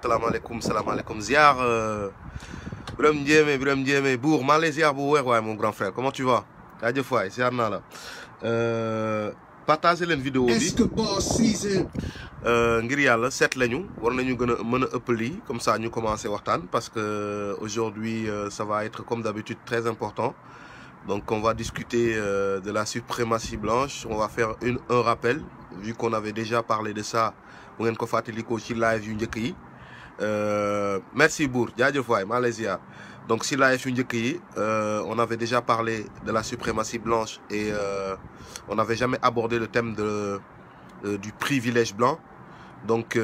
Salam alaikum, ziar euh, Birame Ziar, brum Ndiémé buur maa ngi ziar mon grand frère comment tu vas Adieu waay ziar naa la euh, partagé vidéo bi euh, ngir que seet lañu war nañu gën a mën nous allons comme ça ñu commencé parce que aujourd'hui ça va être comme d'habitude très important donc on va discuter de la suprématie blanche on va faire une un rappel vu qu'on avait déjà parlé de ça On va ko un ci live yu euh, merci Bour Y'a waay donc si la yu euh, on avait déjà parlé de la suprématie blanche et euh, on n'avait jamais abordé le thème de du privilège blanc donc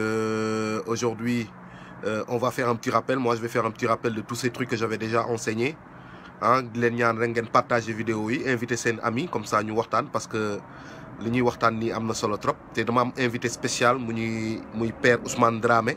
aujourd'hui on va faire un petit rappel moi je vais faire un petit rappel de tous ces trucs que j'avais déjà enseigné Hein, di leen ñaan partager vidéo yi comme ça ñu waxtaan parce que li ñuy un solo trop C'est dama invité spécial mon père Ousmane Dramé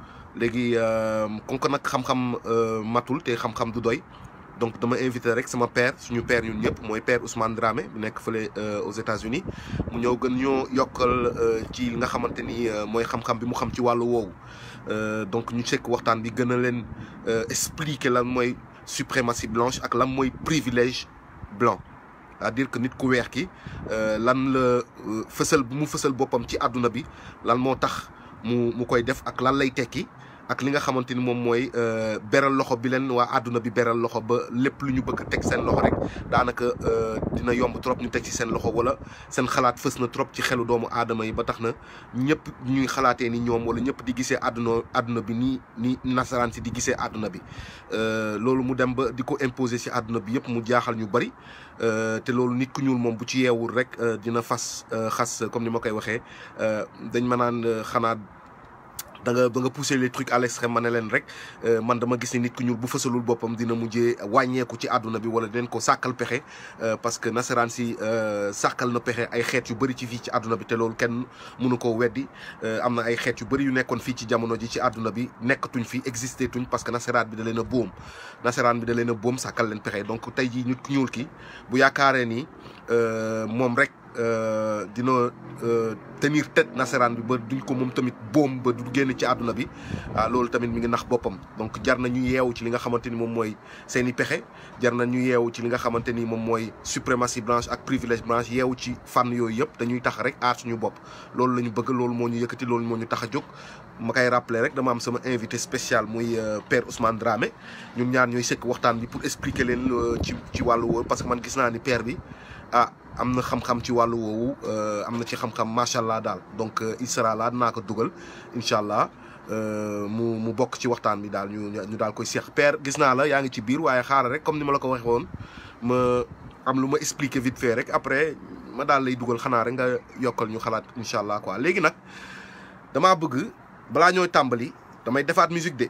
léegi euh, comme ko nak xam-xam euh, matul te xam-xam du doy donc dama inviter rek sama père suñu père ñun ñëpp moy père Ousmane Dramé bu nekk fële euh, aux États-Unis mu ñëw gën ñoo yokkal ci li nga xamanteni moy xam-xam bi mu xam ci wàllu woowu donc ñu sekk waxtaan bi gëna a leen expliquer lan moy suprématie blanche ak lan moy privilège blanc à dire que nit ku weex ki lan le fësal bu mu fësal bopam ci aduna bi lan mo tax mu mu koy def ak lan lay tekki ak li nga xamante ni moom mooy euh, beral loxo bi leen waa àdduna bi beral loxo ba lépp lu ñu bëgg a teg seen loxo rek daanaka euh, dina yomb trop ñu teg ci seen loxo wala seen xalaat fës na trop ci xelu doomu aadama yi ba tax na ñëpp ñuy xalaatee ni ñoom wala ñëpp di gisee àdduna àdduna bi nii ni nasaraan si di gisee àdduna bi euh, loolu mu dem ba di ko imposer si àdduna bi yëpp mu jaaxal ñu bari te loolu nit ku ñuul moom bu ci yeewul rek dina fas xas comme ni ma koy waxee dañ ma da nga nga pousser les trucs à l'extrême ma ne leen rek euh, man dama gis ni nit ku ñuul bu fësalul bopam dina mujjé wañéku ci aduna bi wala den ko sàkkal pexe euh, parce que nasaraan si euh, sakal na pexé ay xéet yu bari ci fi ci aduna bi té loolu kenn mënu ko weddi amna na ay xéet yu bari yu nekkon fi ci jamono ji ci aduna bi nekkatuñ fi existé tuñ parce que nasaraan bi da leen boom nasaraan bi da boom sakal leen pexé donc tay ji nit ku ki bu yaakaaree ni mom rek euh, dina euh, tenir tête nasaraan bi ba duñ ko mom tamit boom ba du génn ci àdduna bi ah lolou tamit mi ngi nax bopam donc jar na ñu yeewu ci li nga xamanteni mom moy mooy pexé i jar na ñu yeewu ci li nga xamanteni mom moy suprématie blanche ak privilège blanche yeewu ci fànn yooyu yëpp dañuy tax rek aar suñu bop lolou lañu bëgg lolou moo ñu yëkkati loolu moo ñu tax a ma kay rappelé rek dama am sama invité spécial muy euh, père Ousmane Dramé ñun ñaar ñoy sék waxtaan bi pour expliquer leen ci ci walu wóor parce que man gis na ni père bi ah amna xam-xam ci walu wowo euh amna ci xam-xam machallah dal donc euh, il sera là dans inshallah. Euh, mu mu bok ci waxtan bi dal ñu ñu koy père gis la ci comme ni ma la ko ma am expliquer vite fait après ma dal, lay xana rek nga yokal ñu xalat inshallah quoi légui nak dama bëgg bala ñoy tambali defaat musique de.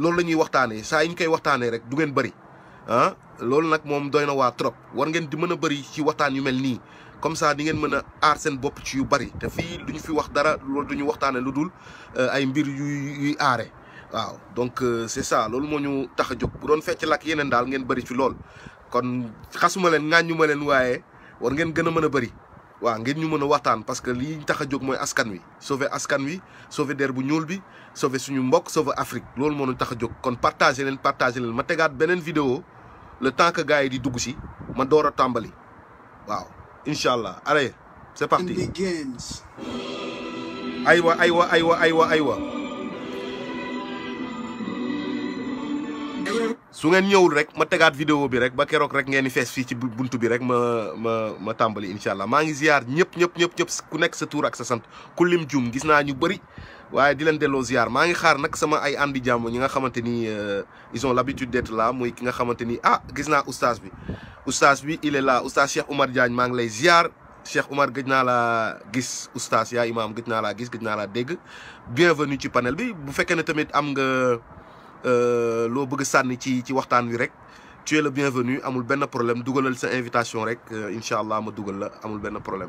loolu la ñuy waxtaanee saa yi ñu koy waxtaanee rek du ngeen bëri ah loolu nag moom doy na waa trop war ngeen di mën a bëri ci waxtaan yu mel nii comme ça di ngeen mën a aar seen bopp ci yu bëri te fii du ñu fi wax dara loolu du ñu waxtaanee lu dul euh, ay mbir yuy aare waaw donc euh, c'est ça loolu moo ñu tax a jóg bu doon fecc lak yeneen daal ngeen bari ci lool kon xasuma leen ŋàññu ma leen waaye war ngeen gën a mën a bëri. wa ngeen ñu mëna waxtaan parce que li tax a jóg mooy askan wi sauver askan wi sauver der bu ñuul bi sauver suñu mbokk sauver afrique lool mo ñu taxa jog kon partager leen partager leen ma tégaat benen vidéo le temps que gaay di dugg ci ma doora tambali waaw inshallah allah allez c'est parti aywa aywa aywa aywa aywa su ngeen ñëwul rek ma tegaat vidéo bi rek ba keroog rek ngeen i fees fii ci bunt bi rek ma ma ma incha allah maa ngi ziar ñëpp ñëpp ñëpp ñëpp ku nekk sa tuur ak sa sant ku lim jum gis naa ñu bëri waaye di leen delloo ziar maa ngi xaar nag sama ay andi jàmm ñi nga xamante ni euh, ils ont l'habitude d'être là muy ki nga xamante ni ah gis naa oustaz bi oustaz bi il est là oustaz Cheikh maa ngi lay ziar Cheikh Oumar gëj naa laa gis oustaz yaa imaam gëj naa laa gis gëj naa laa dégg bienvenue ci panel bi bu fekkee ne tamit am nga. Euh, lo bëgg sanni ci ci waxtaan wi rek tu es le bienvenu amul ben problème dougalal sa invitation rek euh, inshallah allah ma dugal la amul ben problème.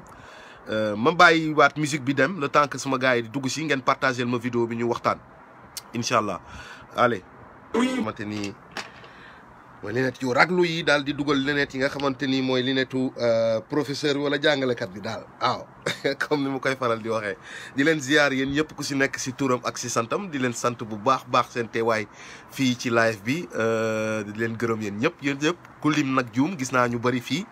Euh, ma bàyyi wat musique bi dem le temps que sama gars yi di dugg si ngeen partagé ma vidéo bi ñu waxtaan inshallah allez. Maintenant. ni mooy lunette yu raglu yi daal di dugal lunette yi nga xamante ni mooy lunettu euh, professeur wala jàngalekat bi daal waaw comme ni mu koy faral di waxee di leen ziar yéen ñëpp ku si nekk si tuuram ak si santam di leen sant bu baax baax seen waay fii ci live bi euh, di leen gërëm yéen ñëpp yéen ñëpp ku lim nag juum gis naa ñu bëri fii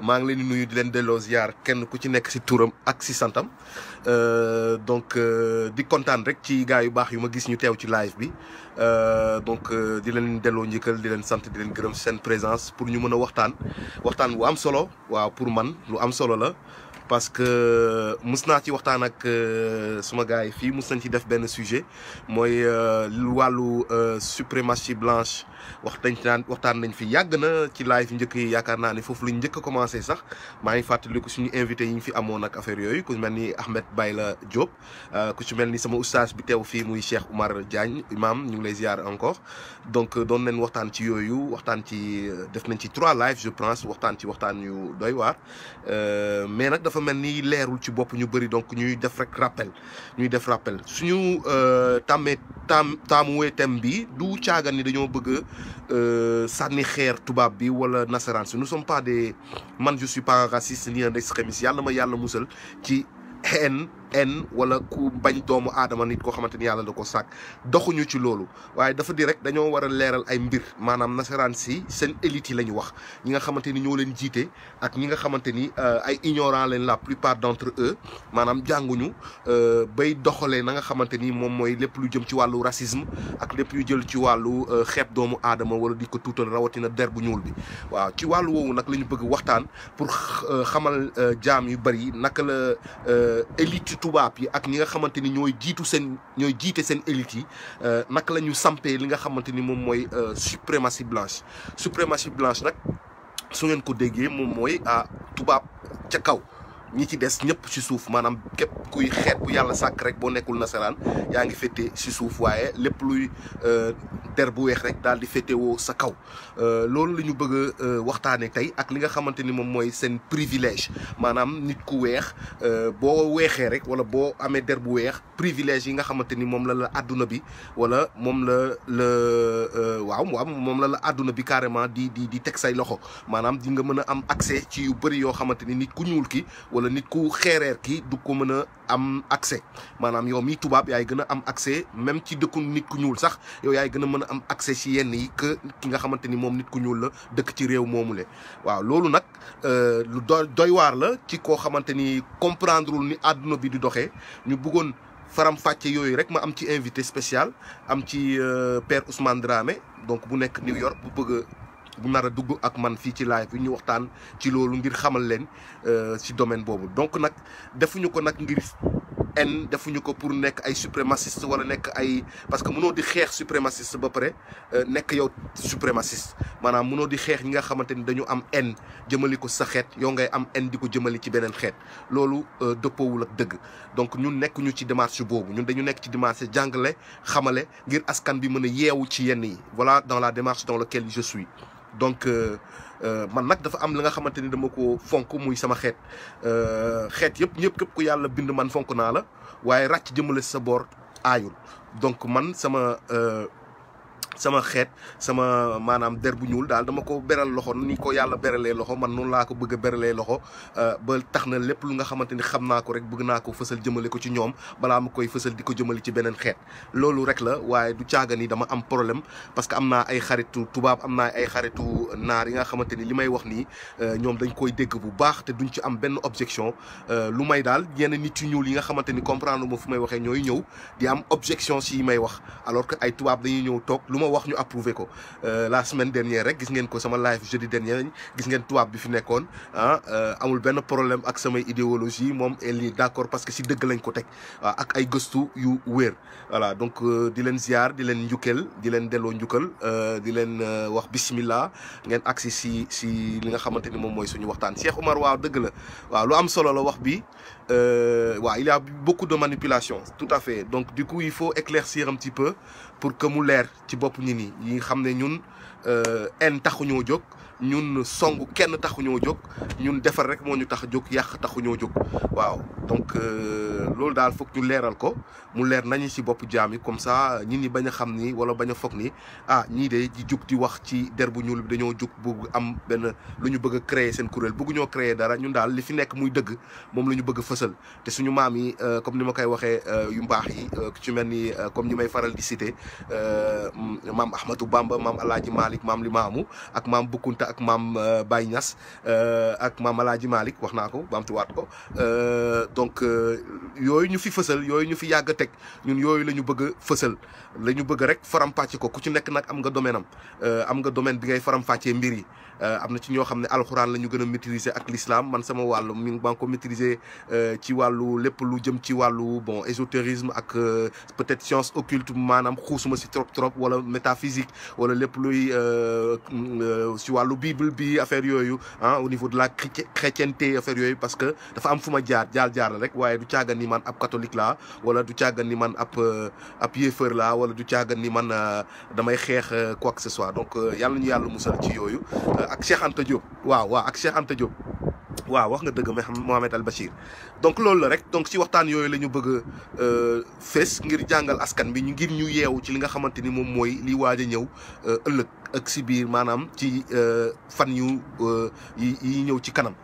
maa ngi leen di nuyu di leen delloo ziar kenn ku ci nekk si tuuram ak si santam Euh, donc euh, di contane rek ci gaay yu bax yu ma gis ñu teew ci live bi euh, donc di leen delo njëkkal di leen sante di leen gërëm seen présence pour ñu mëna waxtaan waxtaan bu am solo waaw pour man lu am solo la parce que mus ci waxtaan ak suma gaay fi fii mus ci def ben sujet walu euh suprématie blanche waxtan naan waxtaan nañ fi yàgg na ci live njëkk yi yaakaar naa ne foofu lañ njëkk a commencé sax ma ngi fàttaliku suñu invité yi ñu fi amone ak affaire yooyu ku melni Ahmed Bayla Diop euh, ku ci melni sama oustaz bi teew fi muy Cheikh Oumar Diagne imam ñu ngi lay ziar encore donc euh, don nañ waxtan ci yoyu waxtan ci euh, def nañ ci trois live je pense waxtan ci waxtan yu doy waar mais nak dafa melni ni leerul ci bop ñu bari donc ñuy def rek rappel ñuy def rappel suñu tàmmee tam taamuwee thème bi du caagan ni dañoo bëgg euh, sànni xeer ou bi wala Nous ne nous sommes pas des man je suis pas raciste ni un extrémiste yàlla ma yàlla musal ci haine en wala ku bañ doomu aadama nit koo xamante ni yàlla da ko sàkk doxuñu ci loolu waaye dafa di dañoo war a leeral ay mbir maanaam nasaraan si seen élite yi la ñu wax ñi nga xamante ni ñoo leen jiite ak ñi nga xamante ni euh, ay ignorant leen la plupart d'entre eux maanaam jànguñu euh, bay doxalee nanga nga xamante ni moom mooy lépp lu jëm ci wàllu racisme ak lépp lu jël ci wàllu euh, xeeb doomu aadama wala di ko tuutal rawatina der bu ñuul bi waaw ci wàllu woowu nag la waxtaan pour xamal yu bari naka la tubaab yi ak ñi nga xamante ni ñooy jiitu seen ñooy jiite seen élite yi euh, naka la ñu sampee li nga xamante ni moom mooy euh, suprématie blanche suprématie blanche nag su ngeen ko déggee moom mooy ah tubaab ca kaw ñi ci des ñëpp si suuf maanaam képp kuy xeet bu yàlla sàkk rek boo nekkul nasaraan yaa ngi fete si suuf waaye lépp luy euh, der bu weex rek daal di féetewoo sa kaw. Euh, loolu la ñu bëgg a euh, waxtaanee tey ak li nga xamante ni moom mooy seen privilège maanaam nit ku weex boo weexee rek wala boo amee der bu weex privilège yi nga xamante ni moom la la àdduna bi wala moom la la waaw waaw moom la la àdduna bi carrément di di di teg say loxo maanaam di nga mën a am accès ci yu bëri yoo xamante ni nit ku ñuul ki wala nit ku xeereer ki du ko mën a am accès maanaam yow mi tubaab yaay gën a am accès même ci dëkku nit ku ñuul sax yow yaay gën a mën a am accès ci yenn yi que ki nga xamante ni moom nit ku ñuul la dëkk ci réew moomu le waaw loolu nag euh, lu doy doy waar la ci koo xamante ni comprendrewul ni àdduna bi di doxee ñu bëggoon faram fàcce yooyu rek ma am ci invité spécial am ci euh, père Ousmane Dramé donc bu nekk New York bu bëgg bu nar dugg ak man fi ci live ñu waxtaan ci lolu ngir xamal leen euh, ci domaine bobu donc nak defuñu ko nak ngir en defuñu ko pour nekk ay suprémaciste wala nekk ay parce que mëno di xeex suprémaciste ba paré euh, nekk yow suprémaciste manam mëno di xeex ñi nga xamanteni dañu am en jëmali sa xeet yow ngay am en diko ko jëmali ci beneen xeet loolu euh, dëppoowul ak dëgg donc ñun ñu ci démarche bobu ñun dañu nekk ci démarche jangalé xamalé ngir askan bi mëna a ci yenn yi voilà dans la démarche dans laquelle je suis donc euh, euh, man nag dafa am li nga xamante ni dama ko fonk muy sama xeet euh, xeet yëpp ñëpp képp ko yàlla bind man fonk naa la waaye ràcc jëmale sa boor aayul donc man sama. sama xet sama manam der bu ñuul dal dama ko beral loxo ni ko yàlla berale loxo man non la ko bëgg berale loxo ba taxna lépp lu nga xamanteni xamna ko rek bëgg na ko fessel jëmele ko ci ñoom bala ma koy fessel diko jëmele ci benen xet lolu rek la waye du ciaga ni dama am problème parce que amna ay xaritu tubab amna ay xaritu nar yi nga xamanteni limay wax ni ñoom dañ koy dégg bu baax te duñ ci am benn objection lu may dal yene nit yu ñuul yi nga xamanteni comprendre ma fu may waxee ñooy ñëw di am objection si may wax alors que ay tubab dañuy ñëw tok toog ma wax ñu approuvé ko euh, la semaine dernière rek gis ngeen ko sama live jeudi dernier gis ngeen tubaab bi fi nekkoon ah euh, amul ben problème ak sama idéologie mom elle est d'accord parce que si deug lañ ko tek waaw ah, ak ay gëstu yu wër voilà donc euh, di len ziar di len ñukel di leen delloo njukkal di len wax bismillah ngeen axé si si li nga xamante mom moy suñu waxtaan Cheikh omar wa deug la wa lu am solo la wax bi waaw il y a beaucoup de manipulation tout à fait donc du coup il faut éclaircir un petit peu pour que mu leer ci bopp nit ñi yi nga xam ne ñun en euh, taxuñoo jóg ñun song kenn taxuñoo jóg ñun defar rek moo ñu tax jóg yàq taxuñoo jóg waaw donc euh, loolu daal foog ñu leeral ko mu leer nañu si bopp jaam yi comme ça ñit ni bañ a xam ni wala bañ a foog ni ah ñii de di jug di wax ci der bu ñuul bi dañoo jug bëgg am benn lu ñu bëgg a seen kuréel bëggu ñoo créer dara ñun daal li fi nekk muy dëgg moom lu ñu bëgg a te suñu maam yi euh, comme ni ma koy waxee euh, yu mbaax yi ci mel ni comme ñu may faral di citer maam Ahmadou Bamba maam Alaaji Malick maam Limaamu ak maam Bukkunta ak maam euh, Baye Niass euh, ak maam Alaaji Malick wax naa ko baamtuwaat ko euh, donc yooyu ñu fi fësal yooyu ñu fi yàgg teg ñun yooyu la ñu bëgg a fësal la ñu bëgg rek faram-fàcce ko ku ci nekk nag am nga domaine am am nga domaine bi ngay faram-fàccee mbir yi amna ci ñoo xamné alcorane lañu gëna maîtriser ak l'islam man sama walu mi ngi ko maîtriser euh, ci walu lepp lu jëm ci walu bon ésotérisme ak euh, peut-être science occulte maanaam xuusuma si trop trop wala métaphysique wala lepp luy euh, ci walu bible bi affaire yoyu hein ah, au niveau de la chrétienté affaire yoyu parce que dafa am fuma ma jaar jaar jaar la rek waye du caagan ni man ab catholique la wala du caagan ni man ab ab yéefër la wala du caagan ni man damay xeex quoi que ce soit donc yalla ñu yalla mussal ci yoyu ak Cheikh Anta Diop waaw waaw ak Cheikh waaw wax Mohamed Al Bashir. donc loolu la rek donc ci waxtan yoy lañu bëgg euh fess ngir jangal askan bi ñu ngir ñu yeewu ci li nga xamanteni mom moy li waja euh, ak ci euh, fan yu euh, yi ñëw ci kanam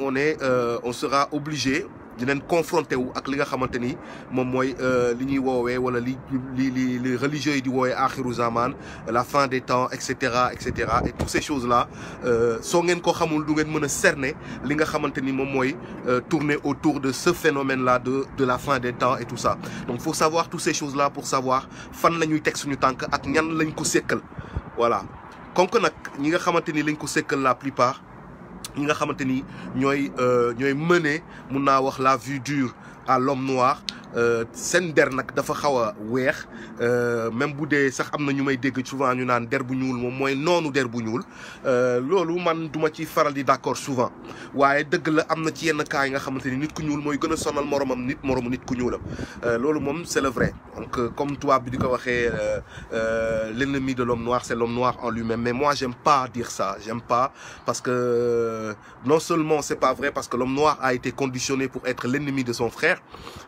on est on sera obligé di leen confronté wu ak li nga xamanteni mom moy mooy euh, li ñuy woowee wala li li li religieux di woowee axiru zaman la fin des temps et cetera et cetera et toutes ces choses là euh, soo ngeen ko xamul du ngeen mën cerner li nga xamanteni ni moy mooy euh, tourner autour de ce phénomène là de de la fin des temps et tout ça donc faut savoir toutes ces choses là pour savoir fan la tek suñu tank ak ñan lañ ko sékkal voilà kon nak ñi nga xamanteni ni lañ ko sékkal la plupart ñi nga xamanteni ñoy ñooy euh, ñooy mener mun wax la vue dure à l'homme noir euh, seen der nak dafa xawa wex euh même bu dee sax amna na ñu may dégg souvent ñu naan der bu ñuul mom moy noonu der bu ñuul euh, lolu man duma ci faral di d'accord souvent waye deug la amna ci yenn cas yi nga xamanteni nit ku ñuul moy gëna a sonal moromam nit moromu nit ku ñuulam euh, lolu mom c'est le vrai donc comme toi bi diko waxé euh l'ennemi de l'homme noir c'est l'homme noir en lui-même mais moi j'aime pas dire ça j'aime pas parce que non seulement c'est pas vrai parce que l'homme noir a été conditionné pour être l'ennemi de son frère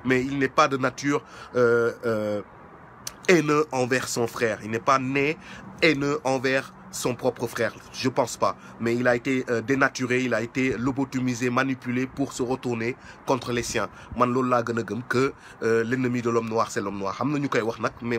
mais il n'est pas de nature euh, euh, haineux envers son frère. Il n'est pas né haineux envers son propre frère. Je pense pas. Mais il a été euh, dénaturé, il a été lobotomisé, manipulé pour se retourner contre les siens. Man que l'ennemi de l'homme noir c'est l'homme noir. mais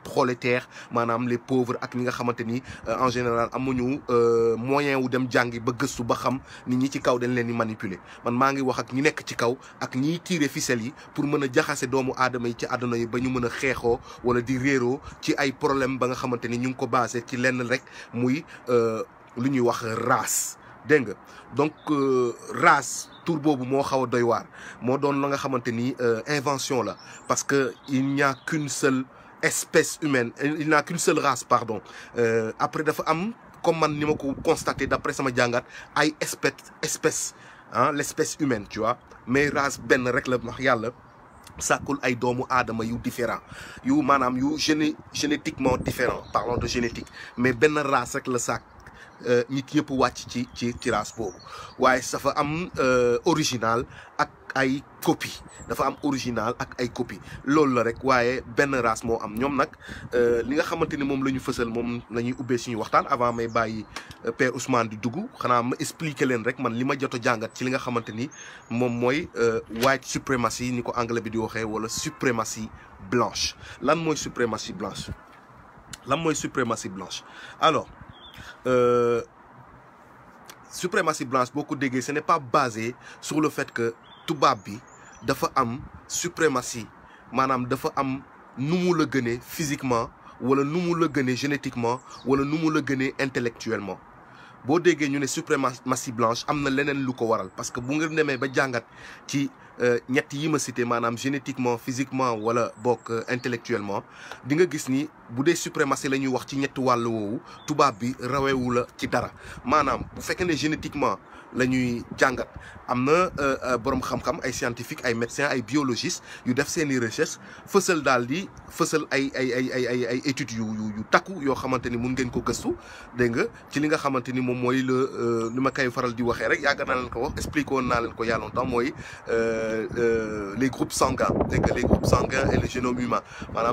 prolétaire manam les pauvres ak ñi nga euh, en général amuñu euh, moyen wu dem jangi ba ba xam nit ñi ci kaw dañ leen manipuler man ma ngi wax ak ñi nek ci kaw ak tirer ficelle yi pour doomu yi ci wala problème ba nga ñu ko ci lenn euh, race dégg donc donc race tour bobu mo xawa doy war mo invention la parce que il n'y a qu'une seule espèce humaine il n'a qu'une seule race pardon euh, après dafa comme je l'ai ko constaté d'après sama que ay espèce espèce hein, l'espèce humaine tu vois mais race ben, rek le wax yàlla sàkkul ay doomu adama yu différent yu manam yu génétiquement différent parlons de génétique mais ben race rek le sac euh, nit yëpp wàcc ci ci ci race waye waaye fa am euh, original ak ay copie dafa am original ak ay copie loolu la rek waye ben race mo am nak euh li nga xamanteni ni lañu la mom lañuy ubbé suñu waxtaan avant may euh, Père Ousmane di dugu. xana ma expliquer leen rek man lima ma jangat ci li nga xamanteni mom moy euh, white supremacy ni ko anglais bi di waxee wala suprématie blanche lan moy suprématie blanche lan moy suprématie blanche alors euh, supremacy blanche beaucoup dégué ce n'est pas basé sur le fait que tubabi bi dafa am suprématie manam dafa am numu mu la le physiquement wala numu mu la gënee génétiquement wala numu le la intellectuellement bo déggee ñu né suprématie blanche amna na lu ko waral parce que bu ngeen démé ba jangat ci euh, ñett yi ma cité manam génétiquement physiquement wala bokk euh, intellectuellement di nga gis ni bu dé suprématie lañuy wax ci ñet walu woowu tubab bi wu la ci dara manam bu né génétiquement la euh, euh, scientifiques, les médecins biologistes i recherche études yu ont takku études, qui ont ngeen ko gëstu ont nga ci li nga les groupes sanguins les groupes sanguins et le humain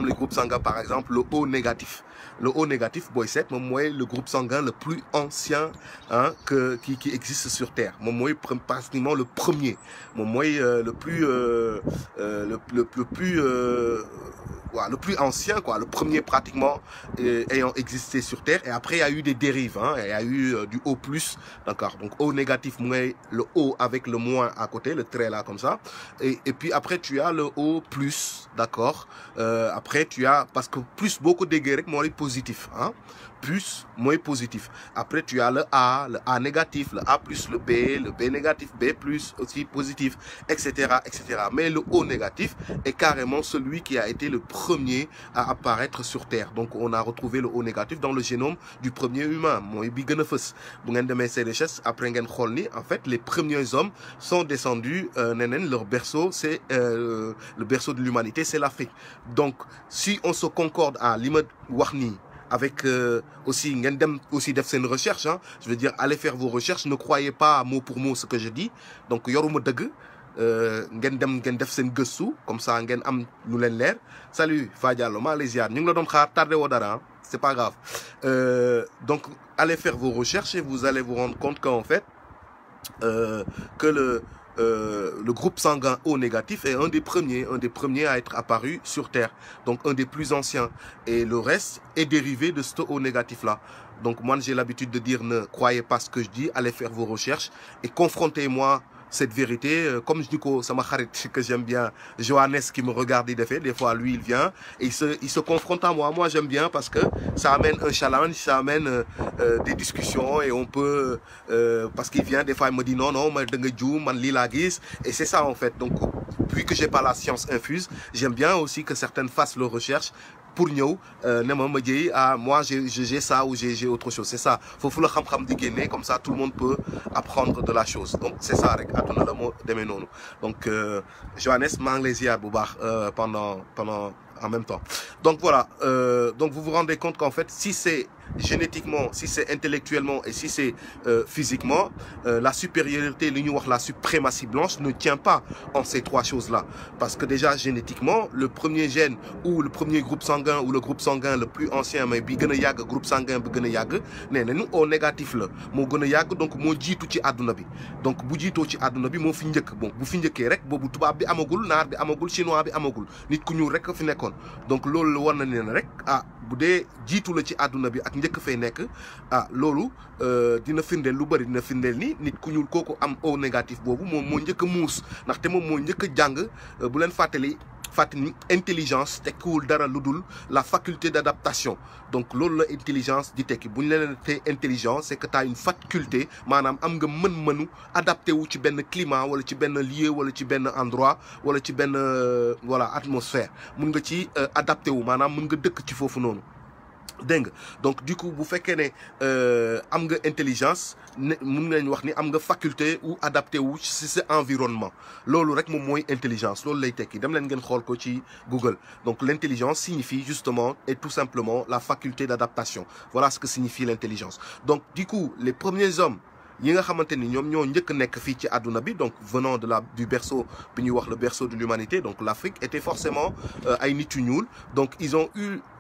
les groupes sanguins par exemple le O négatif. Le O négatif, Boyset, c'est le groupe sanguin le plus ancien hein, que, qui, existe sur Terre. Mon moi, pratiquement le premier. Mon moyen euh, le plus... Euh, euh, le, le, plus... le plus ancien, quoi, le premier pratiquement ayant existé sur Terre. Et après, il y a eu des dérives. Hein, il y a eu du O+, d'accord. Donc, O négatif, moins le O avec le moins à côté, le trait là, comme ça. Et, et puis après, tu as le O+, d'accord. après, tu as... Parce que plus beaucoup de guerres moi, positif. Hein? plus, moins positif. Après, tu as le A, le A négatif, le A plus, le B, le B négatif, B plus, aussi positif, etc., etc. Mais le O négatif est carrément celui qui a été le premier à apparaître sur Terre. Donc, on a retrouvé le O négatif dans le génome du premier humain, moi, en fait les premiers hommes sont descendus euh, leur berceau c'est euh, le berceau de l'humanité c'est l'Afrique. Donc, si on se concorde à li Warni avec euh, aussi vous dem aussi def recherche hein. je veux dire allez faire vos recherches ne croyez pas mot pour mot ce que je dis donc yoruma dëgg euh, ngeen dem ngen def sen comme ça vous am lu len leer salut Fadialo maa ñu ngi la don xaar tardé dara hein. c'est pas grave euh, donc allez faire vos recherches et vous allez vous rendre compte qu'en fait euh, que le euh, le groupe sanguin O négatif est un des premiers, un des premiers à être apparu sur Terre, donc un des plus anciens. Et le reste est dérivé de ce O négatif-là. Donc moi, j'ai l'habitude de dire ne croyez pas ce que je dis, allez faire vos recherches et confrontez-moi cette vérité. Euh, comme je dis que ça m'a que j'aime bien, Johannes qui me regarde, fait, des fois, lui, il vient et il se, confronte à moi. Moi, j'aime bien parce que ça amène un challenge, ça amène euh, euh, des discussions et on peut, parce qu'il vient, des fois, il me dit non, non, mais et c'est ça, en fait. Donc, vu que j'ai pas la science infuse, j'aime bien aussi que certaines fassent leurs recherches pour ñëw euh, ne ma ah moi j'ai ça ou j'ai autre chose c'est ça faut faire xam-xam di comme ça tout le monde peut apprendre de la chose donc c'est ça rek le mot non. donc euh, Johannes maa ngi euh, pendant pendant en même temps donc voilà donc vous vous rendez compte qu'en fait si c'est génétiquement, si c'est intellectuellement et si c'est euh, physiquement, euh, la supériorité, l'union, la suprématie blanche ne tient pas en ces trois choses-là. Parce que déjà, génétiquement, le premier gène ou le premier groupe sanguin ou le groupe sanguin le plus ancien, mais le groupe sanguin, nous au négatif là. donc mon jiitu ci àdduna bi donc bu de ci àdduna bi moo fi bon bu fi njëkkee rek boobu tubaab bi amagul naar bi amagul chinois bi amagul nit ku ñuul rek fi temps. donc loolu war na rek ah bu dee jiitu la ci àdduna bi ak njëkk fay nekk ah loolu euh, dina firndeel lu bari dina firndeel ni nit ku ñuul kooku am O négatif boobu moom moo njëkk a muus ndaxte moom moo njëkk a jàng euh, bu leen fàttali. fàttali intelligence tekkiwul dara ludul la faculté d'adaptation donc loolu intelligence di tekki leen té intelligence c'est que t'as une faculté manam am nga meun meunu adapté wu ci ben climat wala ci ben lieu wala ci ben endroit wala ci ben voilà atmosphère mun nga ci euh, adapté wu manam mun nga dëkk ci fofu nonou dingue donc du coup vous faites qu'elle am nga intelligence une faculté ou adapté ou si c'est environnement loolu rek intelligence lay tekki dem Google donc l'intelligence signifie justement et tout simplement la faculté d'adaptation voilà ce que signifie l'intelligence donc du coup les premiers hommes donc venant de la du berceau le berceau de l'humanité donc l'afrique était forcément euh, ay donc ils ont eu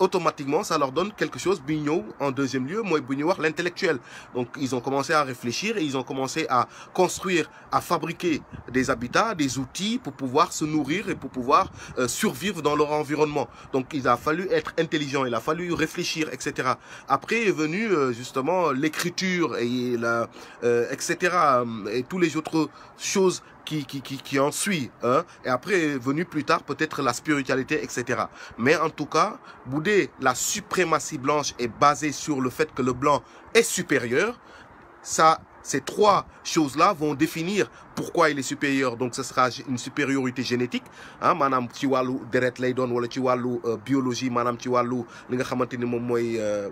automatiquement ça leur donne quelque chose bigno en deuxième lieu moi l'intellectuel donc ils ont commencé à réfléchir et ils ont commencé à construire à fabriquer des habitats des outils pour pouvoir se nourrir et pour pouvoir euh, survivre dans leur environnement donc il a fallu être intelligent il a fallu réfléchir etc après est venu euh, justement l'écriture et la etc euh, et toutes les autres choses qui, qui, qui, en suit. Hein? Et après venu plus tard peut-être la spiritualité, etc. Mais en tout cas, Boudé, la suprématie blanche est basée sur le fait que le blanc est supérieur. Ça ces trois choses-là vont définir pourquoi il est supérieur. Donc, ce sera une supériorité génétique. Hein, Manam ci deret lay euh, biologie Manam ci l'inga li euh,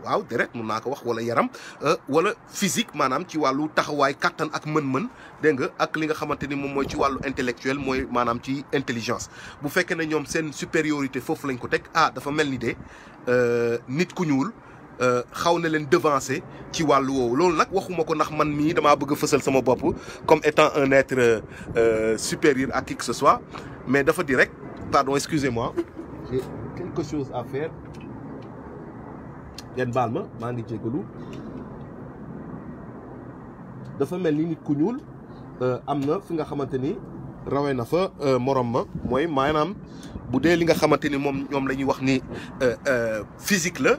yaram euh, physique Manam ci wàllu taxawaay katan ak men men, ak li nga intellectuel intelligence. bu faites supériorité foofu lañ ah dafa nit euh, xaw len devancer ci wàllu woowu lool nak waxuma ko ndax man mi dama bëgg a sama bop comme étant un être euh, supérieur à qui que ce soit mais dafa di rek pardon excusez-moi j'ai quelque chose à faire ngeen baal ma maa ngi jégalu dafa mel ni nit ku ñuul euh, am na fi nga xamanteni rawé na fa morom ma moy manam bu dé li nga xamanteni mom ñom lañuy la ni euh, euh, physique la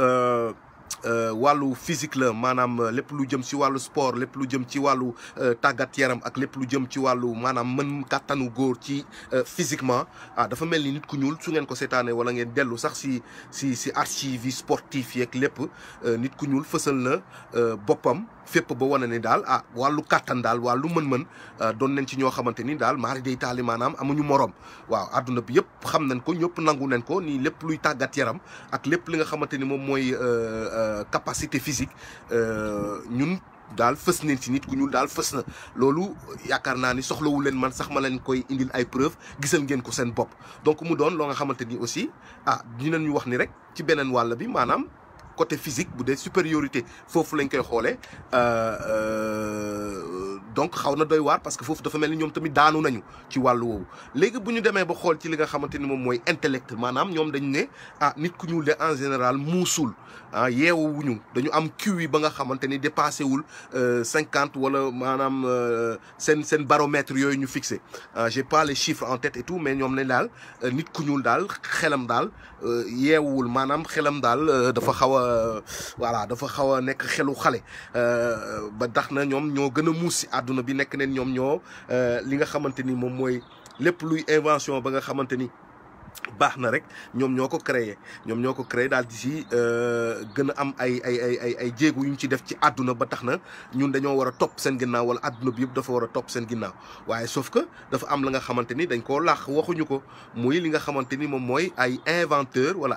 Euh, euh, wàllu physique la maanaam euh, lépp lu jëm ci wàllu sport lépp lu jëm ci wàllu tàggat yaram ak lépp lu jëm ci wàllu maanaam mën kàttanu góor ci physiquement ah dafa mel ni nit ku ñuul su ngeen ko seetaanee walla ngeen dellu sax si si ci archives yi sportif yeeg lépp nit ku ñuul fësal na boppam. fépp ba wane dal ah walu katan dal walu mën-mën ah, don nañ ci ño xamanteni dal mari day tali manam amuñu morom waaw aduna bi yep xam nañ ko ñëpp nangu nañ ko ni lepp luy tagat yaram ak lepp li nga euh, euh capacité physique euh, ñun dal fess nañ ci nit ku ñuul dal fess na lolu na ni wu len man sax ma leen koy indil ay preuve gisal ngeen ko sen bop donc mu don lo nga xamanteni aussi ah ñu wax ni rek ci benen bi manam côté physique bu supériorité fofu lañ koy xolé euh, euh donc xawna doy war parce que fofu dafa melni ñom tamit daanu nañu ci walu wowo légui buñu démé ba xol ci li nga xamante mom moy intellect manam ñom dañ né ah nit ku ñuul de en général musul ah yeewuwuñu dañu am QI ba nga xamante dépassé wul euh 50 wala manam euh, sen sen baromètre yoy ñu fixé ah, j'ai pas les chiffres en tête et tout mais ñom ne dal euh, nit ku ñuul daal xelam daal yeewuwul manam xélam dal dafa xaw voilà dafa xawa Nek xelu xalé euh ba taxna ñom ño gëna gën nous, bi nous, neen ño nous, euh, li nga xamanteni mom ont été luy invention ba nga xamanteni nous, rek ñom ñoo ko créé nous, ko euh, nous, a am ay ay ay ay ay ci def ci aduna ba taxna ñun dañoo wara top seen wala aduna bi yëpp dafa sauf que dafa am la nga dañ li nga inventeur wala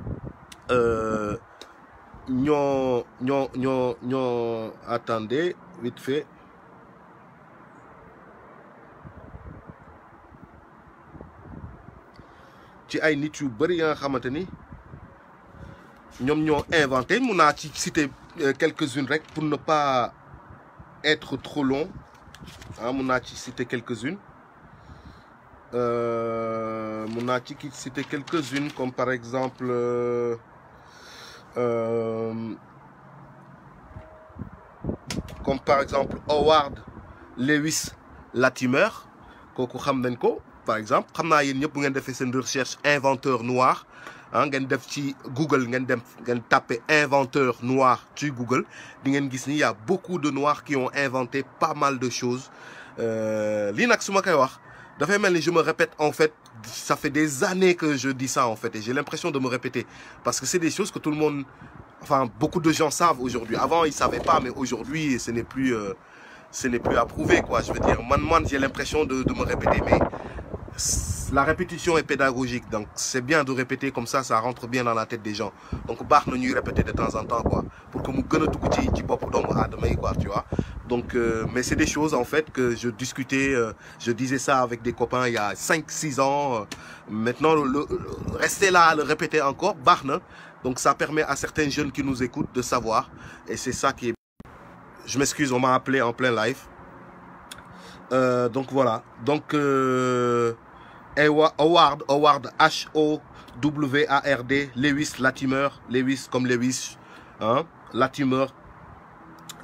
nous, euh, attendez vite fait ci ay une yu brillante nga inventé mon avons cité quelques-unes pour ne pas être trop long Nous avons cité quelques-unes Nous avons cité quelques-unes comme par exemple. Euh, euh, comme par exemple Howard Lewis Latimer kooku xam ko par exemple xam naa yéen ñëpp ngeen defee recherches inventeur noir hein, ngeen def Google Vous dem tapé inventeur noir tu Google di ngeen y a beaucoup de noirs qui ont inventé pas mal de choses euh, Linux nag su je me répète en fait ça fait des années que je dis ça en fait et j'ai l'impression de me répéter parce que c'est des choses que tout le monde enfin beaucoup de gens savent aujourd'hui avant ils savaient pas mais aujourd'hui ce n'est plus euh, ce n'est plus approuvé quoi je veux dire man man j'ai l'impression de de me répéter mais la répétition est pédagogique, donc c'est bien de répéter comme ça, ça rentre bien dans la tête des gens. Donc barne nous répéter de temps en temps quoi, pour que nous tout quoi, tu vois. Donc euh, mais c'est des choses en fait que je discutais, euh, je disais ça avec des copains il y a 5-6 ans. Euh. Maintenant rester là le répéter encore barne. donc ça permet à certains jeunes qui nous écoutent de savoir, et c'est ça qui est. Je m'excuse, on m'a appelé en plein live. donc voilà, donc. Howard, Howard, H-O-W-A-R-D, Lewis Latimer, Lewis comme Lewis, hein, Latimer.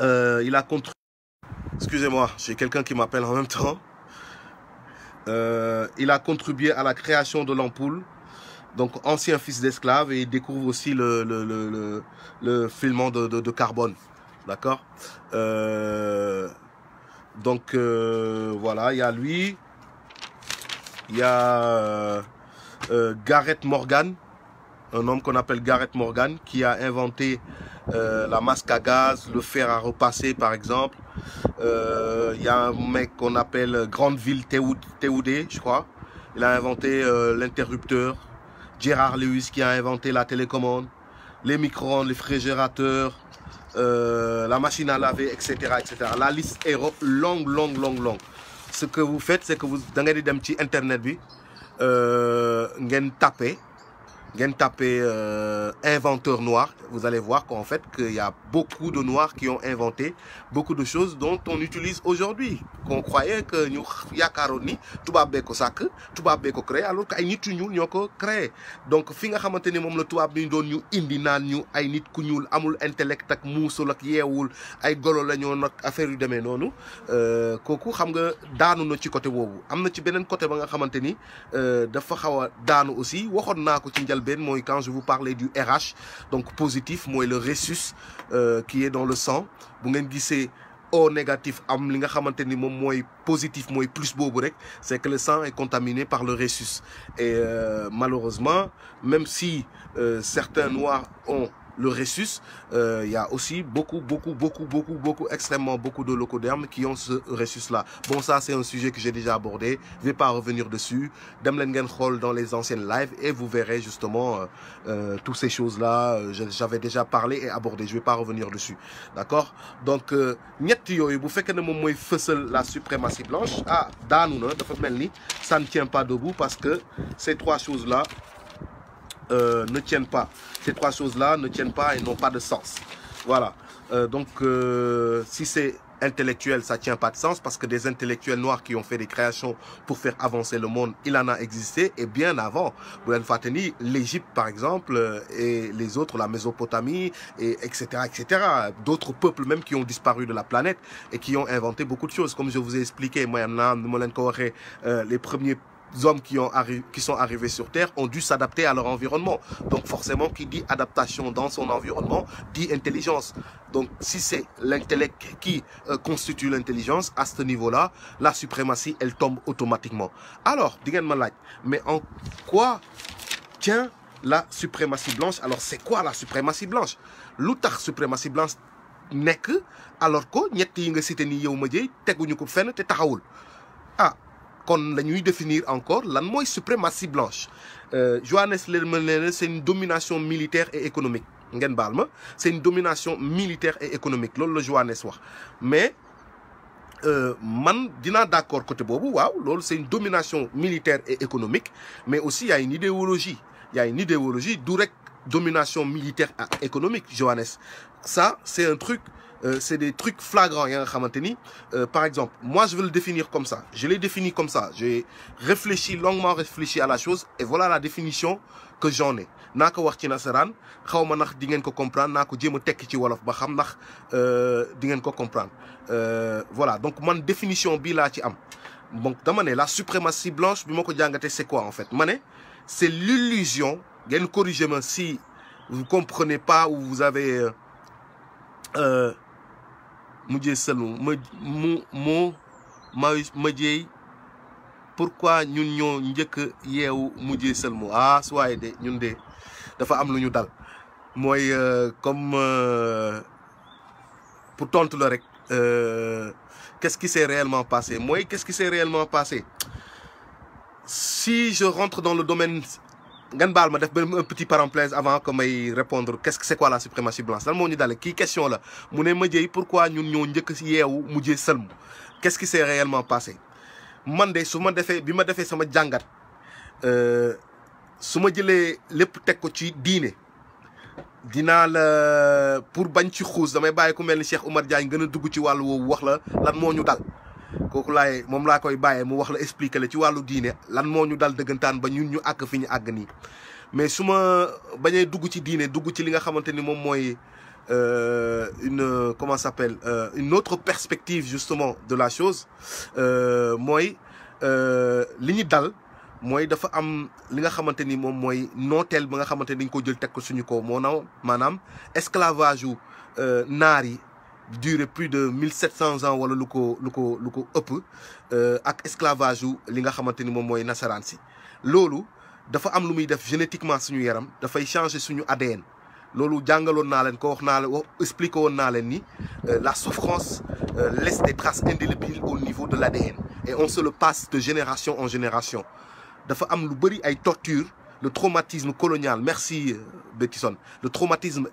Euh, il a contribué, Excusez-moi, j'ai quelqu'un qui m'appelle en même temps. Euh, il a contribué à la création de l'ampoule, donc ancien fils d'esclave, et il découvre aussi le, le, filament de, carbone. D'accord euh, Donc voilà, il y a lui, il y a euh, euh, Gareth Morgan, un homme qu'on appelle Gareth Morgan, qui a inventé euh, la masque à gaz, le fer à repasser par exemple. Il y a un mec qu'on appelle Grandeville Théoudé, je crois. Il a inventé l'interrupteur. Gérard Lewis qui a inventé la télécommande, les micro-ondes, les frigérateurs, la machine à laver, etc., etc. La liste est longue, longue, longue, longue ce que vous faites c'est que vous avez un petit internet vous vous tapez euh, inventeur noir, vous allez voir qu'en fait qu'il y a beaucoup de noirs qui ont inventé beaucoup de choses dont on utilise aujourd'hui. Qu'on croyait que nous yakaroni, tout va bien sak, tout va bien créé, alors qu'aï nit nous n'y créé. Donc finga hamanteni mom le tout abni don nous indina nous aï nit kunyul amul intellect ak mousol ak yewoul aï golo la ñoo affaire yu démé nonu euh koku xam nga daanu na ci côté bobu amna ci benen côté ba nga xamanteni euh dafa xawa daanu aussi waxon nako ci ben moi quand je vous parlais du RH donc positif moi le ressus euh, qui est dans le sang vous dit c'est O négatif positif plus beau c'est que le sang est contaminé par le ressus et euh, malheureusement même si euh, certains noirs ont le Ressus, euh, il y a aussi beaucoup, beaucoup, beaucoup, beaucoup, beaucoup, extrêmement beaucoup de locodermes qui ont ce Ressus-là. Bon, ça, c'est un sujet que j'ai déjà abordé. Je ne vais pas revenir dessus. Demlengen Hall dans les anciennes lives et vous verrez justement euh, euh, toutes ces choses-là. J'avais déjà parlé et abordé. Je vais pas revenir dessus. D'accord Donc, vous faites que moi la suprématie blanche. Ah, ça ne tient pas debout parce que ces trois choses-là, euh, ne tiennent pas. Ces trois choses-là ne tiennent pas et n'ont pas de sens. Voilà. Euh, donc, euh, si c'est intellectuel, ça tient pas de sens parce que des intellectuels noirs qui ont fait des créations pour faire avancer le monde, il en a existé et bien avant. Boulan Fateni, l'Égypte par exemple et les autres, la Mésopotamie et etc. etc. D'autres peuples même qui ont disparu de la planète et qui ont inventé beaucoup de choses. Comme je vous ai expliqué, moi, les premiers hommes qui, ont qui sont arrivés sur Terre ont dû s'adapter à leur environnement. Donc forcément, qui dit adaptation dans son environnement, dit intelligence. Donc si c'est l'intellect qui euh, constitue l'intelligence, à ce niveau-là, la suprématie, elle tombe automatiquement. Alors, mais en quoi tient la suprématie blanche Alors c'est quoi la suprématie blanche L'outar suprématie blanche n'est que alors que yi nga cité ni te ah kon la nuit définir encore la moy suprématie blanche euh, Johannes c'est une domination militaire et économique c'est une domination militaire et économique le la Johannes wax mais euh, man dina d'accord côté bobu waaw c'est une domination militaire et économique mais aussi il y a une idéologie Il y a une idéologie du domination militaire et économique Johannes ça c'est un truc euh, c'est des trucs flagrants yaa euh, par exemple moi je veux le définir comme ça je l'ai défini comme ça j'ai réfléchi longuement réfléchi à la chose et voilà la définition que j'en ai Nako ko wax ci nasaraan xawma ma di ngeen ko comprendre nako ko tek ci wolof ba xam euh di ngeen ko comprendre euh, voilà donc man définition bi la ci am donc dama la suprématie blanche bi moko c'est quoi en fait mané c'est l'illusion ngeen corrigez-moi si vous comprenez pas ou vous avez euh pourquoi ah soit, de dafa am euh, comme euh, pour euh, qu'est-ce qui s'est réellement passé moi qu'est-ce qui s'est réellement passé si je rentre dans le domaine ngeen ma def benn un petit parenthèse avant que may répondre qu'est-ce que c'est quoi la suprématie blanche lan moo ñu dalee kii question la mu ne ma nous pourquoi ñun ñoo njëkk si nous mujjee seulement qu'est-ce qui s'est réellement passé Mandé de su ma defee bi ma defee sama jangat. Euh, su ma jëlee lépp teg ko ci diine dinaa la pour bañ ci xuus damay bàyyi ku mel ni Cheikh Oumar Diagne gën a dugg ci wàllu woowu la lan dal kooku laay moom laa koy baye mu wax la expliquer la ci walu diine lan moo ñu dal deugantane ba ñun ñu ak fi ñu àgg nii mais suma ma dugg ci diine dugg ci li nga xamanteni mom moy euh, une comment s'appelle euh, une autre perspective justement de la chose euh, mooy euh, li ñu dal moy dafa am li nga xamanteni mom moy notel ba nga xamanteni dañ ko jël tek ko suñu ko mo naw manam esclavage duré plus de 1700 ans wala luko luko luko ko lu euh, ak esclavage li nga xamanteni mom moy nasaransi lolu dafa am lu muy def génétiquement suñu yaram fay changer suñu ADN loolu jàngaloon na len ko wax na leen wax expliqué na len ni euh, la souffrance euh, laisse des traces indélébiles au niveau de l'ADN et on se le passe de génération en génération dafa am lu bari ay torture le traumatisme colonial merci Bettison le traumatisme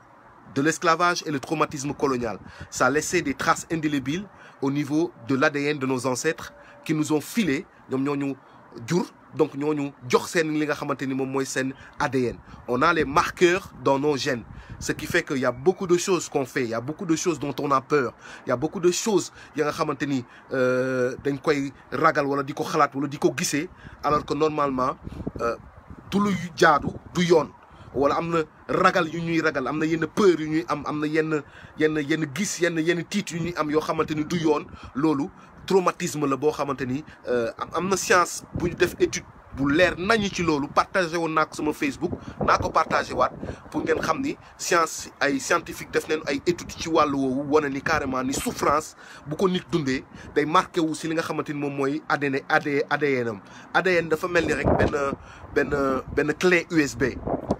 de l'esclavage et le traumatisme colonial. Ça a laissé des traces indélébiles au niveau de l'ADN de nos ancêtres qui nous ont filé, donc nous ADN. On a les marqueurs dans nos gènes. Ce qui fait qu'il y a beaucoup de choses qu'on fait, il y a beaucoup de choses dont on a peur, il y a beaucoup de choses alors que normalement, tout euh, le wala amna ragal yu ñuy ragal amna yenn peur yu ñuy am amna yenn yenn yenn gis yenn yenn yu ñuy am du yoon traumatisme la bo xamanteni ni euh, science bu def étude bu leer nañu ci lolu partager woon sama Facebook nako partager wat pour ngeen xamni science ay scientifique def ay étude ci walu wowo carrément ni souffrance bu ko nit dundé day marqué wu si li nga ni ADN ADN ADN dafa rek ben clé USB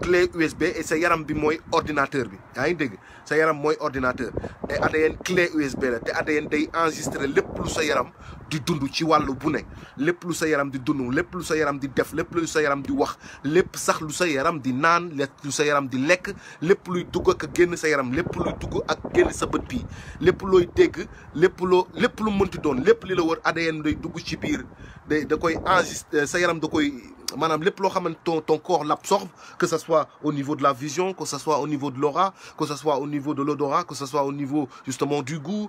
clé USB et sa yaram bi moy ordinateur bi yaa ngi dégg sa yaram moy ordinateur et ADN clé USB la té ADN day enregistrer lepp lu sa yaram di dund ci walu bu ne lepp lu sa yaram di dund lepp lu sa yaram di def lepp lu sa yaram di wax lepp sax lu sa yaram di naan lu sa yaram di lek lepp luy dugg ak génn sa yaram lepp luy dugg ak génn sa bët bi lepp loy dégg lepp lo lepp lu mënti doon lépp li la wër ADN day dugg ci bir day da koy enregistré sa yaram da koy Madame, les loo que ton corps l'absorbe que ce soit au niveau de la vision que ce soit au niveau de l'aura que ce soit au niveau de l'odorat que ce soit au niveau justement du goût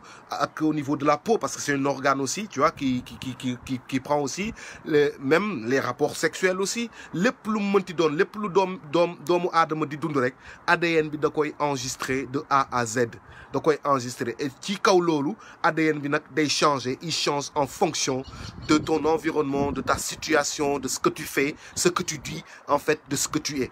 qu'au au niveau de la peau parce que c'est un organe aussi tu vois qui qui prend aussi même les rapports sexuels aussi Les lu les plus, doon lu ADN bi enregistré de A à Z donc, on est enregistré. et ci kaw ADN bi il change en fonction de ton environnement de ta situation de ce que tu fais ce que tu dis en fait de ce que tu es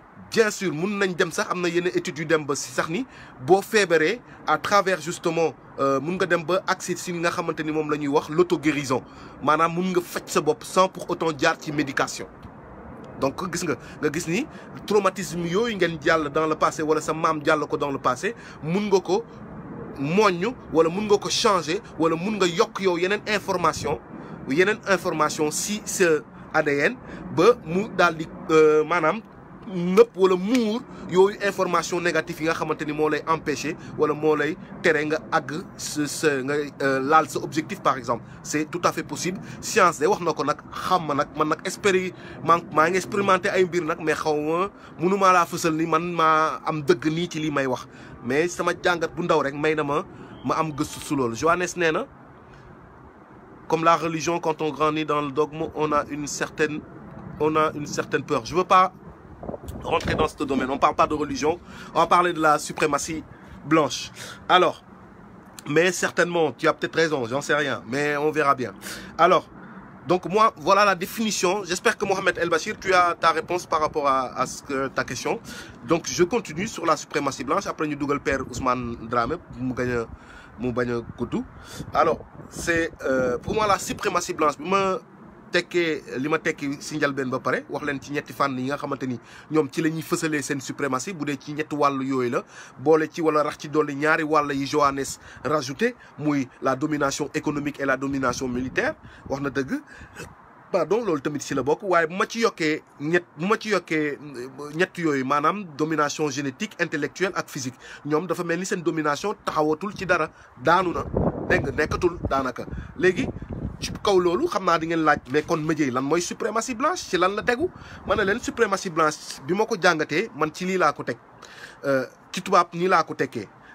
bien sûr mun nañ dem sax amna yene étude yu dem ba si sax ni bo feebaree à travers justement euh, mun nga dem ba accès si nga xamanteni mom lañuy wax l'auto guérison maanaam mun nga faj sa bop sans pour autant jaar ci médication. donc gis nga nga gis ni traumatisme yooyu ngeen jall dans le passé wala sa mam jall ko dans le passé mun nga ko moñu wala mun nga ko changer wala mun nga yok yow yenen information yenen information si ce ADN ba mu dal di euh, manam nëpp wala muur yooyu information négative yi nga xamanteni mo lay empêcher wala mo lay téré nga ag ce, ce nga euh, laal sa objectif par exemple c'est tout à fait possible science day wax nako nak xam nak man nak expéri maa maa ngi expérimenté ay mbir nak mais xaw ma la laa ni man ma am deug ni ci li may wax mais sama jàngat bu ndaw rek may ma ma am geustu su lol Johannes néna comme la religion quand on grandit dans le dogme on a une certaine on a une certaine peur je veux pas rentrer dans ce domaine. On parle pas de religion, on va parler de la suprématie blanche. Alors, mais certainement, tu as peut-être raison, j'en sais rien, mais on verra bien. Alors, donc moi, voilà la définition. J'espère que Mohamed El-Bashir, tu as ta réponse par rapport à, ce que, ta question. Donc je continue sur la suprématie blanche. Après, nous double Père Ousmane Dramé, Moubagne Koutou. Alors, c'est euh, pour moi la suprématie blanche tekkee lima ma tekki si njalbeen ba paré wax len ci ñetti fan yi nga xamanteni ni ci lañuy ñuy sen suprématie bu dee ci ñetti walu yoy la bolé ci wala rax ci doli ñaari wàll yi Johannes rajouté muy la domination économique et la domination militaire wax na dëgg pardon loolu tamit si la bokk waye buma ci yokkee ñet buma ci yokkee euh, ñet yoy manam domination génétique intellectuelle ak physique ñom dafa melni sen domination taxawatul ci dara daanu na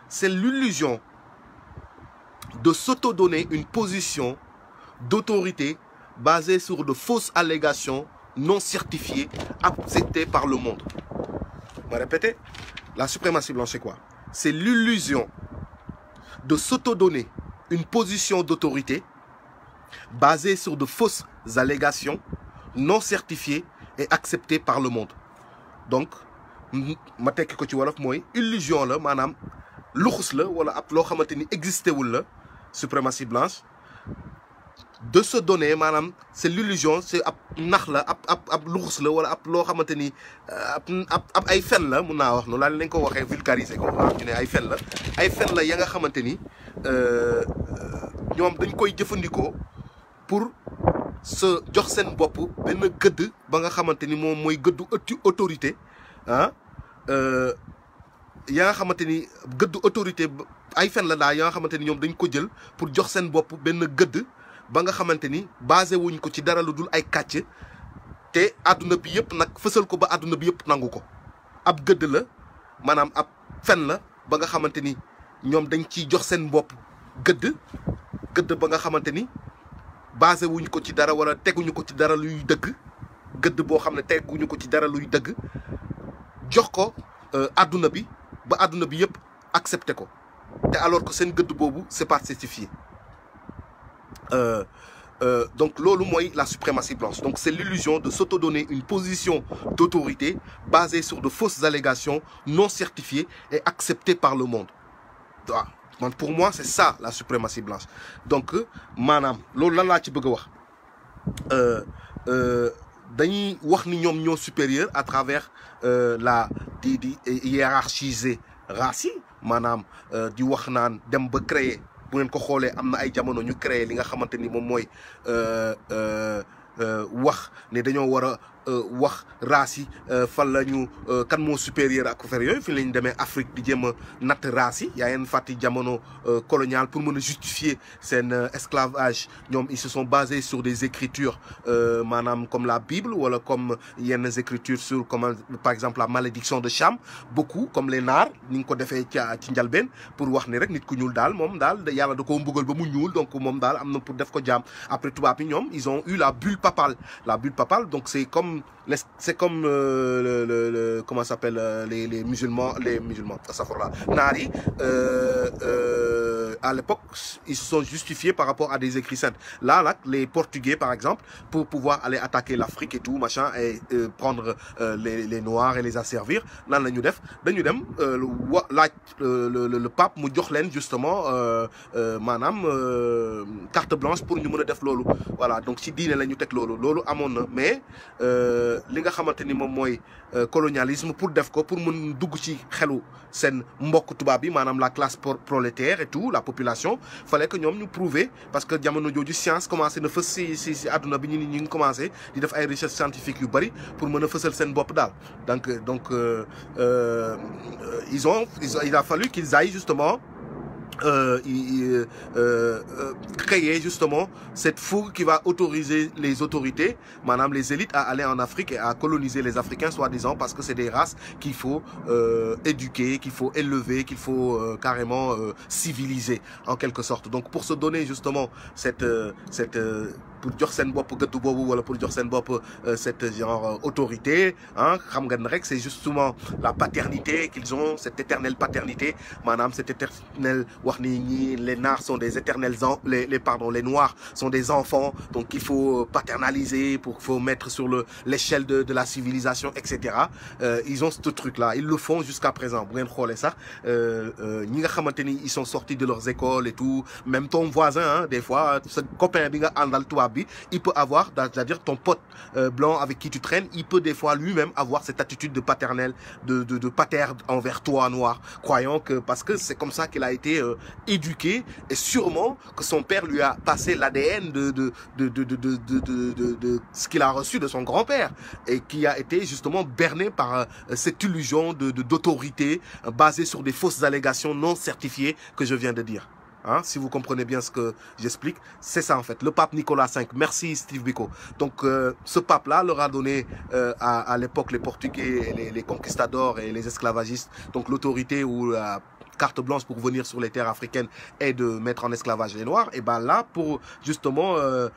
c'est l'illusion de s'autodonner une position d'autorité basée sur de fausses allégations non certifiées acceptées par le monde répéter la suprématie blanche c'est quoi c'est l'illusion de s'autodonner une position d'autorité basée sur de fausses allégations non certifiées et acceptées par le monde donc ma tekki illusion la l'ours luxus la wala la suprématie blanche de se donner manam c'est l'illusion c'est ab nax la ab ab ab luxus la wala ab lo xamanteni ni euh, ab ab ay fen la mun naa wax noonu laal lañ ko waxee vulgariser ko waaw ñu né ay fen la ay fen la ya nga xamanteni euh ñom dañ koy jëfëndiko pour se jox sen bop ben gëdd ba nga xamanteni mom moy mooy gëddu autorité hein euh ya nga xamanteni ni gëdd autorité ay fen la daal ya nga xamanteni ñom dañ ko jël pour jox sen bop ben gëdd ba nga xamante ni basé wuñ ko ci dara lu dul ay kàcc te àdduna bi yëpp nag fësal ko ba àdduna bi yëpp nangu ko ab gëdd la maanaam ab fen la ba nga xamante ni ñoom dañ ciy jox seen bopp gëdd gëdd ba nga xamante ni basé wuñ ko ci dara wala teguñu ko ci dara luy dëgg gëdd boo xam ne teguñu ko ci dara luy dëgg jox ko àdduna euh, bi ba àdduna bi yëpp accepté ko te alors que seen gëdd boobu c'est pas certifié Euh, euh, donc la suprématie blanche donc c'est l'illusion de s'autodonner une position d'autorité basée sur de fausses allégations non certifiées et acceptées par le monde pour moi c'est ça la suprématie blanche donc madame, loolu lan laa ci euh, supérieur à travers la di di hiérarchiser du madame di bu ngeen ko xoolee am na ay jamono ñu créé li nga xamante ni moom mooy euh, euh, euh, wax ne dañoo war a Euh, wax race yi euh, fan lañu euh, kan mo supérieur ak affaire yoy fi lañ démé Afrique di jëm nat race ya yi yaa ngeen jamono colonial pour mën justifier sen esclavage ñom ils se sont basés sur des écritures manam comme la Bible wala comme yenn écritures sur comme par exemple la malédiction de Cham beaucoup comme les nar ni ko défé ci pour wax ni rek nit ku ñuul dal mom dal yàlla da koo mbugal ba mu ñuul donc mom dal amna pour def ko jam après tout ils ont eu la bulle papale la bulle papale donc c'est comme um, c'est comme euh, le, le, comment s'appelle euh, les, les, musulmans les musulmans Nari euh, euh, à l'époque ils se sont justifiés par rapport à des écrits saints là là les portugais par exemple pour pouvoir aller attaquer l'Afrique et tout machin et euh, prendre les, les noirs et les asservir lan lañu def dañu dem le pape mu jox justement maanaam carte blanche pour ñu def lolo voilà donc si dit la ñu lolo loolu loolu amoon li nga xamante ni euh, colonialisme pour def ko pour mën dugg ci xelu sen mbokk tuba bi manam la classe prolétaire et tout la population fallait que ñom ñu prouver parce que jamono joju science commencé na feuss si si si bi ñi ni ngi commencé di def ay recherche scientifique yu bari pour mën feussel sen bop dal donc euh, donc donc euh, ils ont il a fallu qu'ils aillent justement euh, euh, euh, créer justement cette foule qui va autoriser les autorités, madame les élites, à aller en Afrique et à coloniser les Africains, soi-disant, parce que c'est des races qu'il faut éduquer, qu'il faut élever, qu'il faut carrément civiliser, en quelque sorte. Donc pour se donner justement cette, cette pour jox seen pour euh, cette euh, genre euh, autorité hein c'est justement la paternité qu'ils ont cette éternelle paternité madame cette éternelle wax les nars sont des éternels en les les pardon les Noirs sont des enfants donc il faut paternaliser pour faut mettre sur le l'échelle de de la civilisation etc ils ont ce truc là ils le font jusqu'à présent ils sont sortis de leurs écoles et tout même ton voisin hein, des fois ce copain bi nga il peut avoir, c'est-à-dire ton pote blanc avec qui tu traînes, il peut des fois lui-même avoir cette attitude de paternel, de, de, pater envers toi noir, croyant que parce que c'est comme ça qu'il a été éduqué et sûrement que son père lui a passé l'ADN de, de, ce qu'il a reçu de son grand-père et qui a été justement berné par cette illusion de, d'autorité basée sur des fausses allégations non certifiées que je viens de dire. Hein, si vous comprenez bien ce que j'explique, c'est ça en fait. Le pape Nicolas V, merci Steve Biko. Donc euh, ce pape-là leur a donné euh, à, l'époque les Portugais, les, conquistadors et les esclavagistes, donc l'autorité ou la carte blanche pour venir sur les terres africaines et de mettre en esclavage les Noirs, et ben là, pour justement euh,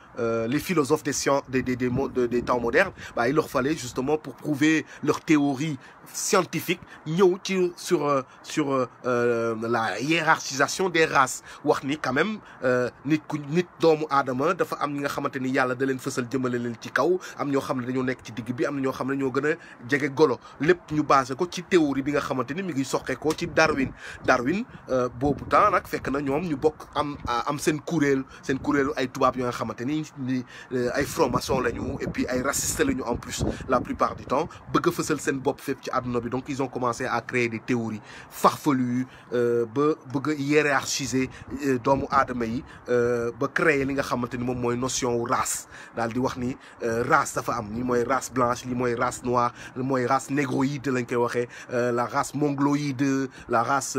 les philosophes des, des, temps modernes, bah, il leur fallait justement pour prouver leur théorie scientifique ñeu ci sur euh, sur euh, euh, la hiérarchisation des races quand même nit nit doomu dafa am nga xamanteni yalla da leen ci kaw am ño xam ci digg golo lepp ñu ko théorie bi nga mi Darwin Darwin bobu temps nak fekk na ñom ñu bokk am am sen sen ay nga ay et puis ay raciste la en plus la plupart du temps bëgg ci donc ils ont commencé à créer des théories farfelues euh, ba bëgg a hiérarchiser euh, doomu adama yi euh, ba créer li nga xamante mom moy notion race dal di wax ni race dafa am ni moy race blanche li moy race noire li race négroïde lañ koy waxee la race mongoloïde la race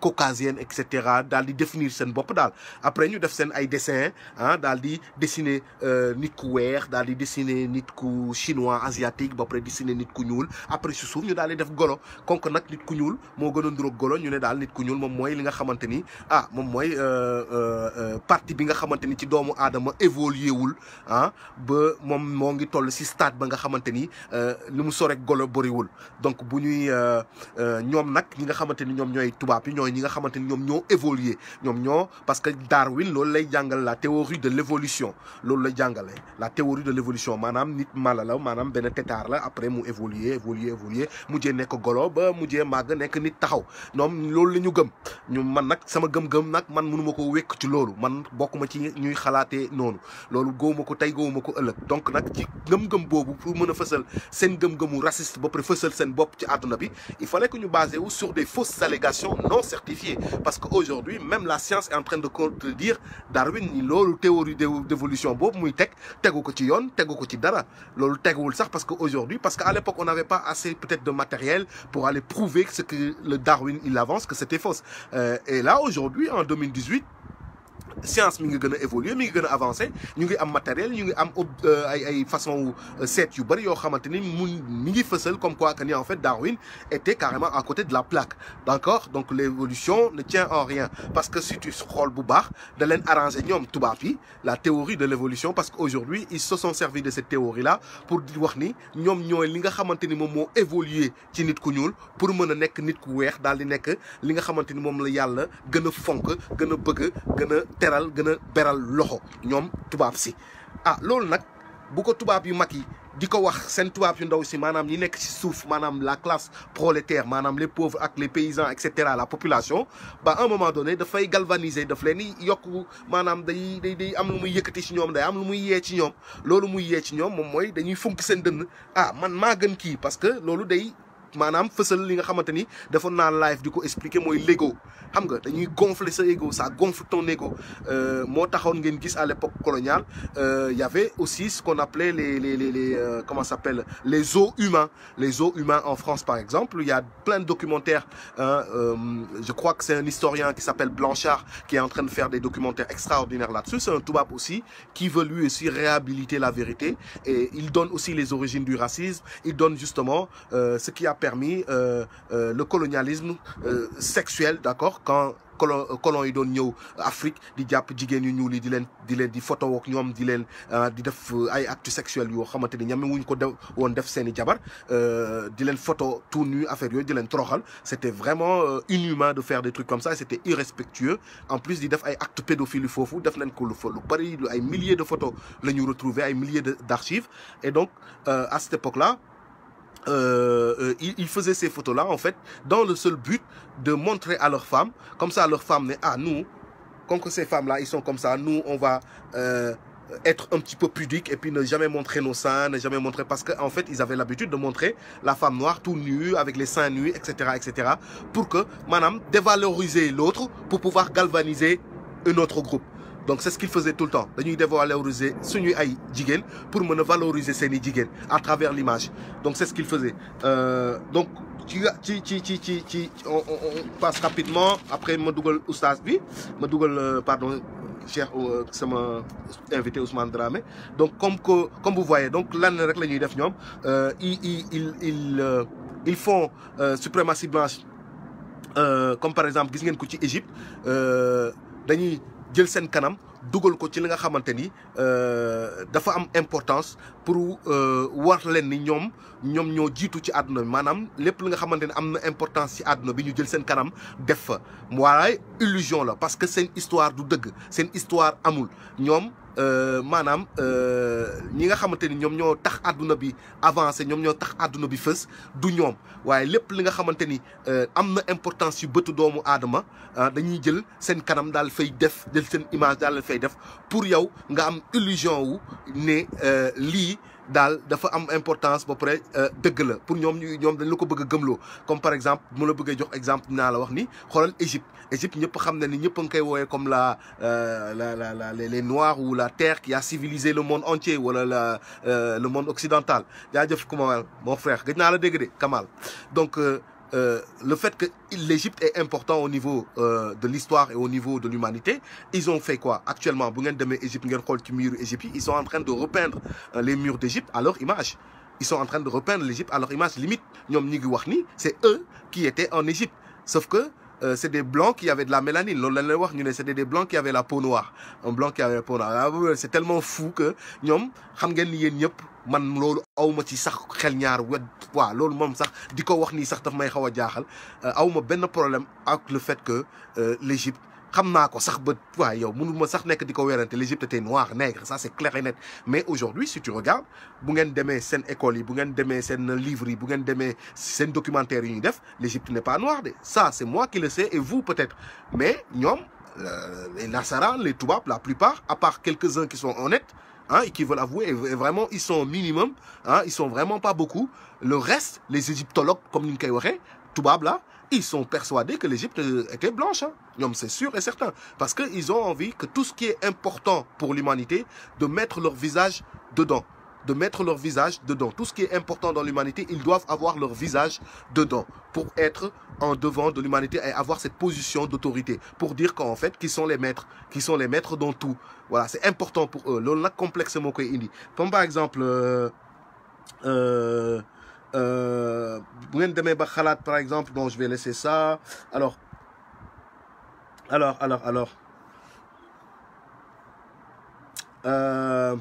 caucasienne et cetera di définir sen bop dal après ñu def sen ay dessins hein ah, dal di dessiner nit ku weex dal di dessiner nit ku chinois asiatique ba pare dessiner nit ku ñuul après après si suuf ñu daal di def golo kon nag nit ku ñuul moo gën a nduróog golo ñu ne daal nit ku ñuul moom mooy li nga xamante ni ah moom mooy euh, euh, euh, parti bi nga xamante ni ci doomu aadama évolué wul ah ba moom moo ngi toll si stade ba nga xamante ni li mu sorek golo bëriwul donc bu ñuy ñoom nag ñi nga xamante ni ñoom ñooy tubaab yi ñooy ñi nga xamante ni ñoom ñoo évolué ñoom ñoo parce que Darwin loolu lay jàngal la théorie de l'évolution loolu lay jàngale la théorie de l'évolution maanaam nit mala la maanaam benn la après mu évolué évolué évoluer mujjee nek golob ba mag nek nekk nit taxaw ñoom loolu la gëm ñu man nak sama gëm-gëm nak man mënu ma ko wékk ci loolu man bokuma ci ñuy xalaté noonu loolu goomako ko goomako ëlëk ko donc nak ci gëm-gëm bobu pour mëna fessel sen gëm-gëmu raciste ba pare fessel sen bop ci àdduna bi il fallait que ñu baser wu sur des fausses allégations non certifiées parce que aujourd'hui même la science est en train de contredire Darwin ni loolu théorie d'évolution bobu muy teg tegu ko ci yoon tegu ko ci dara loolu teguwul sax parce que aujourd'hui parce que à l'époque on n'avait pas assez peut-être de matériel pour aller prouver que ce que le Darwin il avance, que c'était fausse. Euh, et là, aujourd'hui, en 2018, science mi ngi évoluer mi ngi avancer, a ñu ngi am matériel ñu ngi am euh, ay ay façon euh, set yu bari yo xamanteni mi ngi fësal comme quoi que ni en fait Darwin était carrément à côté de la plaque d'accord donc l'évolution ne tient en rien parce que si tu xool bu baax da leen arranger ñom tuba yi la théorie de l'évolution parce qu'aujourd'hui ils se sont servis de cette théorie là pour di wax ni ñom ñoy li nga xamanteni mom mo évoluer ci nit ku ñuul pour mëna nek nit ku weex dal di nek li nga xamanteni mom la yalla gëna fonk gëna bëgg gëna teral gëna béral loxo ñom tubaab si ah lool nak bu ko tubaab yu mag yi diko wax sen tubaab yu ndaw si manam, ñi nekk ci suuf manam la classe prolétaire manam, les pauvres ak les paysans et cetera la population ba à un moment donné fay galvaniser da fleni di manam day day day am lu muy yëkëti ci ñom day am lu muy yé ci ñom loolu muy yé ci ñom mom moy dañuy funk sen dënn ah man ma gën ki parce que loolu day manam live expliquer ton ego euh, à l'époque coloniale il euh, y avait aussi ce qu'on appelait les les les les euh, comment s'appelle les zoos humains les zoos humains en France par exemple il y a plein de documentaires hein, je crois que c'est un historien qui s'appelle Blanchard qui est en train de faire des documentaires extraordinaires là-dessus c'est un toubab aussi qui veut lui aussi réhabiliter la vérité et il donne aussi les origines du racisme il donne justement ce qui a permis euh, euh, le colonialisme euh, sexuel d'accord quand colon yi doon ñëw Afrique di japp jigen ñu ñuul di len di len di photo ak ñom di len ah, di def ay actes sexuels yo xamanteni ni wuñ ko won def seen jabar jabar di len photo tout nu affaire yo di len troxal c'était vraiment inhumain de faire des trucs comme ça c'était irrespectueux en plus di def ay actes pédophiles fofu def len ko lu lu bari ay milliers de photos la ñu retrouver ay milliers d'archives et donc à cette époque là euh, euh, ils, faisaient ces photos-là, en fait, dans le seul but de montrer à leurs femmes, comme ça leurs femmes, mais à ah, nous, comme que ces femmes-là, ils sont comme ça, nous, on va euh, être un petit peu pudique et puis ne jamais montrer nos seins, ne jamais montrer, parce qu'en en fait, ils avaient l'habitude de montrer la femme noire tout nue, avec les seins nus, etc., etc., pour que, madame, dévaloriser l'autre pour pouvoir galvaniser un autre groupe donc c'est ce qu'il faisait tout le temps dañuy ce suñuy ay jigen pour me valoriser ce i à travers l'image donc c'est ce qu'il faisait euh, donc tu tu tu tu on passe rapidement après ma dugal oustaz bi ma dugal euh, pardon Cheikh euh, sama invité Ousmane Dramé donc comme que comme vous voyez donc là rek la def ils ils font suprématie blanche comme par exemple vous voyez, ko ci Égypte dañuy jël sen kanam dugal ko ci li nga xamanteni euh dafa am importance pour euh, war leen ni ñom ñom ñoo jitu ci aduna manam lepp li nga xamanteni amna importance ci aduna bi ñu jël sen kanam def fa illusion la parce que une histoire du c'est une histoire amul ñom euh, manam euh, ñi nga xamante ni pour ñoo tax aduna bi avancé ñom ñoo tax aduna bi li euh, importance yu doomu ah, def image def pour yow nga illusion Dal dafa am importance ba pare deug la pour ñom ñom dañ la ko bëgg gëmlo comme par exemple mu la bëggee jox exemple na la wax ni xolal Égypte Égypte ñëpp xam na ni ñëpp ngi koy woyé comme euh, la la la les noirs ou la terre qui a civilisé le monde entier wala la euh, le monde occidental jaajëf Kamal mon frère gëj naa la dégg dé Kamal donc euh, euh, le fait que l'Égypte est important au niveau euh, de l'histoire et au niveau de l'humanité, ils ont fait quoi Actuellement, ils sont en train de repeindre euh, les murs d'Égypte à leur image. Ils sont en train de repeindre l'Égypte à leur image limite c'est eux qui étaient en Égypte sauf que c'est des blancs qui avaient de la mélanine c'était des blancs qui avaient la peau noire un blanc qui avait peau noire ah, c'est tellement fou que man loolu awma ci sax xel ñaar wet waaw loolu moom sax diko wax ni sax daf may xawa a jaaxal euh, awma benn problème ak le fait que euh, l'Égypte xamna ko sax ba wa yow mënu ma sax nek diko wérante l'Égypte était noire nègre ça c'est clair et net mais aujourd'hui si tu regardes bu ngeen démé sen école yi bu ngeen démé sen livre yi bu ngeen démé sen documentaire yi ñuy def l'Égypte n'est pas noire de ça c'est moi qui le sais et vous peut-être mais ñom euh, les nasaraan les tubaab la plupart à part quelques-uns qui sont honnêtes Hein, et qui veulent avouer, vraiment, ils sont au minimum, hein, ils sont vraiment pas beaucoup. Le reste, les égyptologues comme tout babla ils sont persuadés que l'Égypte euh, était blanche. Hein. C'est sûr et certain. Parce qu'ils ont envie que tout ce qui est important pour l'humanité, de mettre leur visage dedans de mettre leur visage dedans. Tout ce qui est important dans l'humanité, ils doivent avoir leur visage dedans pour être en devant de l'humanité et avoir cette position d'autorité pour dire qu'en fait, qu'ils sont les maîtres, qu'ils sont les maîtres dans tout. Voilà, c'est important pour eux. L'on a complexe que indi. Comme par exemple, euh, euh, euh, par exemple, bon, je vais laisser ça. Alors, alors, alors, alors. Euh,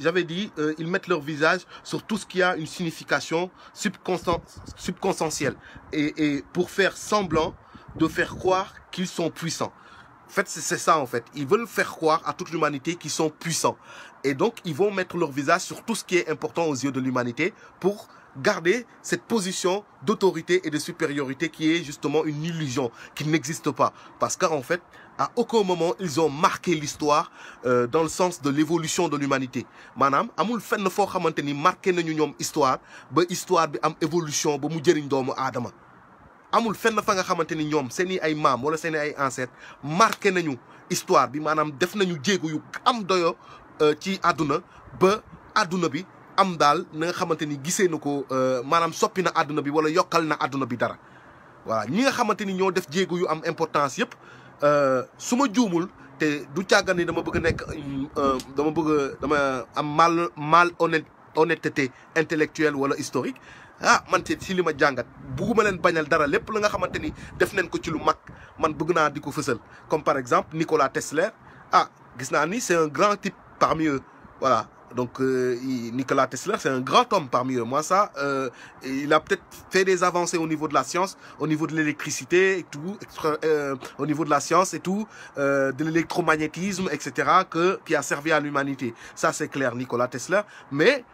j'avais dit euh, ils mettent leur visage sur tout ce qui a une signification subconscient subconscientielle et et pour faire semblant de faire croire qu'ils sont puissants en fait c'est ça en fait ils veulent faire croire à toute l'humanité qu'ils sont puissants et donc ils vont mettre leur visage sur tout ce qui est important aux yeux de l'humanité pour garder cette position d'autorité et de supériorité qui est justement une illusion qui n'existe pas parce qu'en fait à aucun moment ils ont marqué l'histoire euh, dans le sens de l'évolution de l'humanité Manam amul fenn fo xamanteni marqué nañu histoire ba histoire bi am évolution ba mu jëriñ doomu amul fenn fa nga xamanteni ñom ay mam wala ay marqué nañu histoire bi manam def nañu jéego yu am doyo euh, ci aduna ba aduna bi am dal nga xamanteni gisé nako na euh, aduna bi dara voilà ñi nga xamanteni ñoo def yu am importance yépp euh, su ma juumul te du càggan ni dama bëgg nekk euh, dama bëgg dama am mal mal honnête honnêteté intellectuelle wala historique ah man té si lima ma jàngat len bañal dara lepp la nga xamanteni def neen ko ci lu mak man bëgg na diko ko comme par exemple Nikola Tesla ah gis na ni c'est un grand type parmi eux voilà donc euh, Nicolas Tesla, c'est un grand homme parmi eux. Moi, ça, euh, il a peut-être fait des avancées au niveau de la science, au niveau de l'électricité et tout, euh, au niveau de la science et tout, euh, de l'électromagnétisme, etc., que, qui a servi à l'humanité. Ça, c'est clair, Nicolas Tesla. Mais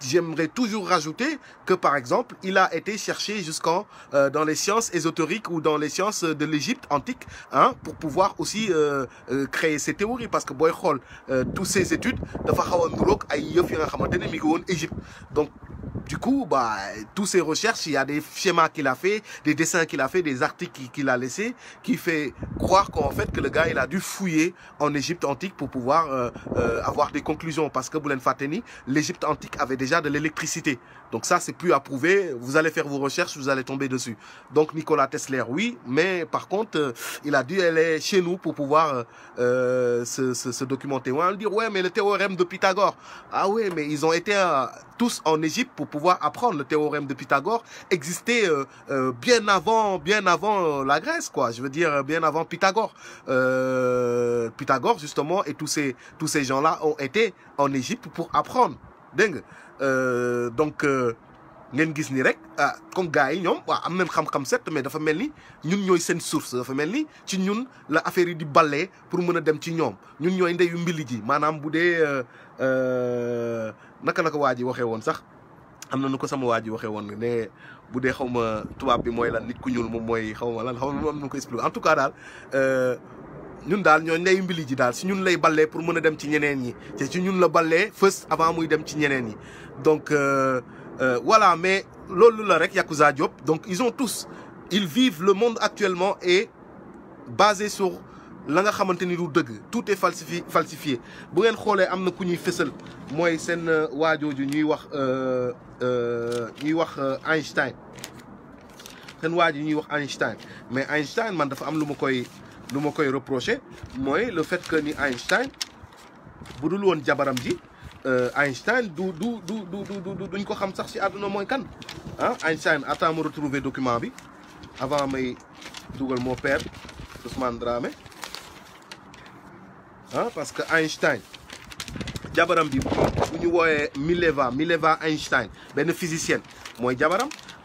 j'aimerais toujours rajouter que par exemple, il a été cherché jusqu'en euh, dans les sciences ésotériques ou dans les sciences de l'Égypte antique, hein, pour pouvoir aussi euh, euh, créer ses théories parce que boy tous ses études Égypte donc du coup bah tous ses recherches il y a des schémas qu'il a fait des dessins qu'il a fait des articles qu'il a laissé qui fait croire qu'en fait que le gars il a dû fouiller en Égypte antique pour pouvoir avoir des conclusions parce que boulen Fateni antique avait déjà de l'électricité. Donc ça, c'est plus à prouver. Vous allez faire vos recherches, vous allez tomber dessus. Donc Nikola Tesla, oui, mais par contre, euh, il a dû aller chez nous pour pouvoir euh, euh, se, documenter. On va dire, ouais, mais le théorème de Pythagore. Ah oui, mais ils ont été tous en Égypte pour pouvoir apprendre le théorème de Pythagore. Existait bien avant, bien avant la Grèce, quoi. Je veux dire, bien avant Pythagore. Pythagore, justement, et tous ces, tous ces gens-là ont été en Égypte pour apprendre deng euh, donc euh, ngeen ni rek ah comme gars yi ñom wa am xam-xam set mais dafa ñun source dafa nous, ci ñun la affaire yi di pour nous, dem ci ñom ñun nous, ndeyu mbili ji nous, nous, euh, euh naka sax sama ne xawma tuba bi nit ku en tout cas ñun dal ñoo ndeyu mbili ji dal si ñun lay ballee pour mëna dem ci ñeneen ñi té ci ñun la ballee fës avant muy dem ci ñeneen ñi donc euh, euh, voilà mais loolu la rek Yakuza job donc ils ont tous ils vivent le monde actuellement et basé sur la nga xamanteni du dëgg tout est falsifié falsifié bu ngeen xolé amna ku ñuy fessel moy sen euh, wajoju ñuy wax euh euh ñuy wax euh, Einstein seen waaju ñuy wax Einstein mais Einstein man dafa am lu ma koy nous me reproché le fait que ni Einstein vous jabaram euh, Einstein nous dou dou que nous ko ah, Einstein attends retrouver document avant père hein parce que Einstein jabaram bi Mileva Einstein ben physicien moi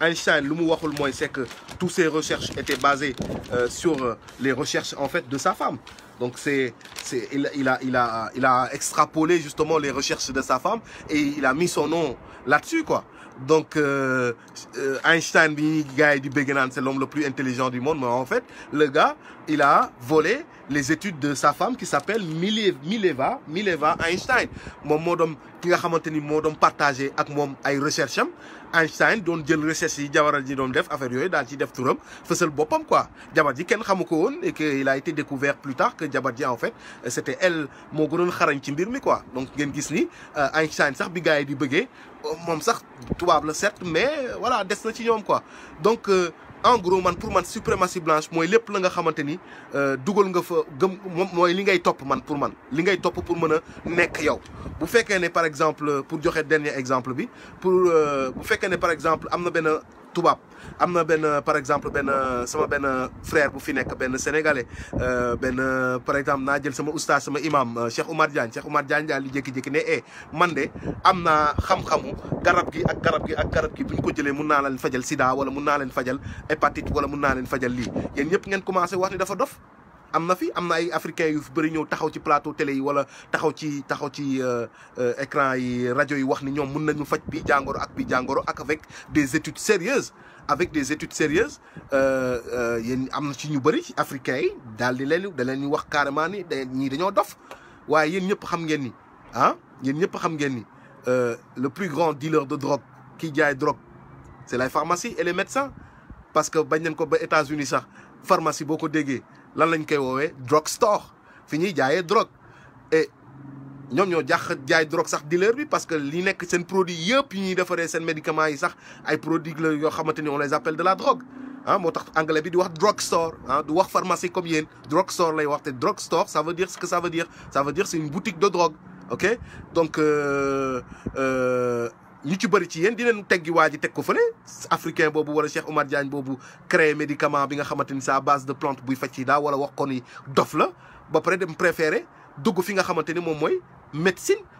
Einstein lumu c'est que toutes ses recherches étaient basées euh, sur euh, les recherches en fait de sa femme. Donc c'est, il, a, il, il a extrapolé justement les recherches de sa femme et il a mis son nom là-dessus quoi donc euh, euh, Einstein bi guy du c'est l'homme le plus intelligent du monde mais en fait le gars il a volé les études de sa femme qui s'appelle Mileva Mileva Einstein Mon moo doon ki nga xamante ni moo partagé ak mon ay recherche Einstein doon jël recherche yi a ji doon def affaire yooyu daal ci def turam fësal quoi jabar ji kenn ko et que il a été découvert plus tard que jabar en fait c'était elle moo gënoon xarañ ci mbir mi quoi donc ngeen ni euh, Einstein sax bi gars yi di mom sax tubaab la certes mais voilà des na ci ñom quoi donc euh, en gros man pour man suprématie blanche moy lepp la nga xamanteni euh dugal nga fa gem moy li ngay top man pour man li ngay top pour meuna nek yow bu fekkee ne par exemple pour joxe dernier exemple bi pour euh, bu fekkee ne par exemple amna ben tubaab am na benn par exemple benn sama benn frère bu fi nekk benn sénégalais euh, benn par exemple naa jël sama oustaz sama imam euh, Cheikh Oumar Diagne Cheikh Oumar Diagne daal di jékki ne eh man de am naa xam-xamu garab gi ak garab gi ak garab gi bu ñu ko jëlee mun naa leen fajal sida wala mun naa leen fajal hépatite wala mun naa leen fajal lii yéen yëp ngeen commencé wax ni dafa dof amna fi amna ay africains yu bëri ñëw taxaw ci plateau télé yi wala taxaw ci taxaw ci euh, euh, écran yi radio yi wax ni ñom mun nañu fajj bi jangoro ak bi jangoro ak avec des études sérieuses avec des études sérieuses euh, euh am amna ci ñu bëri africains yi daal di leen da leen wax carrément ni da ñii dañoo dof waye yeen ñepp xam ngeen ni ah yéen ñepp xam ngeen ni euh le plus grand dealer de drogue qui jaay drogue c'est la pharmacie et les médecins parce que bañ nañ ko ba États-Unis sax pharmacie boko ko lan lañ koy wowe drug store fi ñuy jaayee drogue et ñom ñoo jax jaay drogue sax dealer bi parce que li nekk seen produit yépp yi ñuy defaree seen médicaments yi sax ay produits la yo xamante on les appelle de la drogue ah moo tax anglais bi di wax drug store ah du wax pharmacie comme yéen drug store lay wax té drug store ça veut dire ce que ça veut dire ça veut dire c'est une boutique de drogue ok donc euh euh ñu ci bari ci yéen di leen teggi waa teg ko fële africain boobu wala Cheikh omar Diagne boobu créé médicament bi nga xamante ni sa base de plante buy faj ci daa wala wax ko ni dof la ba pare dem préféré dugg fi nga xamante ni moom mooy médecine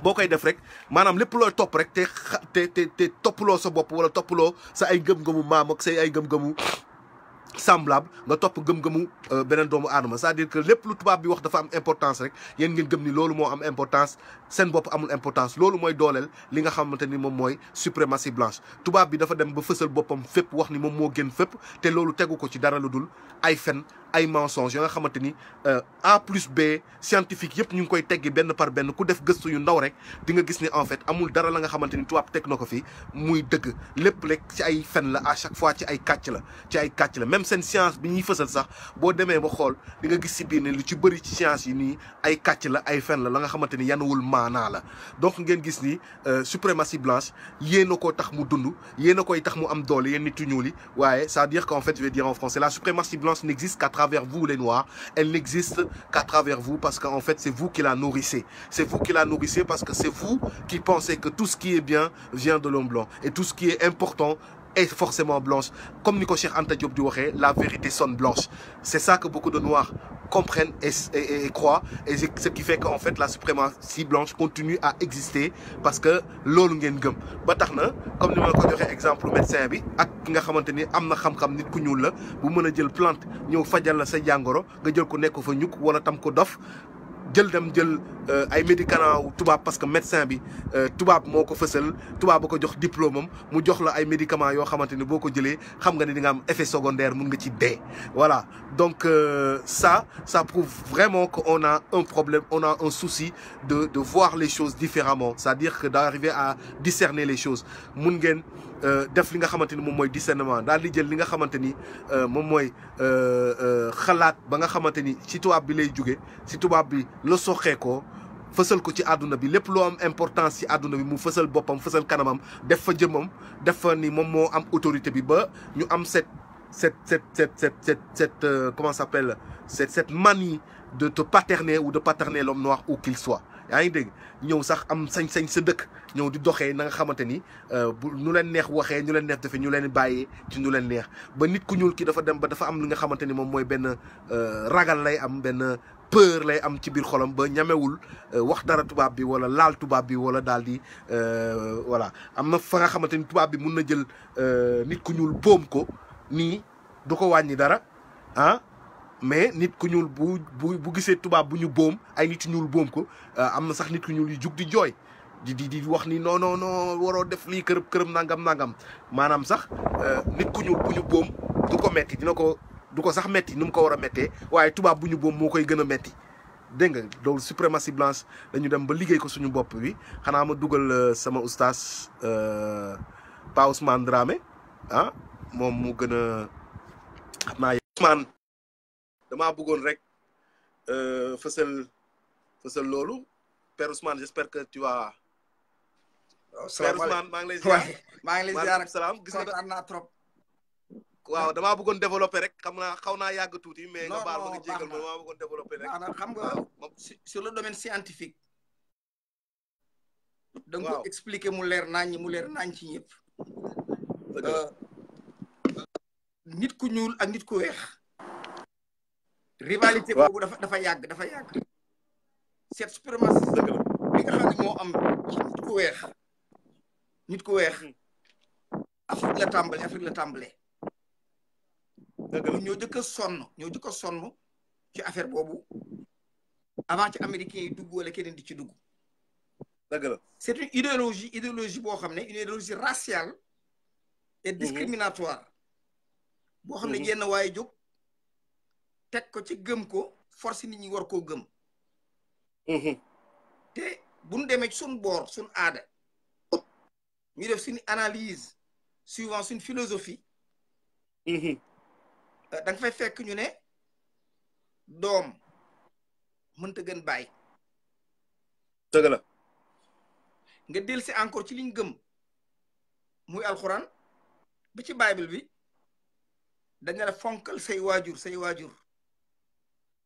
bokay def rek manam lepp lo top rek te te sa bop wala lo sa ay gëm-gëmu mam ak say ay gëm-gëmu semblable nga top gëm-gëmu euh, benen c'est-à-dire que lepp lu bi wax dafa am importance rek ngeen gëm ni am importance sen bop amul importance lolou moy dolel li nga xamanteni mom moy suprématie blanche tubaab bi dafa dem ba fësal bopam fépp wax ni mom mo gën fépp te lolou teggou ko ci dara lu ay fen ay mensonge yo nga xamanteni ni euh, A plus B scientifique yep ñu ngi koy teggi ben par ben ku def gëstu yu ndaw rek di nga gis ni en fait amul dara la nga xamanteni ni tubaab teg fi muy deug lepp rek ci ay fen la à chaque fois ci ay katch la ci ay katch la même science bi ñuy fësal sax bo demee ba xol di nga gis ci bi ne lu ci bëri ci science yi ni ay katch la ay fen la la nga xamanteni yanuul ma donc ngeen gis ni euh, suprématie blanche yé no ko tax mu dund yé koy tax mu am doole nitu ñuuli à dire qu'en fait je vais dire en français la suprématie blanche n'existe qu'à travers vous les noirs elle n'existe qu'à travers vous parce qu'en fait c'est vous qui la nourrissez c'est vous qui la nourrissez parce que c'est vous qui pensez que tout ce qui est bien vient de l'homme blanc et tout ce qui est important forcément blanche. Comme Nico Anta Diop la vérité sonne blanche. C'est ça que beaucoup de Noirs comprennent et, et, et croient. Et ce qui fait qu'en fait, la suprématie blanche continue à exister parce que l'on ngeen comme nous ma ko l'exemple exemple médecin bi ak nga dit am xam-xam nit la plante fajal la sa nga jël dem jël euh, ay médicaments wu parce que médecin bi euh, tubaab moko ko fësal tubaab ko jox diplôme mu jox la ay médicaments yo xamanteni boko jëlé xam nga ni di nga am effet secondaire mën nga ci dé voilà donc euh, ça ça prouve vraiment qu'on a un problème on a un souci de de voir les choses différemment c'est-à-dire que d'arriver à discerner les choses mën ngène euh, def li nga xamanteni mom moy le discernement di jël li nga xamante ni euh, moom euh, euh xalaat ba nga xamanteni ci bi lay ci bi la ko ko ci aduna bi lepp lo am importance ci aduna bi mu bopam kanamam def fa def fa ni am autorité bi ba ñu cette cette cette cette cette comment s'appelle cette cette manie de te paterner ou de paterner l'homme noir où qu'il soit yaa ngi dégg ñëw sax am sañ-sañ sa dëkk ñëw di doxee na nga xamante ni euh, bu ñu leen neex waxee ñu leen neex defee ñu leen bàyyee ci ñu leen neex ba nit ku ñuul ki dafa dem ba dafa am li nga xamante ni moom mooy benn euh, ragal lay am benn peur lay am ci biir xolom ba ñamewul euh, wax dara tubaab bi wala laal tubaab bi wala daal di voilà am na fa nga xamante ni tubaab bi mun na jël nit ku ñuul boom ko nii du ko wàññi dara ah mais nit ku ñuul bu bu bu gisee tubaab bu ñu boom ay nit ñuul boom ko euh, am na sax nit ku ñuul yu jug di jooy di di di wax ni non non non waroo def lii kërëb kërëb nangam nangam maanaam sax euh, nit ku ñuul bu ñu boom du ko metti dina ko du ko sax metti nu mu ko war a méttee waaye tubaab bu ñu boom moo koy gën a metti dégg nga loolu suprématie blanche dañu dem ba liggéey ko suñu bopp bi xanaa ma dugal euh, sama oustaz Pa Ousmane Dramé ah moom mu gën a xam naa Ousmane damaa bëggoon rek euh, fësal fësal loolu Père Ousmane j'espère que tu vas. waaw oh, salaamaaleykum maa ngi a ziar maa ngi lay ziar ak salaam gis nga am naa trop. waaw damaa bëggoon développer rek xam naa xaw naa yàgg tuuti mais nga baal ma nga jégal ma damaa bëggoon développer rek. xam nga sur le domaine scientifique. da nga expliquer mu leer nañ mu leer nañ ci ñëpp. Euh, nit ku ñuul ak nit ku weex. rivalité boobu dafa dafa yàgg dafa yàgg cette suprématie bi nga xam ne moo am nit ku weex nit ku weex hmm. Afrique la tàmbale Afrique la tàmbale ñoo jëkk a sonn ñoo jëkk a sonn ci affaire boobu avant ci américains yi dugg wala keneen di ci dugg dëgg la une idéologie idéologie boo xam ne une idéologie raciale et hmm. discriminatoire boo xam ne hmm. yenn waaye jóg teg ko ci gëm ko force ni ñi war koo gëm. Mhm. te bu ñu demee suñ boor suñ aada. ñu def suñu analise suivant suñ philosophie. Mhm. Euh, da nga fay fekk ñu ne doom mënta gën bay dëgg la. nga dellu si encore ci liñ gëm muy alxuraan ba ci bible bi dañ la fonkal say waajur say waajur.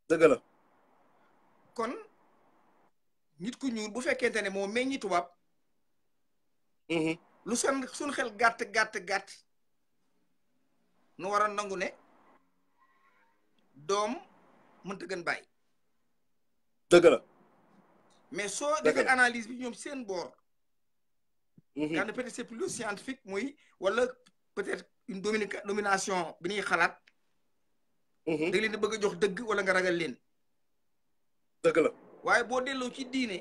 dëgg la. kon nit ku ñuul bu fekkente ne moo meññi tubaab. Mhm. lu seen suñ xel gàtt gàtt gàtt. nu war a nangu ne doom mënta gën bàyyi. dëgg la. mais soo defee analyse bi ñoom seen boor. Mhm. daanaka peut-être c'est plus scientifique muy wala peut-être une domination bi ñuy xalaat. Mm-hmm. da leen di bëgg jox dëgg wala nga ragal leen. dëgg la waaye boo delloo ci diine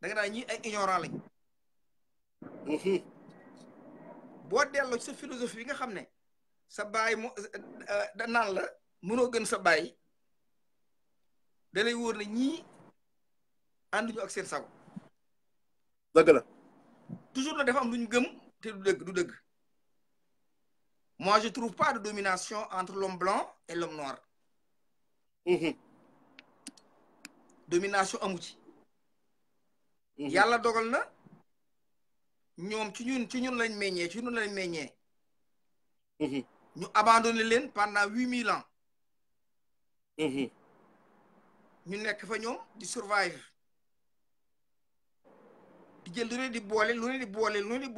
da nga naan ñii ay mm-hmm. boo delloo sa philosophie bi nga xam ne sa baay mu da eh, naan la mënoo gën sa baay dalay wóor ne ñii ànduñu ak seen sago. dëgg la toujours na dafa am lu ñu gëm te du dëgg du dëgg. Moi, je ne trouve pas de domination entre l'homme blanc et l'homme noir. Mhm. Domination amouti. Mhm. Yalla dogal na ñom ci ñun ci ñun lañ meññee ci ñun lañ mhm. ñu abandonné leen pendant 8000 ans. ñu nekk fa ñom di survive. di jël lu di boole lu di lu di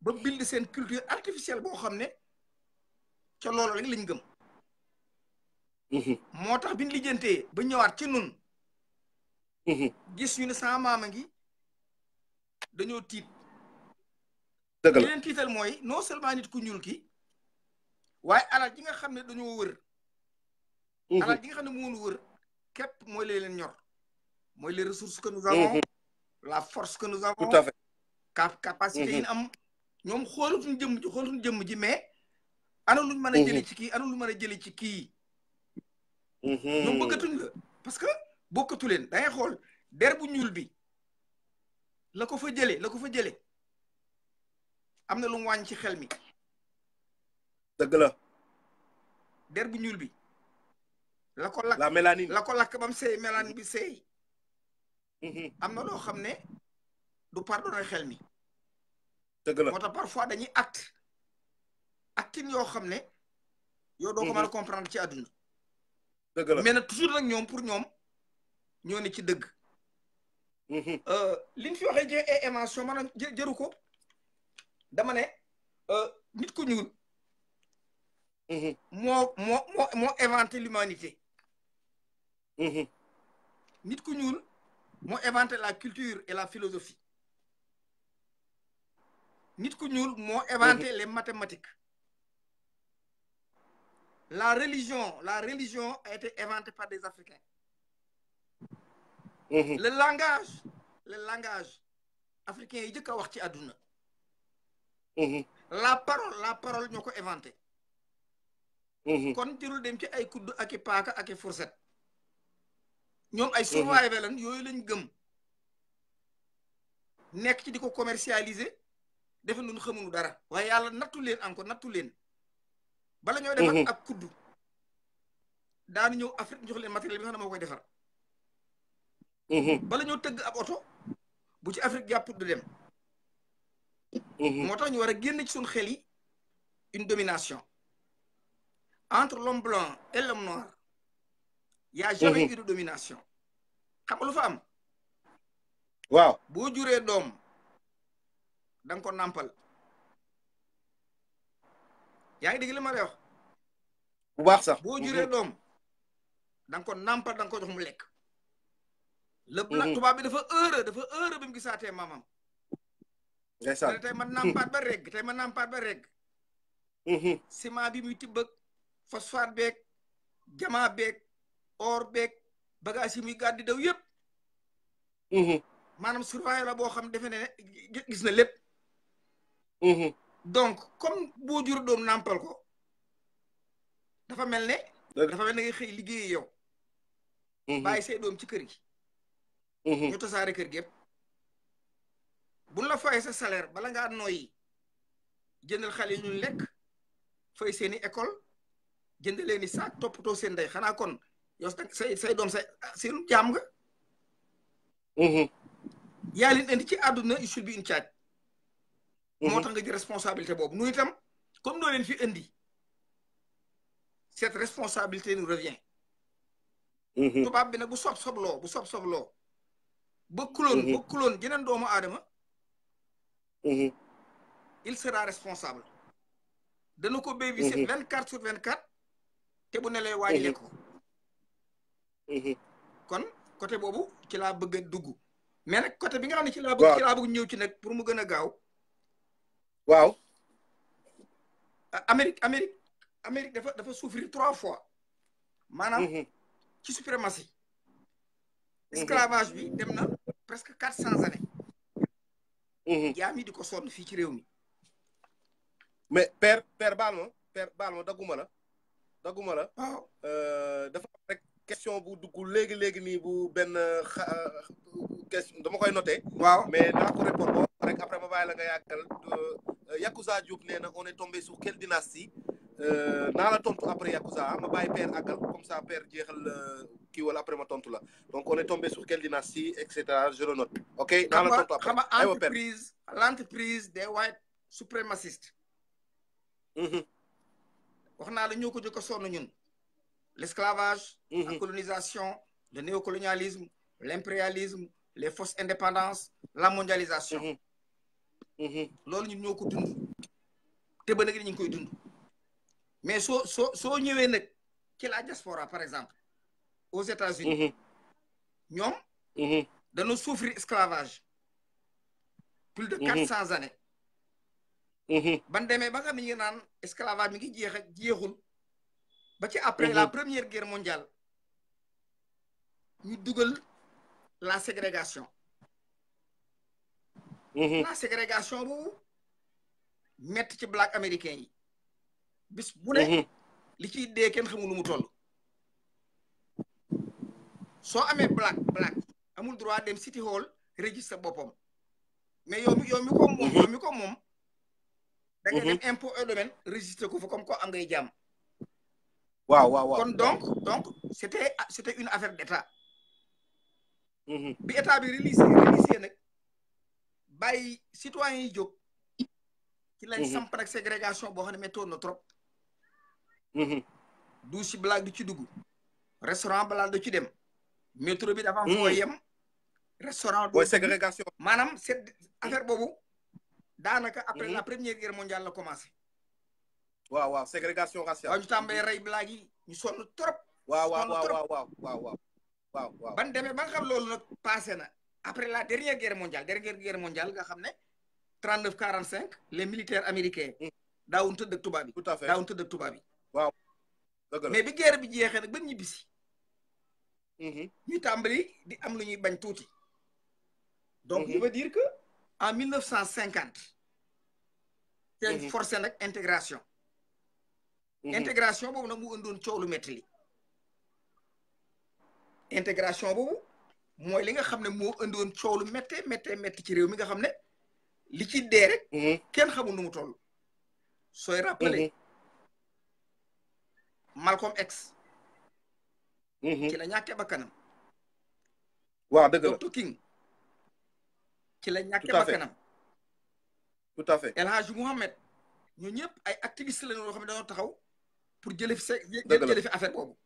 ba bind seen culture artificielle boo xam ne ca loolu rek lañ gëm. Mhm. moo tax bi ñu lijjantee ba ñëwaat ci nun mhm. gis ñu ne sama maama ngi dañoo tiit. dëgg la leen tiital mooy non seulement nit ku ñuul ki waaye alal ji nga xam ne dañoo wër. Mhm. alal ji nga xam ne moo wër képp mooy la leen ñor. mooy les ressources que nous avons. la force que nous avons. tout à fait capacité yi am. ñoom xoolatuñu jëmm ji xoolatuñu jëmm ji mais. ana luñ mën a jëlee mhm. ci kii ana lu mën a jëlee ci kii. Mhm. ñoom bëggatuñ parce que bokkatu leen da xool der bu ñuul bi la ko fa jëlee la ko fa jëlee am na lu mu ci xel mi. dëgg der bu ñuul bi. la ko lakk la mélanine la ko lakk bam seey mélanine bi sey mhm. am na loo xam ne du pardonné xel mi. Quand parfois des acte Actes qui sont ne. yow doo ko mhm. comprendre ci mais toujours pour nous. Nous Un ci L'influence est Je inventé l'humanité mhm. nit ku la culture et la philosophie nit ku ñuul moo inventé les mathématiques la religion la religion a été inventée par des africains mhm. le langage le langage africain yi jëkk a wax ci àdduna mhm. la parole la parole ñoo ko inventé mhm. kon jërul dem ci ay kudd ak i paaka ak ont fourchette ñoom ay survive lan yooyu lañ gëm nekk ci di ko commercialiser defe nun xamunu dara waaye yàlla nattu leen encore nattu leen bala ñoo defar mhm. ab kuddu daanu ñëw Afrique jox leen matériel bi nga xam ne moo koy defar mhm. bala ñoo tëgg ab oto bu ci Afrique jàpput du dem mhm. moo tax ñu war a génn ci suñ xel yi une domination entre l'homme blanc et l'homme noir jamais eu domination xam nga lu fa am waaw boo juree doom da ko nàmpal yaa ngi dégg la ma lay wax. bu baax sax boo juree doom da nga ko nàmpal da ko jox mu lekk. lépp nag mhm. tubaab bi dafa heure dafa heure bi mu gisaatee maamam. ndeysaan tey ma nàmpaat ba regg te ma nàmpaat ba regg. Mhm. ciment bi muy tibbëg phosphate bek jamaa beeg or beeg baga yi muy gàddi daw yëpp. Mhm. maanaam surveillant la boo xam defe ne gis na lépp. Mm-hmm. donc comme boo jur doom nàmpal ko dafa mel ne. dafa mel ne nga xëy liggéeyee yow. Mm-hmm. bàyyi say doom ci kër gi. ñu mm-hmm. tasaare kër gi bu buñ la fayee sa salaire bala ngaa nooy jëndal xale yi lekk fay seeni école jënd leen i saak toppatoo seen day xanaa kon yow say say doom say seen jaam nga. yaa leen indi ci àdduna isul bi une caaj. Comment est-ce que responsabilité Nous, comme nous l'avons indi cette responsabilité nous revient. Nous ne pouvons pas faire ça. Nous ne pouvons pas faire ça. Si nous ne pouvons pas faire ça, il sera responsable. De nous couper 24 sur 24, nous mhm. mhm. ne pouvons pas faire ça. Donc, côté Bobo, il a besoin d'ougu Mais côté Bingani, il a besoin de Dougou pour nous faire ça. Wow. Amérique Amérique Amérique souffrir trois fois maanaam qui mhm. suprématie mhm. esclavage presque 400 années Il y a des ci mais père père père Balmo, euh, question bu légui légui ni bu question dama koy mais ko répondre après la nga euh, euh, Yakuza Diop on est tombé sur quelle dynastie Dans euh, la tontu après Yakuza ma bàyyi père àggal comme ça père jeexal qui euh, wala après ma tontu la donc on est tombé sur quelle dynastie etc. je le note. ok Dans la tontu après l'entreprise l'entreprise des white suprémacistes. On mhm. waxna la ñoko ko sonu a ñun. l'esclavage. Mhm. la colonisation le néocolonialisme l'impérialisme les fausses indépendances la mondialisation. Mhm. C'est mm-hmm. ñun nous nous dund té ba nag ñu koy dund mais so, so, soo ñëwee ci la diaspora par exemple aux États-Unis nous, mm-hmm. mm-hmm. dañu souffrir esclavage plus de 400 ans. années ban démé ba naan esclavage mi ngi ba ci après la première guerre mondiale ñu duggal la ségrégation Mm-hmm. la ségrégation boobu métti ci black américain yi bis bu ne mm-hmm. li ciy dee kenn xamul nu mu toll amee black black amul droit dem city hall registre boppam mais yow mi yow mi moom mm-hmm. yow mi ko moom dem impôt et domaine registre ko fa comme ko am ngay jàmm waaw waaw waaw kon donc donc c'était c'était une affaire d'état bi état bi réalisé réalisé nag bay citoyen yi jog ci lañ mhm. samp nak ségrégation boo xam ne méttoon na trop mhm. ci blague du ci dugg restaurant bala do ci dem métro bi dafa fo mhm. yem restaurant bo ségrégation manam c'est affaire bobu danaka après la première guerre mondiale la commencé waaw waaw ségrégation raciale waaw ñu tàmbalee rey blague yi ñu sonu trop waaw waaw waaw waaw waaw waaw waaw ban demee ba xam loolu nag passé na après la dernière guerre mondiale dernière guerre mondiale nga 39 45 les militaires américains. ont mm. tëdd ak tout à fait daawuñu de Toubabi. yi. waaw mais bi guerre bi jeexee nag ba ñibbisi. Mm-hmm. ñu tàmbali di am lu ñuy bañ donc mm-hmm. je veux dire que en 1950. une mm-hmm. forcé nag intégration. intégration boobu nag a l'intégration. coow lu métti li. intégration fait. mooy li nga xam ne moo indiwoon coow lu méttee méttee ci réew mi nga xam ne li ci dee rek. Mm-hmm. kenn xamul nu mu toll. sooy rappelé. Mm-hmm. Malcolm X. Mm-hmm. ci la ñàkkee bakkanam. waaw dëgg la Dr King. ci la ñàkkee bakkanam. tout à fait El Hadj Mouhamed. ñoo ñëpp ay activiste lañu yoo xam ne dañoo taxaw pour jëlee fi sa jëlee fi affaire boobu.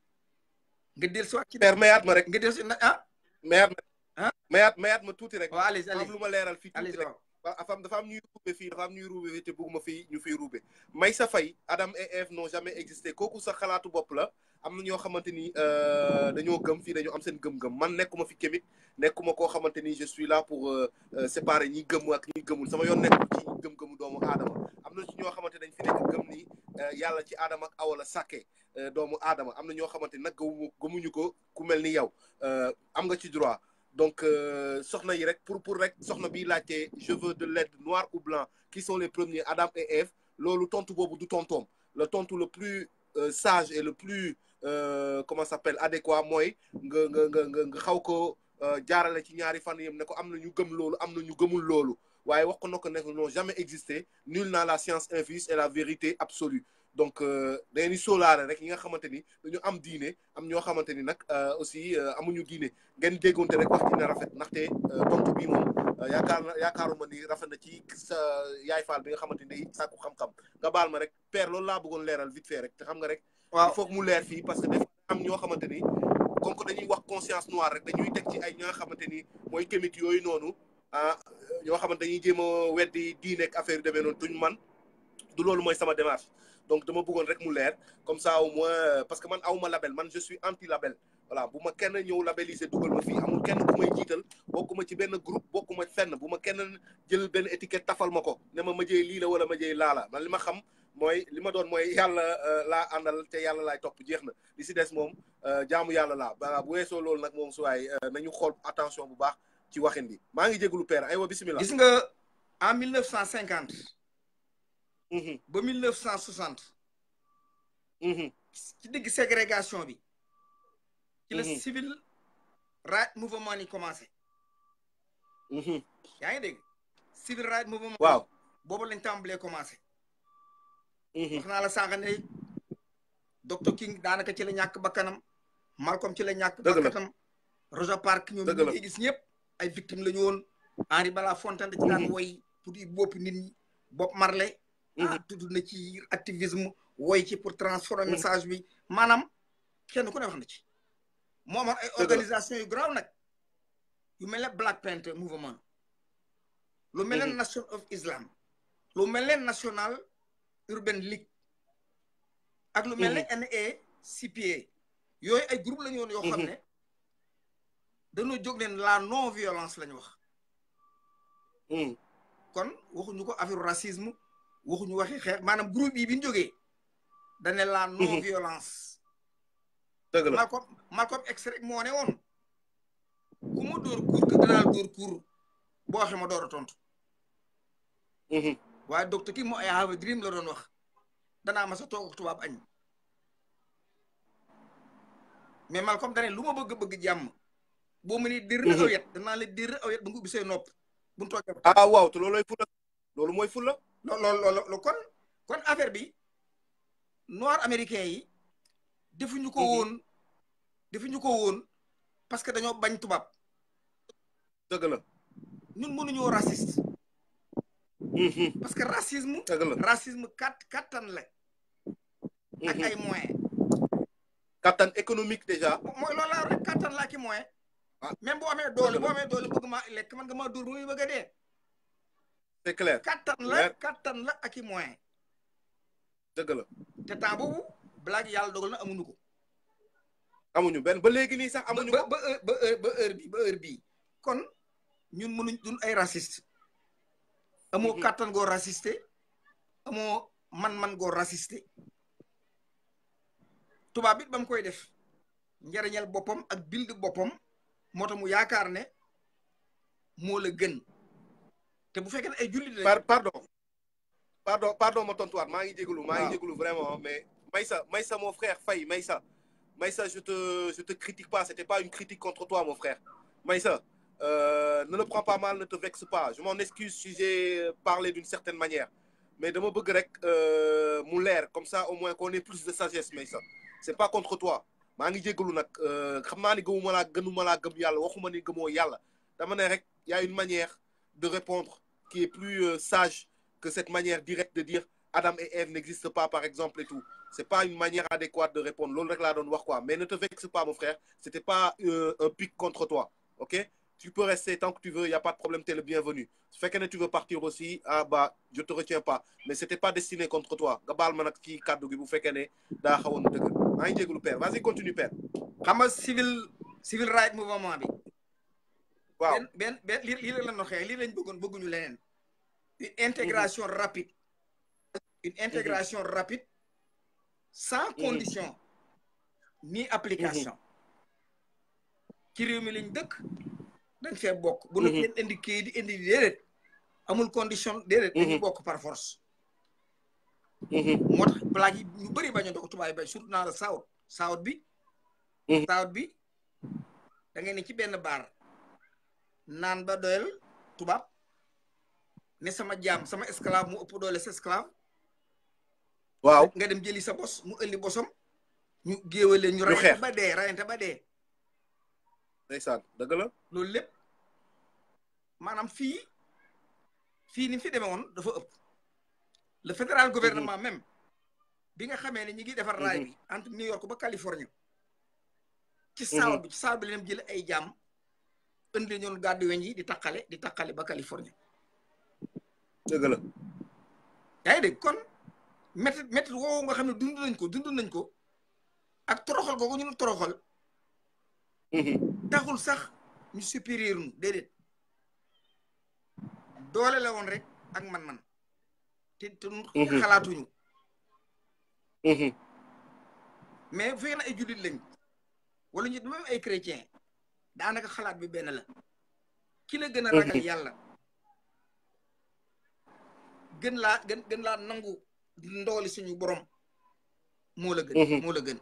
nga dellusiwaat ci. permeyaat ma rek nga dellusi ah. mayaat ma mayaat mayaat ma tuuti rek. waaw allez allez am lu ma leeral fii tuuti rek. afam dafa am ñuy ruube fii dafa am ñuy ruube fii te bëgguma fi ñu fi ruube Maysa Faye Adam et Ève n'ont jamais existé kooku sax xalaatu bopp la am na ñoo xamante ni euh, dañoo gëm fii dañoo am seen gëm-gëm man nekkuma fi kémit nekkuma koo xamante ni je suis là pour euh, euh, séparer ñi gëm ak ñi gëmul sama yoon nekk ci gëm-gëmu doomu aadama am na ci ñoo xamante dañ fi nekk gëm ni yàlla ci aadama ak awa Euh, doomu aadama am na ñoo xamante nag gëmuñu ko ku mel ni yow euh, am nga ci droit donc euh, soxna yi rek pour pour rek soxna bi laajtee je veux de l'aide noir ou blanc qui sont les premiers Adam et Ève loolu tontu boobu du tontoom le tontu le plus sage et le plus euh, comment s'appelle adéquat mooy nga nga nga nga nga xaw ko jaarale ci ñaari fan yëm ne ko am na ñu gëm loolu am na ñu gëmul loolu waaye wax ko na ko ne n'ont jamais existé nul n'a la science infuse et la vérité absolue donc euh, dañu ni sóolaale rek yi nga xamante ni dañu am diine am ñoo xamante ni nag euh, aussi euh, amuñu diine ngeen déggoonte rek rafet ndaxte tontu bii moom yaakaar na yaakaaruma ni rafet na ci sa yaay faal bi nga xamante ni day sàkku xam-xam nga baal ma rek père loolu laa bëggoon leeral vite fait rek te xam nga rek. waaw il faut mu leer fii parce que def am ñoo xamante ni comme que dañuy wax conscience noire rek dañuy teg ci ay ñoo xamante ni mooy kémit yooyu noonu ah ñoo xamante dañuy jéem a weddi diine ak affaire demee noonu duñ man du loolu mooy sama démarche. donc dama bëggoon rek mu leer comme ça au moins euh, parce que man awma label man je suis anti label voilà bu ma kenn ñëw labellisé dugal ma fii amul kenn ku may jiital bokkuma ci benn groupe bokkuma fenn bu ma kenn jël benn étiquette tafal ma ko ne ma ma jëy lii la wala ma jëy laa man li ma xam mooy lima doon mooy yàlla euh, laa àndal te yàlla laay topp jeex na li si des moom euh, jaamu yàlla laa ba bu weesoo lool nag moom suwaay nañu xool attention bu baax ci waxin bi maa ngi jégalu père aywa bisimilah. gis nga en 1950. Mhm. ba 1960, neuf cent mhm. ci ségrégation bi ci la mhm. civil right mouvement ni commencé yaa ngi dégg civil right mouvement waaw boobu lañ tàmbalee commencé wax naa la sànq ne docteur King daanaka ci la ñàkk bakkanam Malcolm ci la ñàkk bakkanam Rosa Parks ñoom ñu ngi gis ñëpp ay victimes la ñu woon Henri fontaine da ci daan woy pour bopp nit ñi Bob Marley ah tudd na ci activisme woy ci pour transformer mm. message bi manam kenn ku ne wax na ci moom ay organisation yu graw nag yu mel Black paint mouvement lu mel mm-hmm. Nation of Islam lu mel National Urban League ak lu mel ne mm-hmm. NAACPA yooyu ay groupe lañu ñu woon yoo xam mm-hmm. ne dañoo jóg leen la non violence lañ ñu wax mm. kon waxuñu ko affaire racisme waxuñu waxi xex manam groupe bi biñ joggé dañ ne mhm. la non violence. deug la malcom malcom X rek moo ne woon ku ma door cour que danaa door cour bo waxee ma door a tontu. Mhm. waaye docteur ki mo ay have a dream la doon wax danaa ma sa toog ak tubaab añ. mais malcom dane lu ma bëgg bëgg jàmm. boo dir na mhm. aw yet danaa la dir aw yet ba nga ubbi say nopp bu ñu toogee. ah waaw te loolu lay fulla loolu mooy fula. loolu loolu kon kon affaire bi noir américain yi defuñu ko mhm. woon defuñu ko woon parce que dañoo bañ tubaab dëgg la ñun mënuñoo raciste mhm. parce que racisme racisme kat kattan la ak mhm. ay moyen kattan économique déjà mooy loolu la rek kattan la ak i moyen ah. même boo amee doole boo amee doole bëgg maa lekk man nga maa ba ngay dee c'est clair kattan la kattan la ak i moyen dëgg la te temps boobu blague yàlla dogal na amuñu ko amuñu benn ba léegi sax amuñu ko ba eur ba heure bi ba bii kon ñun mënuñ dun ay raciste amoo mhm. kattan goo raciste amoo man-man goo raciste tubaab it ba koy def njariñal boppam ak bild boppam moo tax mu yaakaar ne moo la gën te bu fekkee ay julit pardon pardon pardon ma tontuwaat ma ngi jégalu. ma ngi jégalu vraiment mais. Maïssa Maïssa mon frère fay Maïssa Maïssa je te je te critique pas c'était pas une critique contre toi mon frère Maïssa euh, ne le prends pas mal ne te vexe pas je m'en excuse si j'ai parlé d'une certaine manière mais dama bëgg rek euh, mu leer comme ça au moins qu'on ait plus de sagesse Maïssa c'est pas contre toi ma ngi jégalu nak euh, xam naa ni gëmuma la gënuma la gëm yalla waxuma ni gëmo yalla dama ne rek y a une manière de répondre qui est plus euh, sage que cette manière directe de dire Adam et Ève n'existent pas, par exemple, et tout. C'est pas une manière adéquate de répondre. quoi. Mais ne te vexe pas, mon frère. C'était pas euh, un pic contre toi. OK Tu peux rester tant que tu veux. Il n'y a pas de problème. Tu es le bienvenu. Fait que tu veux partir aussi. Ah, bah, je te retiens pas. Mais c'était pas destiné contre toi. Vas-y, continue père. civil civil right movement waaw benn benn lii lii la ñu xeex lañ bëggoon bëgguñu leneen. une intégration mhm. rapide. une intégration mhm. rapide. sans mhm. condition. ni application. ci réew mi lañ dëkk. dañ fee bokk. bu nu leen indi kii di indi amul condition déedéet. dañu bokk par force. moo tax plaques yi ñu bëri bañ a dox tubaab yi bay surtout dans sawut sawut bi. sawut bi da ngay ci benn baar. nan ba doyal tubab ne sama jam, sama esclave mu upp doole sa esclave waaw nga dem jeli sa bos mu eli bosam ñu géewale ñu rayante ba dee rayante ba dee ndeysaan dëgg la loolu lépp maanaam fii fii ni fi demee woon dafa ëpp le fédéral mhm. gouvernement même bi nga xamee ne ñi ngi defar raay mhm. bi entre New York ba Californie ci mhm. saaw bi ci saaw bi la jël ay jaam indi ñun gàddu weñ di taqale di taqale ba Californie. dëgg la. yaa dégg kon métit métit woowu nga xam ne dund nañ ko dund nañ ko ak toroxal googu ñun toroxal. Mhm. taxul sax ñu supérieur ñu déedéet. doole la woon rek ak man-man. te te mhm. xalaatuñu. Mhm. mais fekk na ay jullit lañ wala ñu même ay chrétien daanaka xalaat bi benn la ki la gën a ragal mm-hmm. yàlla gën laa gën gën laa nangu ndooli suñu borom moo la gën mm-hmm. moo la gën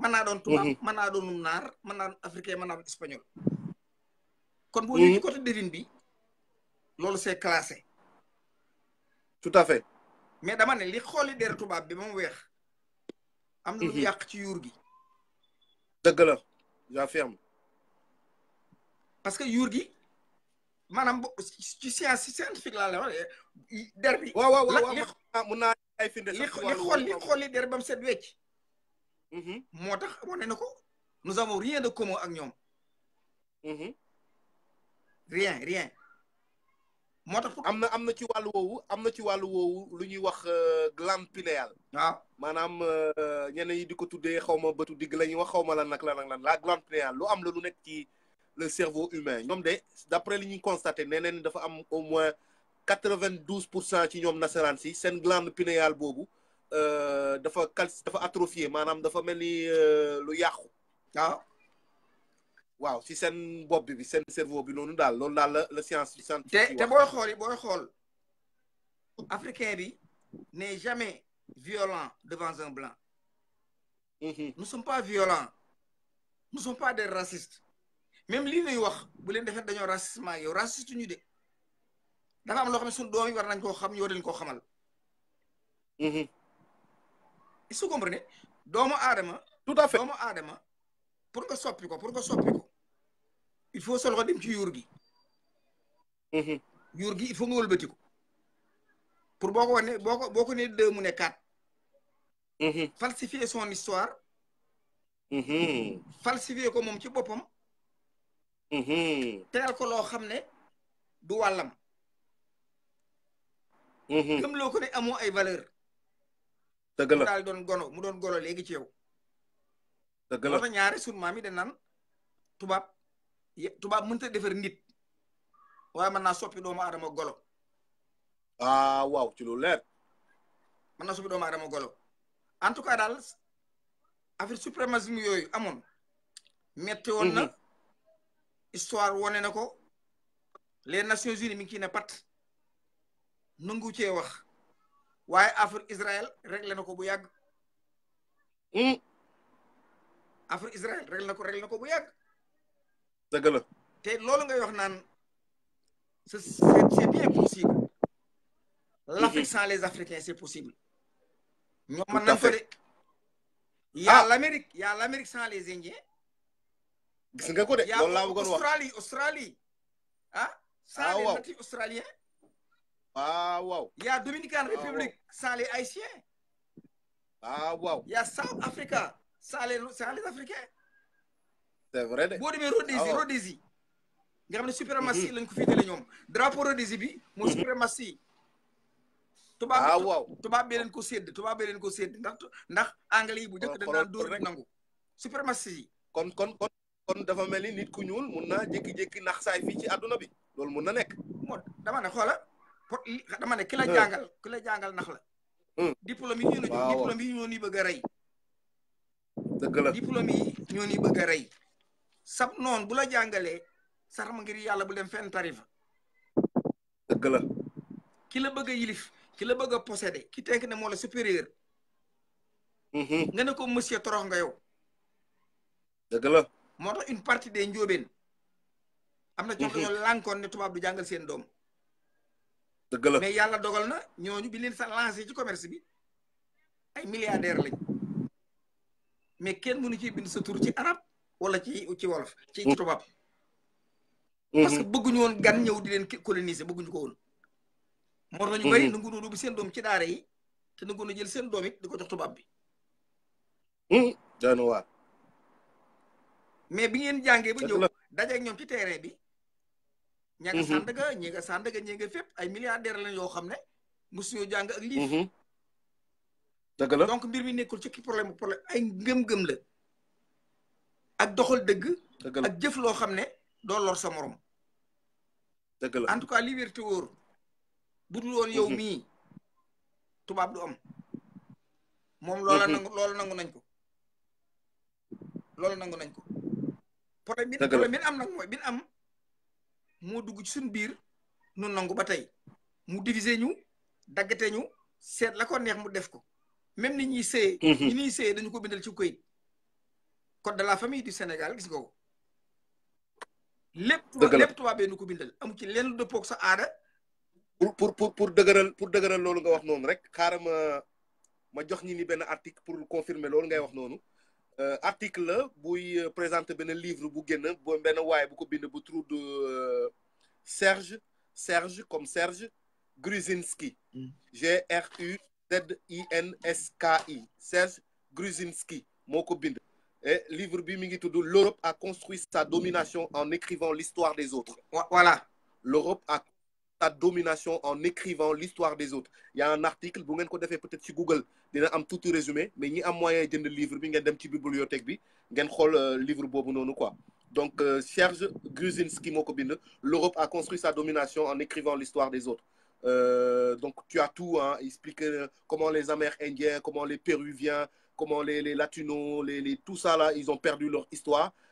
mën naa doon tubaab mm-hmm. mën naa doon naar mën naa doon africain mën naa doon espagnol kon boo ñëwee côté dërin bi loolu c'est classé tout à fait mais dama ne li xooli der tubaab bi ba weex am na lu yàq ci yur gi dëgg la j'affirme parce que yuur gi maanaam ci science ci scientifique laa la wax der waaw waaw waaw mun naa ay firnde sax li xool li xool li der um set mhm. moo tax wane na ko nous avons rien de commun ak ñoom. hum rien rien. moo tax am na am na ci wàllu wowu am na ci wàllu woowu lu ñuy wax euh, glande pinéale. waaw maanaam euh, ñenn yi di ko tuddee xaw ma bëtu digg la ñuy wax xaw ma lan nag lan ak lan la glande pinéale lu am la lu nekk ci. le cerveau humain Comme d'après ce ñuy constaté au moins 92% des douze pour sont ci ñoom une glande pinéale qui euh, dafa calci dafa atrophié maanaam dafa mel euh, lu C'est ah si cerveau bi noonu daal loolu daal la science bi sant te n'est jamais violent devant un blanc mhm. nous ne sommes pas violents nous ne sommes pas des racistes même lii nuy wax bu leen defee dañoo racisme yow raciste ñu de dafa am loo xam ne suñu doom yi war nañ koo xam ñoo leen koo xamal. Mm-hmm. est-ce que vous doomu aadama. tout à fait doomu aadama pour nga soppi ko pour nga soppi ko il faut solo ko dem ci yuur gi. Mm-hmm. yuur gi il faut nga wëlbati ko pour boo ko wane boo ko boo ko nee deux mu ne quatre. Mm-hmm. falsifier son histoire. falsifier ko moom ci boppam. Mm-hmm. teral ko loo xam ne du wàllam mm-hmm. gëm loo ko ne amoo ay valeur dëgg la daal doon gono mu doon golo léegi ci yow dëgg la ñaare sun maam yi dañ naan tubaab mun te defar nit waaye mën naa soppi doomu aadama golo ah waaw ci lu leer mën naa soppi doomu golo en tout cas daal affaire suprémacisme yooyu amoon metti woon na mm-hmm. histoire wane na ko les nations unies mi ngi ciy pat nangu wax waaye affaire Israël réglé na ko bu yàgg. Hmm. affaire Israël réglé na ko réglé ko bu yàgg. dëgg te loolu ngay wax naan c' bien possible. l' Afrique mhm. sans les Africains c' est possible. ñoom mën nañ ko de. y' a ah. l' les Indiens. gis nga ko laa bëggoon wax Australie Australie ah. ah waaw natif australien. ah waaw. yaa Dominican ah, République. sans les haïtiens. Ah, South Africa. sans les sans les africains. c'est vrai boo demee Rhodésie ah, xam ne suprématie mhm. lañ ko féetale ñoom drapeau Rhodésie bi. mooy mhm. suprématie. ah waaw tubaab tubaab ko sédd tubaab bee leen ko sédd ndax ndax anglais yi bu njëkk dañ naan dóor nangu suprématie yi. kon kon kon. kon dafa mel ni nit ku ñuul mun naa jékki-jékki nax saay fii ci àdduna bi loolu mun a nekk. moo dama ne xoola pot dama ne ki la hmm. jàngal ki la jàngal nax la. Hmm. diplôme yi ñu ne diplôme yi ñoo ni bëgg a rey. dëgg yi ñoo ni bëgg sab noonu bu la jàngalee sax ma ngir yàlla bu dem fenn tarifa. dëgg la. ki la bëgg a yilif ki la bëgg a possédé ki tenk ne moo la supérieur. Hmm, nga ne ko monsieur torox nga yow. dëgg moo tax une parti des njóobeen am na ñoo ñoo lànkoon ne tubaab du jàngal seen doom dëgg la mais yàlla dogal na ñooñu bi leen sa lancé ci commerce bi ay milliardaire lañ mais kenn mënu ci bind sa tur ci arab wala ci ci wolof ci mm. tubaab mm-hmm. parce que bëgguñu woon gan ñëw di leen coloniser bëgguñu ko woon moo tax ñu bari mm-hmm. nangu noonu bi seen doom ci daara yi te nangu na jël seen doom it di ko jox tubaab bi mm-hmm. daanu waar mais bi ngeen jàngee ba ñëw dajeeg ñoom ci terrain bi. ña nga mhm. Sandaga ñi nga Sandaga ñi nga fépp ay milliardaire lañ yoo xam ne mosuñoo jàng ak lii. Mhm. dëgg la donc mbir mi nekkul ci ki problème problème ay gëm gëm la. ak doxal dëgg. ak jëf loo xam ne doo lor sa morom. dëgg en tout cas li wér bu dul woon yow mhm. mii tubaab du am. moom loola nangu loolu nangu nañ ko. loolu nangu nañ ko. problème bi problème bi am nag mooy bi am moo dugg ci suñu biir nu nangu ba tey mu diviser ñu daggate ñu seet la ko neex mu def ko même ni ñuy sëyee ñi mhm. ñuy sëyee ko bindal ci këyit code de la famille du Sénégal gis nga ko lépp lépp tubaabee nu ko bindal amu ci leen lu dëppoog sa aada pour pour pour pour dëgëral pour dëgëral loolu nga wax noonu rek xaaral ma jox ñi ni benn article pour confirmer loolu ngay wax noonu Euh, article vous euh, présentez un livre de euh, Serge Serge comme Serge Gruzinski mm. G R U Z I N S K I Serge Gruzinski mon et livre bi l'Europe a construit sa domination en écrivant l'histoire des autres voilà l'Europe a ta domination en écrivant l'histoire des autres y a un article vous ngeen ko fait peut-être sur Google dina am tout résumé mais ñi am moyen le livre bi ngeen dem ci bibliothèque bi ngeen xool euh, livre boobu noonu quoi donc euh, Serge Gruzinski Mokobine, l'Europe a construit sa domination en écrivant l'histoire des autres euh, donc tu as tout hein expliquer euh, comment les Amérindiens comment les Péruviens comment les les Latinos les les tout ça là ils ont perdu leur histoire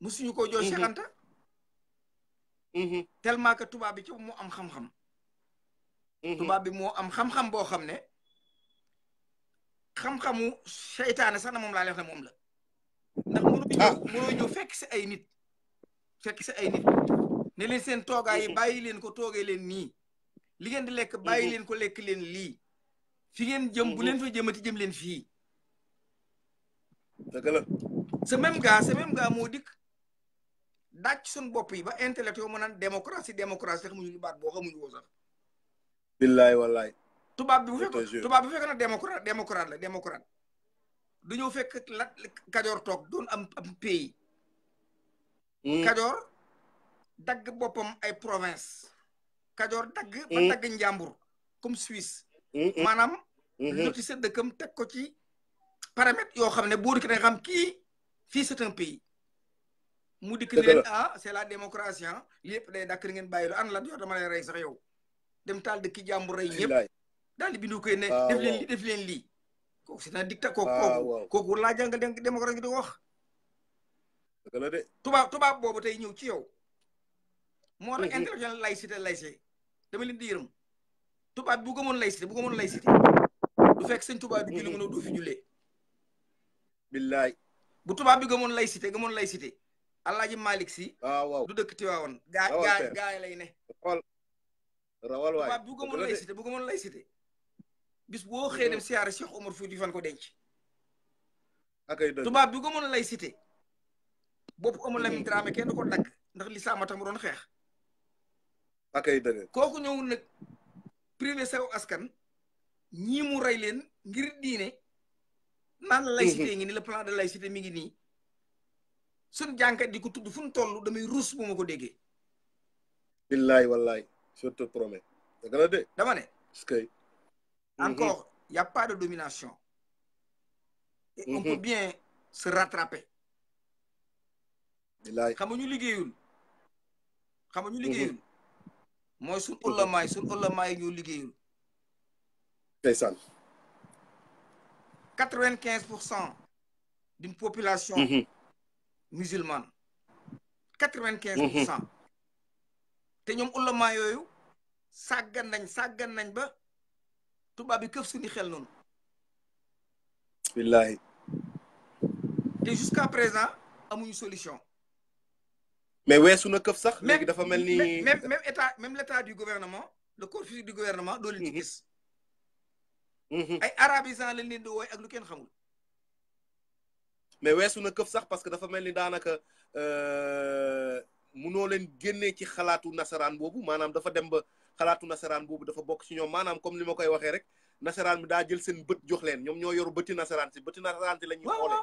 musuñu ko jox Cheikh Anta mm-hmm. Mm-hmm. tellement que tubaab bi ci moo am xam-xam mm-hmm. tubaab bi moo am xam-xam boo xam ne xam-xamu seytaane sax na moom laa lay wax ne moom la ndax mënoo ñëw ah. mënoo ñëw fekk si ay nit fekk si ay nit ne leen seen toogaay yi bàyyi leen ko toogee leen nii li ngeen di lekk bàyyi leen ko lekk leen lii fi ngeen jëm bu leen fa jëmati jëm leen fii dëgg la ce même gars ce même moo dikk daaj suñu bopp yi ba intellectuel mu naan démocratie démocratie sax xamuñu baat boo xamuñu ko sax. billaay wallaay. tubaab bi bu fekk tubaab bi fekk na démocrate la démocrate. du ñëw fekk la kajoor toog doon am am pays. Hmm. kajoor dagg boppam ay province kajoor dagg. ba hmm. dagg njàmbur comme Suisse. Hmm, maanaam. loti sa dëkkam teg ko ci paramètres yoo xam ne boo ki da nga xam kii fii c'est un pays. mu dikk ne leen c'est la démocratie hein lépp day dak ngeen bayilu lu an la dama lay ray sax yow dem taal dëkk jàmbur rey ñëpp daal di bindu koy ne ah, def len li def len li ko c'est un dictat ko ah, ko ko kooku la jàngal dé démocratie gi di wax dala de tuba tuba bobu tay ñew ci yow moo tax intellectuel laïcité laïcité dama len di yërëm tuba bu gëmoon laïcité bu gëmoon laïcité du fekk seigne tuba bi julli mu ne doo fi jullee billahi bu tuba bi gëmoon laïcité gëmoon laïcité Alaaji Malick si. Ah, waaw du dëkk Tiwaawoon. rawal gaa gaa lay ne. xool rawal waay ko mën lay cité bu ko mën lay bis boo xëy dem siyaare Cheikh Omar Fouti fan ko denc. tubaab bi ko mën lay cité. bopp amul Lamine Dramé kenn ko dagg ndax li saama tax mu doon xeex. akay dëgg kooku ñëwul nag privé saw askan. ñii mu rey leen ngir diine. naan laïcité ngi nii le plan de laïcité mi ngi nii. sun jànkat di ko tudd fu mu damay ruus bu ma ko déggee. billaay wallaay je te promets. dëgg la de. dama ne. Mhm. encore y' a pas de domination. et on mhm. peut bien se rattraper. billahi xam nga ñu liggéeyul. moy sun ñu mhm. liggéeyul. mooy suñ ulamaay ñu liggéeyul. ndeysaan. quatre-vingt-quinze pour cent d'une population musulmane 95%. Mhm. Té ñom ulama yoyu saggan nañ saggan nañ ba tuba bi keuf suñu xel noonu wallaahi Té jusqu'à présent amuñu solution mais weesu na keuf sax légui dafa melni même même état même l'état du gouvernement le corps du gouvernement doo leen ci mhm. gis mhm. ay arabisant lañ leen di wooy ak lu kenn xamul mais weesu na këf sax parce que dafa mel ni daanaka euh, munoo leen génnee ci xalaatu nasaraan boobu maanaam dafa dem ba xalaatu nasaraan boobu dafa bokk ci ñoom maanaam comme ni ma koy waxee rek nasaraan bi daa jël seen bët jox leen ñoom ñoo yoru bëti nasaraan si bëti nasaraan si la ñuy xoolee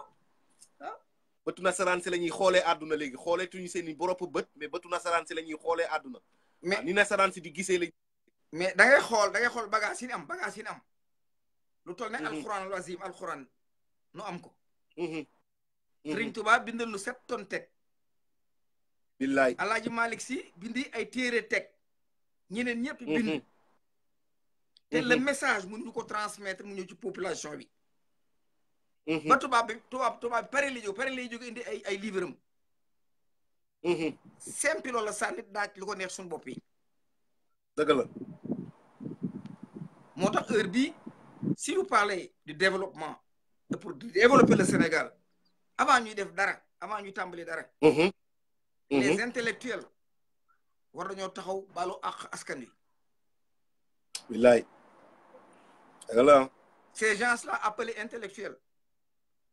bëtu nasaraan la ñuy xoolee àdduna léegi xooleetuñu seen i bopp bët mais bëtu nasaraan si la ñuy xoolee aduna mais ni nasaraan si di gisee lañ mais da xool da xool bagage yi am bagage yi am lu toll ne mhm. alxuraan al alxuraan nu am ko mhm. Mhm. Sëriñ Tuubaa bindal nu sept tonnes teg billaay alaaji Malick si bindi ay téere teg ñeneen ñëpp mhm. bind te mhm. le message mënuñu ko transmettre mu ñu ci population bi ba touba bi touba tubaab bi pare lay jóg pare lay indi ay ay livreum am simple loola sànni daaj lu neex sun bop yi deug la motax heure bi si vous parlez du développement pour développer le Sénégal avant nous def dara avant ñu tambali dara. Mm-hmm. Mm-hmm. les intellectuels war taxaw balu ak askan wi. là. ces gens là appelés intellectuels.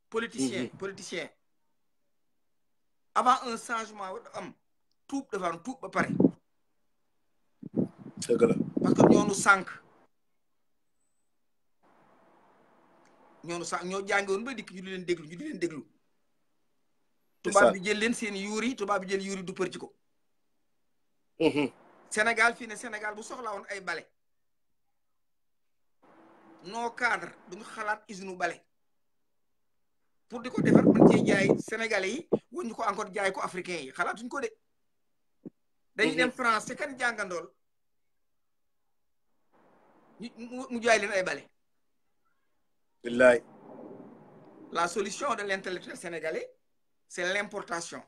politiciens mm-hmm. politiciens. avant un changement am tout tout tout ba dëgg parce que nous sank nous sommes, ñoo jàngoon ba dikk ñu di leen déglu ñu di déglu. tubaab bi jël leen seen yuuri tubaab bi jël yuuri du për ci ko mm-hmm. Sénégal fii ne Sénégal bu soxla ay bale noo cadre duñu xalaat usine bale pour di ko defar mën cee jaay sénégalais yi wuñ ko encore jaay ko africain yi xalaatuñ ko de dañuy mm-hmm. dem France ci kan jàngandool mu jaay leen ay bale wallaay la solution de l'intellectuel sénégalais c'est l'importation.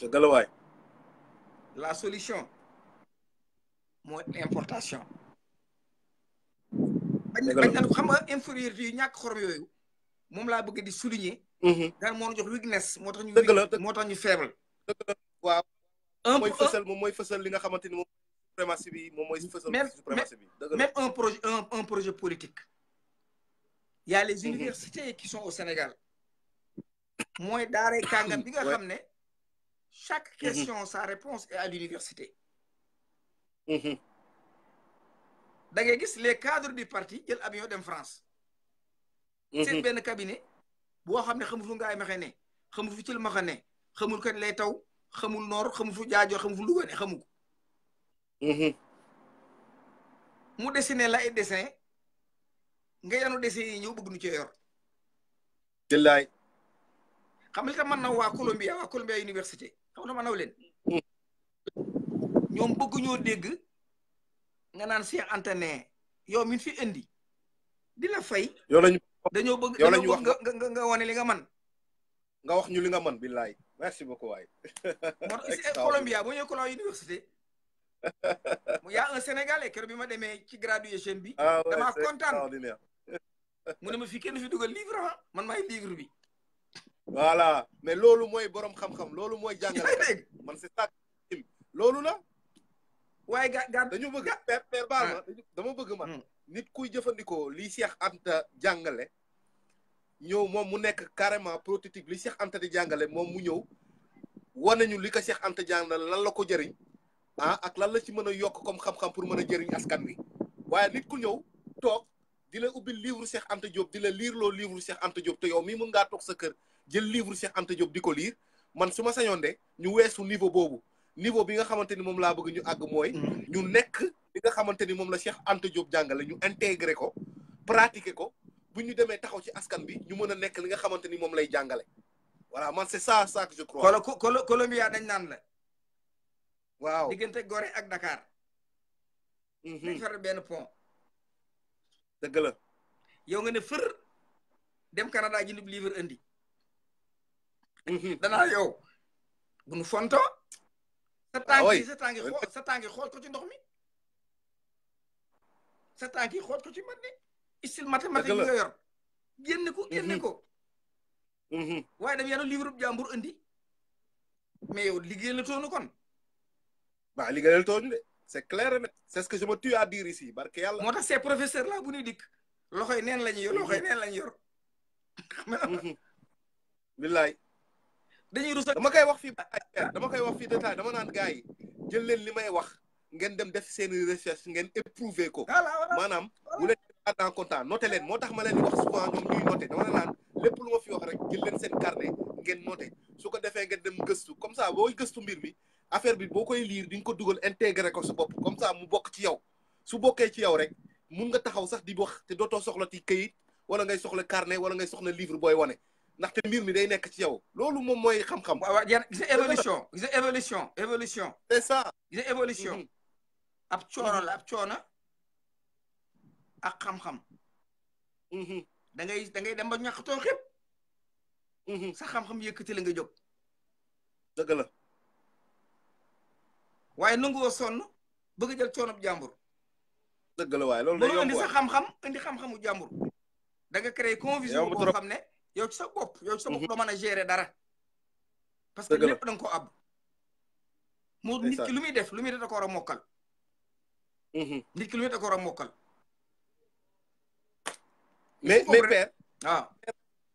De La solution, mooy importation. dëgg la bañ xam nga infériorité yu ñàkk xorom yooyu moom laa bëgg di souligner. Mm-hmm. dans mon jox weakness moo tax ñu. moo tax ñu faible. dëgg la waaw. un mooy fësal moom mooy fësal li nga xamante ni moom suprématie bi moom mooy fësal suprématie bi. même un projet un projet politique. Il y a les mm-hmm. universités qui sont au Sénégal. mooy daaray kàngam bi nga xam ne chaque mm-hmm. question sa réponse est à l'université mm-hmm. da ngay gis les cadre du parti jël avion dem France mm-hmm. seen benn cabinet boo xam ne xamul fu ngaay maxe ne xamul fu cil maxe ne xamul kañ lay taw xamul noor xamul fu jaajoo xamul fu Louga ne xamu ko mu dessine la ay dessin nga yanu dessin yi ñëw bëgg nu ci yor. jëllaay xamal nga man na wa Columbia wa Columbia université xam hmm. na ma naw leen ñoom bëgg ñoo dégg nga naan Cheikh Anta yo min fi indi di la fay yo lañu dañoo bëgg yo lañu nga nga nga li nga man nga wax ñu li nga man billahi merci beaucoup way mo e Columbia bo ñu Columbia université mu ya un e sénégalais kër bi ma démé ci graduation bi ah dama kontaan mu ne ma fi kenn fi duggal livre man may livre bi voilà mais loolu mooy borom xam-xam loolu mooy jàngale man se ça loolu la waaye ga ga dañu bëgg per per baal ma ah. dama bëgg ma hmm. nit kuy jëfandikoo li Cheikh Anta jàngale ñëw moom mu nekk carrément prototype li Cheikh Anta di jàngale moom mu ñëw wane ñu li ko Cheikh Anta jàngale lan la ko jëriñ ah ak lan la ci mën a yokk comme xam-xam pour mën a jëriñ askan wi waaye nit ku ñëw toog di la ubbi livre Cheikh Anta Diop di la liirloo livre Cheikh Anta Diop te yow mii mun ngaa toog sa kër jël livre Cheikh Anta Diop di ko liir man su ma sañoon de ñu weesu niveau boobu niveau bi nga xamante ni moom laa bëgg ñu àgg mooy. Mm. ñu nekk li nga xamante ni moom la Cheikh Anta Diop jàngale ñu intégré ko pratiquer ko bu ñu demee taxaw ci askan bi ñu mën a nekk li nga xamante ni moom lay jàngale. voilà man c'est ça ça que je crois. Colo Colo dañ naan la. waaw diggante Gorée ak Dakar. Mhm. dañ faral benn pont. dëgg la. yow nga ne fër dem Canada ji nub livre indi. Mhm. danaa yow bu nu fonto sa ah, tànk sa tànk sa tànk xooj ci ndox mi sa tànk xooj ko ci mat ne istil mathématique yor génn ko génn mhm. ko mhm. waaye dem yàlla livre jàmbur andi mais yow liggéeyal la toonu kon waa liggéeyal toonu de c'est clair net c'est ce que je me tue à moo tax ces professeurs là bu ñuy dikk loxoy neen lañu yor loxoy neen lañu yor billaay dañuy rus dama koy wax fii dama koy wax fii détail dama naan gars yi jël leen li may wax ngeen dem def seen recherche ngeen éprouver ko maanaam bu leen en comptant leen moo tax ma leen di wax souvent ñoom ñuy noté naan lépp lu fi wax rek jël leen seen carnet ngeen noté su ko defee ngeen dem gëstu comme ça booy gëstu mbir mi affaire bi boo koy liir di nga ko dugal intégré ko su bopp comme ça mu bokk ci yow su bokkee ci yow rek mun nga taxaw sax di wax te dootoo soxla ti kayit wala ngay soxla carnet wala ngay soxla livre booy wane ndaxte mbir mi day nekk ci yow loolu moom mooy xam-xam. waaw waaw gis nga évolution gis nga évolution évolution. c'est ça mm-hmm. ab coono la ab coono ak xam-xam. Mm-hmm. dangay ngay da ngay dem ba ñàkkatoo xëpp. Mm-hmm. sa xam-xam yëkkati la nga jóg. dëgg la. waaye nanguwoo sonn bëgg jël coono jàmbur. dëgg la waaye loolu day yomb indi sa xam-xam jàmbur. da nga créé confusion boo xam ne. yow ci sa bopp yow sa bopp mhm. doo mën a gérer dara parce que lépp da nga ko àbb moo nit ki lu muy def lu muy def da ko war a mokkal mhm. nit ki lu muy def da a mokkal mais mais ah.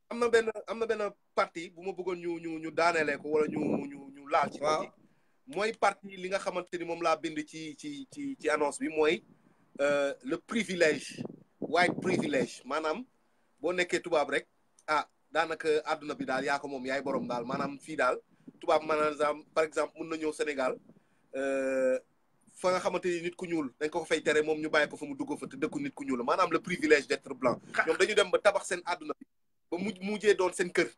am na benn am na benn partie bu ma bëggoon ñu ñu ñu daanelee ko wala ñu ñu ñu laal ci mooy partie li nga xamante ni moom laa bind ci ci ci ci annonce bi mooy euh, le privilège waaye privilège maanaam boo nekkee tubaab rek ah daanaka àdduna bi daal yaa ko moom yaay borom daal maanaam fii daal tubaab maanaam par exemple mun na ñëw Sénégal euh, fa nga xamante ni nit ku ñuul dañ ko fay tere moom ñu bàyyi ko fa mu dugg fa te dëkku nit ku ñuul maanaam le privilège d'être blanc. ñoom dañu dem ba tabax seen àdduna bi ba mujj mujjee doon seen kër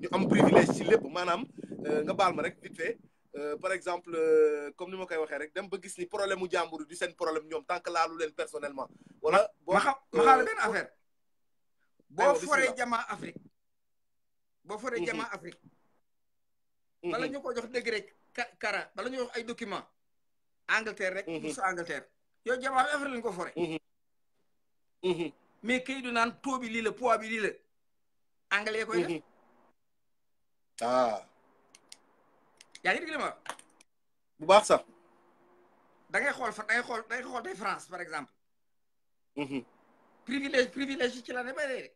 ñu am privilège ci lépp maanaam euh, nga baal ma rek vite fait euh, par exemple comme ni ma koy waxee rek dem ba gis ni problème mu jàmbur du seen problème ñoom tant que laalu leen personnellement. wala boo ma xam ma boo foree jamaa Afrique boo foree mm-hmm. jamaa Afrique mm-hmm. bala ñu ko jox dëgg rek kara bala ñu jox ay document Angleterre rek bourse mm-hmm. Angleterre yow jamaa bi Afrique lañu ko fore mais kay du naan taux bi lii la poids bi lii la anglais koy def ah yaa ngi dégg li ma bu baax sax da ngay xool fa da ngay xool da ngay xool tey France par exemple privilège privilège ci la ne bay de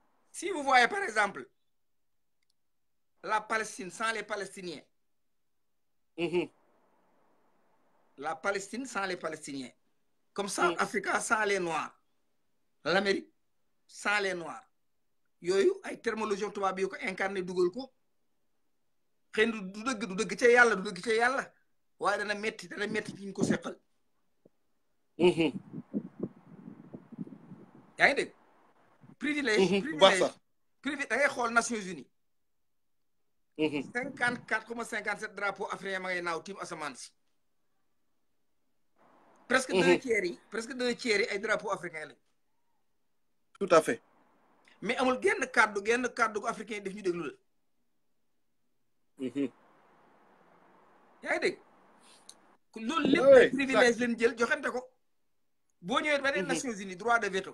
Si vous voyez par exemple la Palestine sans les Palestiniens, mhm. la Palestine sans les Palestiniens, comme ça, mmh. sans les Noirs, l'Amérique sans les Noirs, yooyu ay terminologie tubaab yi ko incarné dugal ko xëy na du dëgg du dëgg ca yàlla du dëgg ca yàlla waaye dana metti dana metti ci ñu ko seqal. Mhm. yaa ngi dégg. privilège mhm. privilège privilège da ngay xool Nations Unies mhm. cinquante quatre comme cinquante sept drapeau africain ma ngay naaw tiim asamaan si presque deux mhm. tiers yi presque deux tiers yi ay drapeau africain lañ tout à fait mais amul genn kàddu genn kàddu gu africain yi daf ñu déglu la yaa ngi dégg loolu lépp privilège leen jël joxante ko boo ñëwee ba ne Nations Unies droit de veto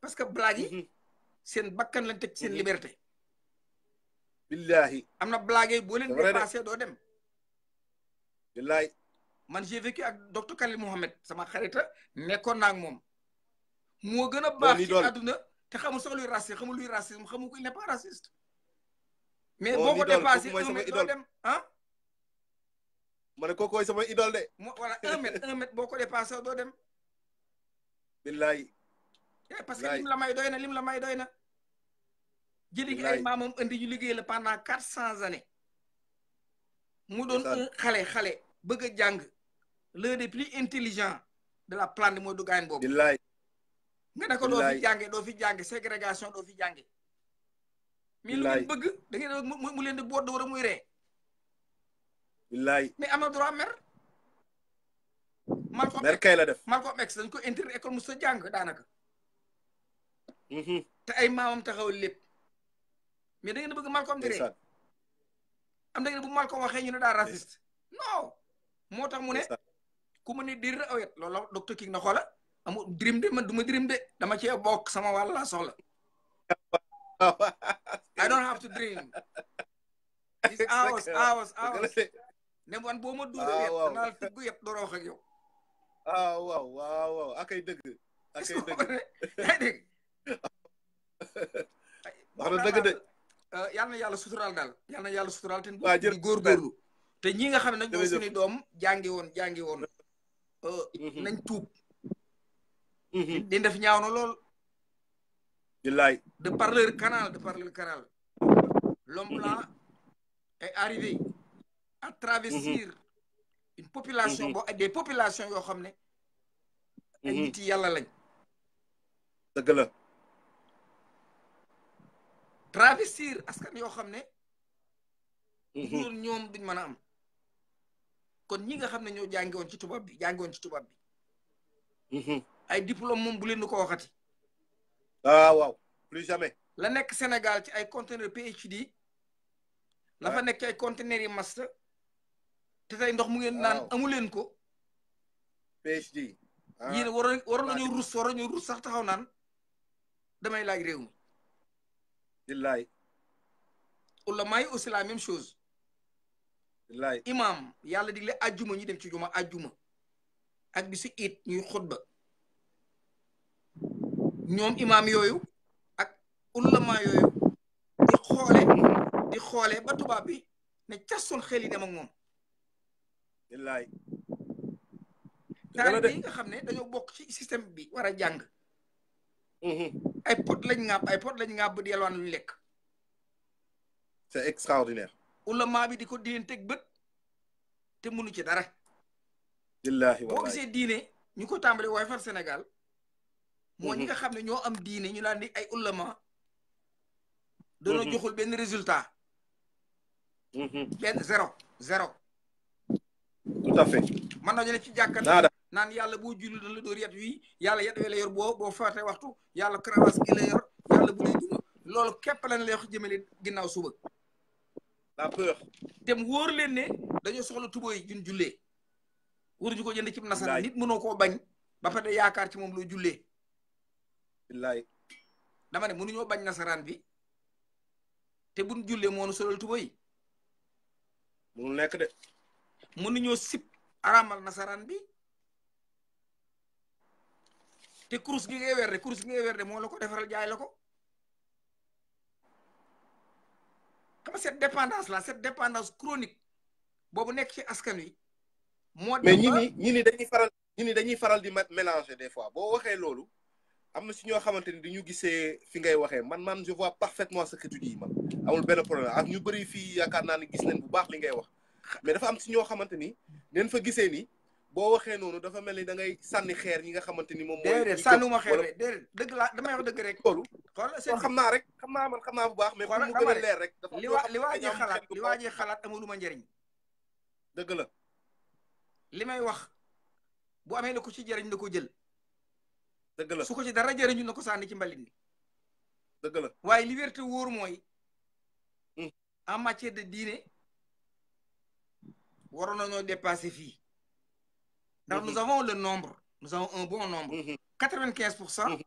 parce que blague yi mhm. seen bakkan lañ teg seen mhm. liberté billahi am na blague yi boo leen dépassé doo dem billahi man j'ai vécu ak docteur Khalil Mohamed sama xarita nekkoon naa ak moom moo gën a baax ci àdduna te xamul sax luy racisme luy racisme xamul ko il raciste mais boo ko dépassé doo dem ah ma ne sama idole de mo voilà un boo ko dépassé doo dem billahi Eh, parce que lim la doy na lim la may doy na. jëli ay maamam indi ñu liggéey la pendant quatre cents années. mu doon xale xale bëgg a jàng. l'un des plus intelligents de la planète mooy Dugayen boobu. nga ne ko doo fi jànge doo fi jànge ségrégation doo fi jànge mi lu bëgg da ngeen mu leen di boot da war a muy ree billaay mais am na droit mer mer kay la def Malcolm X dañ ko interdit école mu sa jàng daanaka Mm-hmm. te ay maamam taxawal lépp mais da ngeen bëgg Malcom am da ngeen bu Malcom waxee ñu ne daa moo tax mu ne ku mu ne dir awet loolu docteur na xoola amu dirim de man du de dama cee bokk sama wàll laa soxla I don't have to dream hours hours hours ne wan boo ma duuda yet danaa la yet doora wax ak yow waaw ah, waaw waaw waaw akay dëgg wax na dëgg de. yal na yàlla suturaal daal yal na yàlla suturaal te. waa jërëjëf góorgóorlu te ñi nga xam ne nag ñoo doom jàngi woon jàngi woon. Mm-hmm. Euh, nañ tuub. Mm-hmm. di def ñaaw na lool. billaay de par leur canal de par leur canal. l'homme mm-hmm. est arrivé à travestir une population boo des populations yoo xam ne. ay nit yàlla lañ. travestir askan yoo xam ne mhm. ñoom duñ mën a am kon ñi nga xam ne ñoo jàngi woon ci tubaab bi jàngi woon ci tubaab bi mhm. ay diplôme moom bu leen di ko waxati ah waaw plus la nekk Sénégal ci ay conteneur PhD la fa nekk ay conteneurs yi master te tey ndox mu ngeen naan amu leen ko PhD ah. yéen waroon waroon ah. nañu rus waroon nañu rus sax taxaw naan damay laaj réew mi billaay ulama aussi la même chose. billaay imam yàlla digle ajuma ñu dem ci juma ajuma ak bisu it ñuy xutba ñoom imaam yooyu ak di xoole di xoole ba tubaab bi ne casul xel yi moom. billaay. taal bi nga xam ne dañoo bokk ci système bi war a jàng. Mm-hmm. ay pot lañ ŋàpp ay pot lañ ŋàpp di yalwaan luñ lekk. c'est extraordinaire. ulama bi di ko diine teg bët te mënu ci dara. billaahi wallaahi boo gisee diine ñu ko tàmbali waaye far Sénégal. moo ñi mm-hmm. nga xam ne ñoo am diine ñu naan di ay ulama. Mm-hmm. danoo joxul benn résultat. benn zéro zéro. tout à fait. mën nañu ne ci jàkkaarloo. naan yàlla boo julli dana la dóor wi yàlla yet wi la yor boo boo faatee waxtu yàlla cravache gi la yor yàlla bu lay duma loolu képp lañ lay wax jëmale ginnaaw suba. la wóor leen ne dañoo soxla tuboo yi jun jullee waruñu ko jënd ci nasara nit mënoo koo bañ ba pare yaakaar ci moom loo jullee. billaay dama ne mënuñoo bañ nasaraan bi te buñ jullee moonu solal tuba yi mënul nekk de mënuñoo sip araamal nasaraan bi te kurus gi ngay weer de kurus gi ngay weer de moo la ko defaral jaay la ko xam nga cette dépendance là cette dépendance chronique boobu nekk ci askan wi. moo mais ñi ni ñi ni faral ñi ni dañuy faral di mélanger des fois boo waxee loolu am na si ñoo xamante ni dañu gisee fi ngay waxee man man je vois parfaitement ce que tu dis amul benn problème ak ñu bëri fii yaakaar naa ne gis nañ bu baax li ngay wax mais dafa am si ñoo xamante ni leen fa gisee ni. boo waxee noonu dafa mel ni dangay ngay sànni xeer ñi nga xamante ni moom. mooy déedéet sànniwuma xeer rek déedéet dëgg dëgg rek. xam naa rek xam naa bu baax. mais pour mu gën a leer rek. dafa li waa li waa ji xalaat li waa xalaat xalaat amuluma njëriñ. dëgg la. li may wax bu amee la ko ci jariñ na ko jël. dëgg la su ko ci dara jëriñu na ko sànni ci mbalit mi. dëgg la waaye liberté wóor mooy. Hmm. en matière de diine waroon nañoo dépasser fii. nous mhm. avons le nombre, nous avons un bon nombre. 95%. Mhm.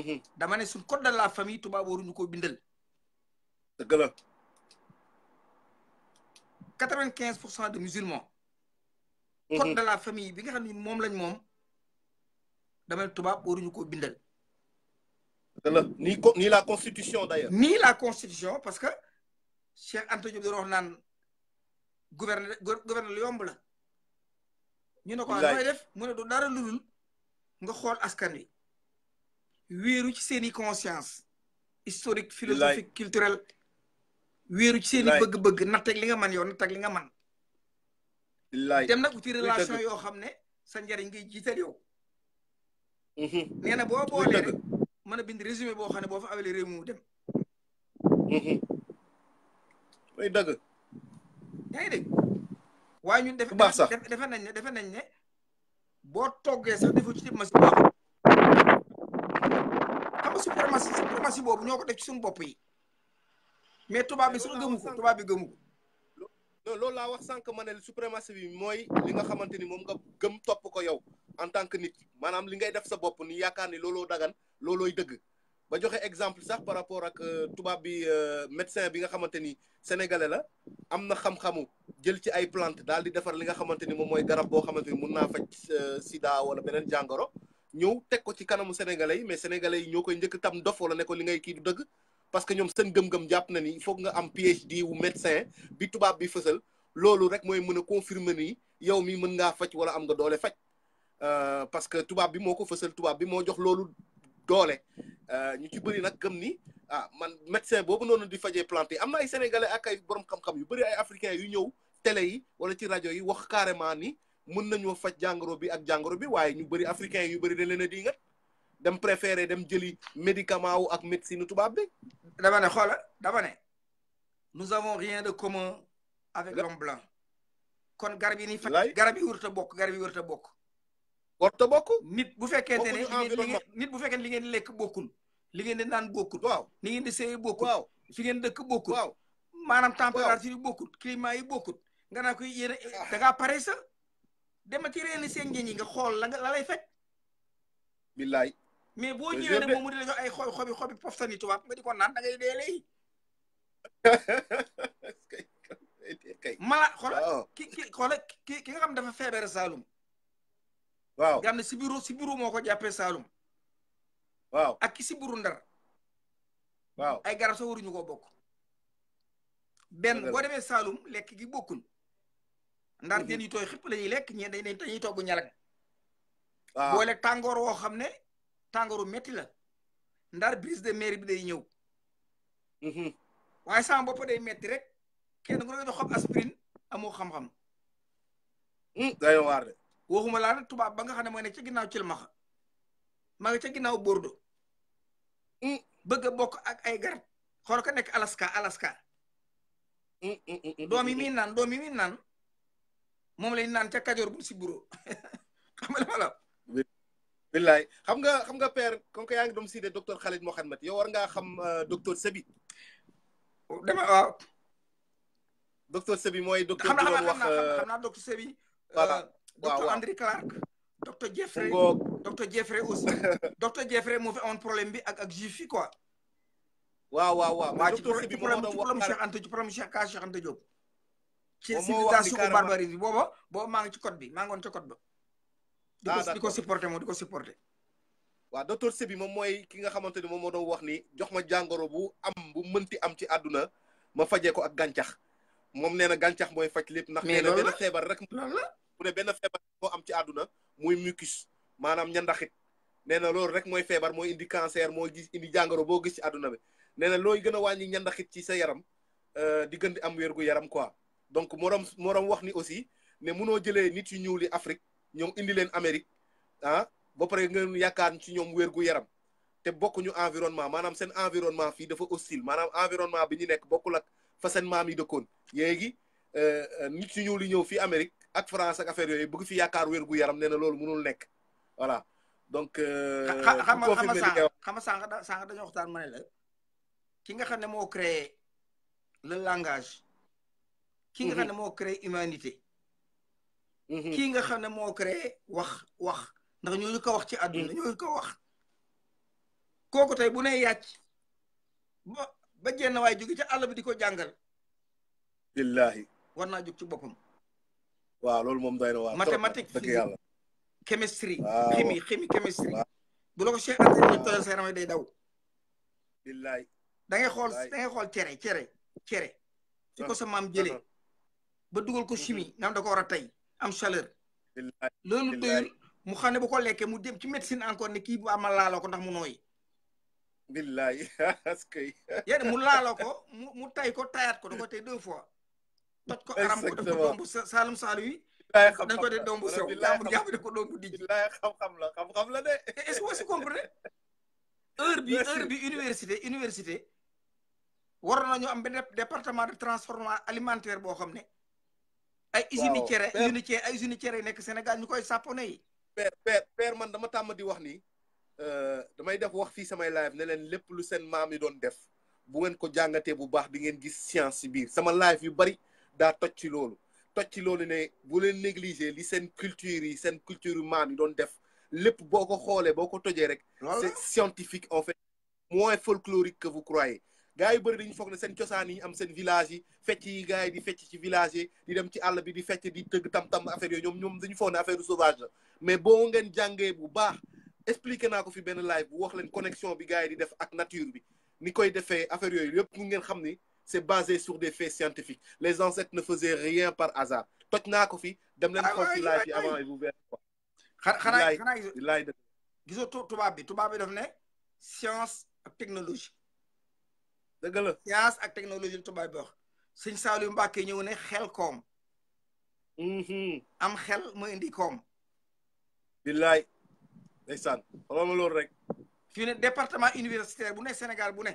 Mhm. dama ne de la famille 95% de musulmans. code de la famille bi nga xam ne moom lañ moom la ni ni la constitution d'ailleurs. ni la constitution parce que Cheikh Antonio Diop wax gouverne ñu ne ko ah, nooy def mu ne du dara lu dul nga xool askan wi wéeru ci seeni i conscience historique philosophique culturel wéeru ci seen i bëgg-bëgg natteeg li nga man yow natteeg li nga man dem na uti relation yoo xam ne sa njariñ ngay jiital yow mm-hmm. nee na boo boolee mën a bind résumé boo xam ne boo fa awele réew mu dem muy mm-hmm. dëgg yaa ngi waaye ñun def baax sax defe nañ ne defe nañ ne boo toggee sax defu ci dib masi baaxul xam nga suprématie suprématie boobu ñoo ko def ci suñu bopp yi mais tubaab bi sax gëmu ko tubaab bi gëmu ko non loolu laa wax sànq ma ne suprématie bi mooy li nga xamante ni moom nga gëm topp ko yow en tant que nit maanaam li ngay def sa bopp ni yaakaar ni looloo dagan loolooy dëgg ba joxe exemple sax par rapport ak euh, tubaab bi euh, médecin bi nga xamante ni sénégalais la am na xam-xamu jël ci ay plante daal di defar li nga xamante ni moom mooy garab boo xamante ni mun naa faj euh, sida wala beneen jàngoro ñëw teg ko ci kanamu sénégalais yi mais sénégalais yi ñoo koy njëkk tam dof wala nekko li ngay kii du dëgg parce que ñoom seen gëm-gëm jàpp na ni foog nga am PhD wu médecin bi tubaab bi fësal loolu rek mooy mën a confirmer ni yow mi mën ngaa faj wala am nga doole faj parce que tubaab bi moo ko fësal tubaab bi moo jox loolu doole euh, ñu ci bëri nag kam ni ah man médecin boobu noonu di fajee planté am ay sénégalais ak borom xam-xam yu bëri ay africains yu ñëw télé yi wala ci rajo yi wax carrément ni mën nañoo faj jàngoro bi ak jàngoro bi waaye ñu bëri africains yu bëri dañ leen di ngat dam préféré dem jëli médicament wu ak médecine tubaab bi. dama ne xoola dama ne. nous avons rien de commun avec l'homme blanc. kon garab yi nii. garab yi wërta bokk garab yi wërta bokk. warut a bokk nit bu fekkente ne nit bu fekkee li ngeen lekk bokkul li ngeen di naan bokkul waaw li ngeen di seey bokkul waaw fi ngeen dëkk bokkul waaw maanaam température yi bokkul climat yi bokkul nga naa koy yéen ah. da pare sa dema ci reeni seen ngeñ yi nga xool la nga la lay fekk billaay mais boo ñëwee ne moom mu di la jox ay xob xobi xobi poftani tubaab nga di ko naan da ngay dee léegi mala xool ki ki xool ki ki nga xam dafa feebare Saalum waaw nga xam ne sibiru sibiru moo ko jàppee Saalum. waaw ak ki sibiru ndar. waaw ay garab sax waruñu koo bokk. benn boo demee Saalum lekk gi bokkun ndar jën mhm. yu tooy xëpp la ñuy lekk ñeent dañuy dañuy togg ñalag. waaw boole tàngoor woo xam ne tàngooru métti la. ndar brise de mer bi day ñëw. Mhm. waaye sama bopp day metti rek kenn ku ne doon xob aspirine amoo xam-xam. Hmm, day waar de. waxuma laa nag tubaab ba nga xam ne mooy ne ca ginnaaw cilmaxa maa ngi ca ginnaaw Bordeaux mm. bëgg a bokk ak ay garab xool ko nekk Alaska Alaska mm, mm, doom yi muy naan doom yi muy naan moom lañ naan ca Kajoor bu si xam nga xam nga xam nga père comme que yaa ngi doon cité docteur Khalid yo yow war xam euh, docteur Sebi dama waaw docteur Sebi mooy docteur xam naa docteur Sebi euh, docteur André Clark docteur Jeffrey docteur Jeffrey aussi docteur Jeffrey moo fi amoon problème bi ak ak juif yi quoi. waaw waaw waaw maa ci problème ci problème Cheikh Anta ci problème Cheikh Ka Cheikh Anta Diop. ci civilisation bu barbarie bi booba booba maa ngi ci bi maa ngi woon ca code ba. ah di ko ah, supporté moom di ko supporté. waaw docteur Sébi moom mooy ki nga xamante ni moom moo doon wax ni jox ma jàngoro bu am bu mënti am ci àdduna ma fajee ko ak gàncax moom nee na gàncax mooy faj lépp. ndax nee na feebar rek. loolu la mu ne benn feebar moo am ci àdduna muy mucus maanaam ñandaxit nee na loolu rek mooy feebar mooy indi cancer moo gis indi jàngoro boo gis ci àdduna bi nee na looy gën a ñandaxit ci sa yaram euh, di gën am wér gu yaram quoi donc morom moroom wax ni aussi ne munoo jëlee nit yu ñuul yi Afrique ñoom indi leen Amérique ah ba pare ngeen yaakaar ci ñoom wér gu yaram te bokkuñu environnement maanaam seen environnement fii dafa hostile maanaam environnement bi ñu nekk bokkul ak fa seen maam yi dëkkoon. yéegi euh, euh, nit yu ñuul yi ñëw fii Amérique at France ak affaire yooyu bëgg fi yaakaar wér gu yaram nee na loolu mënul nekk voilà donc. Euh, xam nga xam nga xam nga sànq dañoo waxtaan ma ne la ki nga xam ne moo créé le langage. ki nga xam ne mhm. moo créé humanité. Mhm. kii nga xam ne moo créé wax wax ndax ñooñu ko wax ci àdduna mhm. ñooñu ko wax. kooku tey bu ne yàcc ba ba jenn waay jóge ca àll bi di ko jàngal. billaahi naa jóg ci boppam. waaw loolu moom doy na waar mathématique dëgg yàlla chemistry chimie chimie chemistry bu la ko day daw billaay xool da ngay xool cere cere cere fi ko ah, sa maam jëlee ah, ah. ba dugal ko simi mm-hmm. nam da ko war a tey am chaleur loolu doyul mu xam ne bu ko lekkee mu dem ci médecine encore ne kii bu ama laaloo ko ndax mu nooyi billaay askay mu laaloo ko mu mu tay ko tayaat ko da ko tey deux fois toj eh, eh, eh, ko aram ko def ko doom bu saalum saalum yi dañ ko def doom bu sew jàmbur jàmbur def ko doom bu dijj la xam-xam la xam-xam la de est-ce que vous comprenez heure bi heure bi université université war nañu am benn département de transformation alimentaire boo xam ay usine cere usine cere ay usine cere nekk Sénégal ñu koy yi père père père man dama tàmm di wax ni damay def wax fii samay live ne leen lépp lu seen maam yi doon def bu ngeen ko jàngatee bu baax di ngeen gis science si sama live yu bari da toj ci loolu toj ci loolu ne bu len négliger li sen culture yi sen culture maam yi doon def lepp boko xolé boko boo rek c'est scientifique en fait moins folklorique que vous croyez gaay beur bëri dañu foog ne seen cosaan yi am sen village yi fecc yi gaay di fecc ci village yi di dem ci àll bi di fecc di teug tam-tam affaire yo ñom ñom dañu fo ne affaire sauvage la mais boo ngeen jàngee bu baax expliquer nako fi ben live bu wax leen connexion bi gaay di def ak nature bi ni koy defee affaire yooyu yëpp ngeen xamni c'est basé sur des faits scientifiques. Les ancêtres ne faisaient rien par hasard. toj naa ko fi dem leen ah xool ci laaj avant et vous verrez quoi. xanaa xanaa gisoo tubaab bi tubaab bi daf ne science et technologie. dëgg la science et technologie tubaab bi wax. sëñ Saliou Mbacke ñëw ne xel koom. Mhm. am xel mo indi koom. billaay ndeysaan xoolal ma loolu rek. fii ne département universitaire bu ne Sénégal bu ne.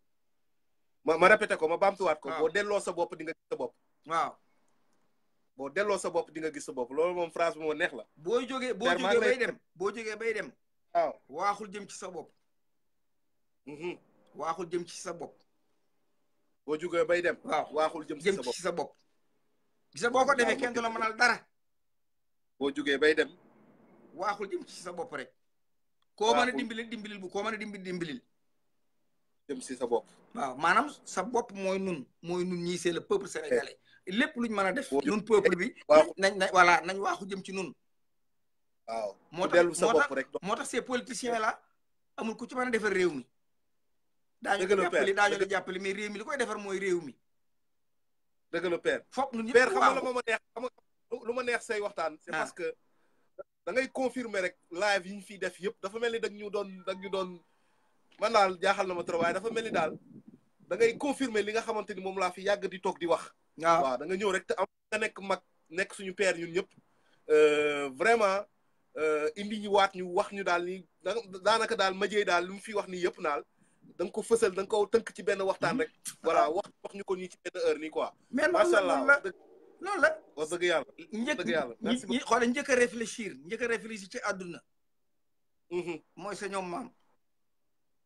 ma ma rappete ko ma baamtuwaat ko. boo delloo sa bopp di nga gis sa bopp. waaw. boo delloo sa bopp di gis sa bopp loolu moom phrase bu ma neex la. boo jógee boo jógee bay dem boo jógee bay dem. waaw waaxul jëm ci sa bopp. Mm-hmm. waaxul jëm ci sa bopp. boo jógee bay dem. waaw waaxul jëm ci sa bopp sa bopp. gis boo ko defee kenn du la dara. boo jógee bay dem. waaxul jëm ci sa bopp rek. waaw koo mën a dimbilil dimbilil bu koo mën a dimbilil dimbilil. jëm si sa bopp. waaw maanaam sa bopp mooy nun mooy nun ñii c'est le peuple sénégalais eh. lépp luñ mën a def. nun peuple bi. Eh, nañ nañ voilà nañ waaxu jëm ci nun moo tax sa bopp rek moo tax ces politiciens là amul ku ci mën a defar réew mi. daañu la jàppale daañu la jàppale mais réew mi li koy defar mooy réew mi. daga la père. foog ñun ñëpp ma neex say waxtaan. c'est ah. parce que da ngay confirmer rek live yi ñu fiy def yëpp dafa mel ni dag ñu doon dañ ñu doon. man daal jaaxal na ma trop dafa mel ni daal da ngay confirmer li nga xamante ni moom laa fi yàgg di toog di wax. waaw waaw da nga ñëw rek te nekk mag nekk suñu père ñun ñëpp. Euh, vraiment euh, indi ñu waat ñu wax ñu daal ni daanaka daal ma jëy daal lu mu fi wax nii yëpp naal danga ko fësal da nga ko tënk ci benn waxtaan rek. Mm-hmm. voilà wax wax ñu ko ñii ci benn heure nii quoi. macha allah loolu la wax dëgg yàlla. wax dëgg yàlla merci beaucoup njëkk a réfléchir njëkk a réfléchir ci àdduna. Mm-hmm. mooy sa ñoom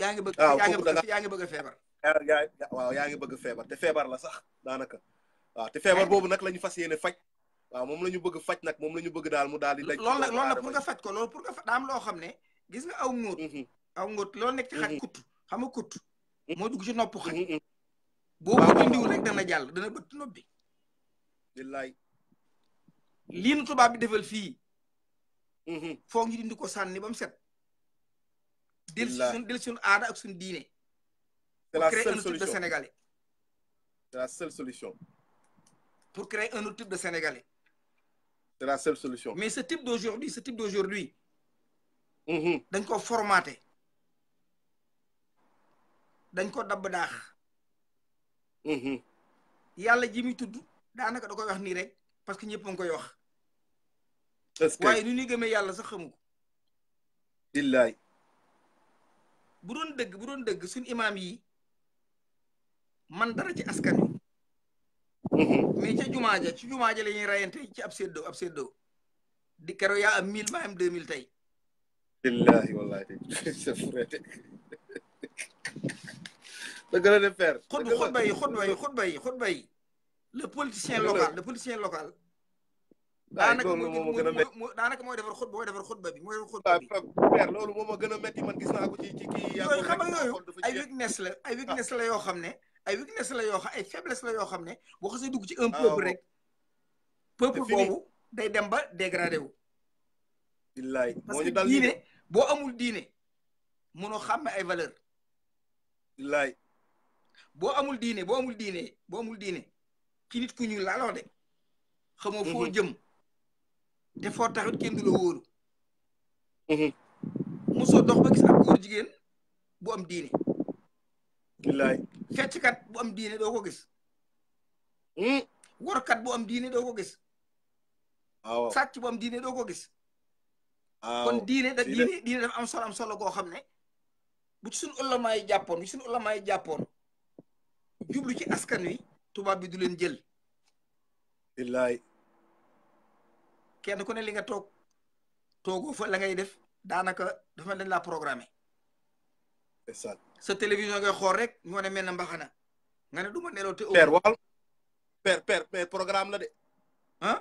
yaa ngi bëgg ah, yaa ngi bëgg a feebar ah, waaw yaa ngi bëgg feebar te feebar la sax daanaka waaw te feebar boobu nag la ñu fas yéene faj waaw moom la ñu bëgg faj nag moom la ñu bëgg daal mu daal di daj loolu nag faj ko loolu pour nga faj daam loo xam ne gis nga aw ngóot mhm. aw ngóot loolu nekk ci xaj mhm. kutt xam nga kut mhm. moo dugg ci nopp xaj boo ko rek dana jàll dana bëtt nopp bi lii nu tubaab bi defal fii foog ngi dindi ko sànni ba mu set del suñ del suñ aada ak suñ diine c'est la seule solution pour créer un type de sénégalais c'est la seule solution pour créer un autre type de sénégalais c'est la mm-hmm. dañ ko formaté dañ ko dabb daax mm-hmm. yàlla ji muy tudd daanaka da koy wax nii rek parce que ñëpp a ngi koy wax waaye nu ñuy gëmee yàlla sax xamu ko billaay bu doon dëgg bu doon dëgg suñ imaam yi man dara ci askan wi. Mm-hmm. mais ca ci jumaa ja la ñuy ci ab séddoo ab séddoo di kero yaa am mille maa am deux mille tey. billahi wallahi dëgg la de fer. xutba yi xutba bay xot yi xutba yi le politicien local le politicien local. daanaka mooy defar xutba mooy defar xutba bi mooy defar xutba bi père loolu moom a gën a metti man gis naa ko ci ci kii yooyu xam nga yooyu ay weakness la ay weakness la yoo xam ne ay weakness la yoo xam ay faiblesse la yoo xam ne boo xasee dugg ci un peuple rek peuple boobu day dem ba dégradé wu billaay moo ñu dal diine boo amul diine mënoo xàmme ay valeur billaay boo amul diine boo amul diine boo amul diine ci nit ku ñu laaloo de xamoo foo jëm te foo taxit kenn du la wóoru mhm. mosoo dox ba gis ab góor jigéen bu am diine billaay fecckat bu am diine doo ko gis mhm. workat bu am diine doo ko gis waaw sàcc bu am diine doo ko gis kon diine da diine diine dafa am solo am solo goo xam ne bu ci suñu ulama yi jàppoon bu ci suñu ulama yi jàppoon jublu ci askan wi tubaab bi du leen jël billaay kenn ku ne li nga toog toogoo fa la ngay def daanaka dafa dañ laa programmé. sa télévision ngay xool rek ñoo ne mel na mbaxana nga ne du ma nelaw te. père per père père programme la de. ah.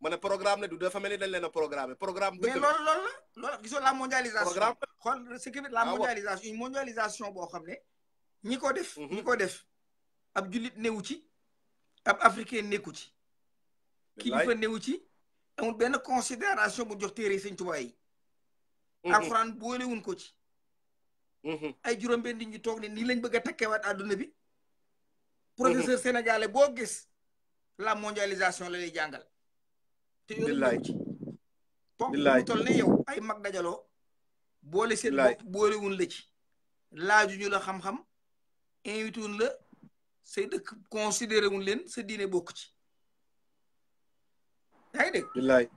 ma ne programme la du dafa me ni dañ leen a programmé programme. dëgg la loolu gisoo la mondialisation. programme xool la ah mondialisation une mondialisation boo xam ne. ñi ko def. Mhm. ñi ko def ab jullit newu ci. ab africain nekku ci. kilifa newu ci. amul benn considération bu jox téere sëñ Tuubaa yi mm-hmm. alxuraan boolewuñ ko ci mm-hmm. ay juróom-benn di ñu toog ne nii lañ bëgg a takkewaat àdduna bi mm-hmm. professeur sénégalais boo gis la mondialisation la lay jàngal te yoonu ci pomp bu ne yow ay mag dajaloo boole seen bopp boolewuñ la ci laajuñu la xam-xam invité wuñ la say dëkk considéré wuñ leen sa diine bokk ci yaa ngi dégg. billaay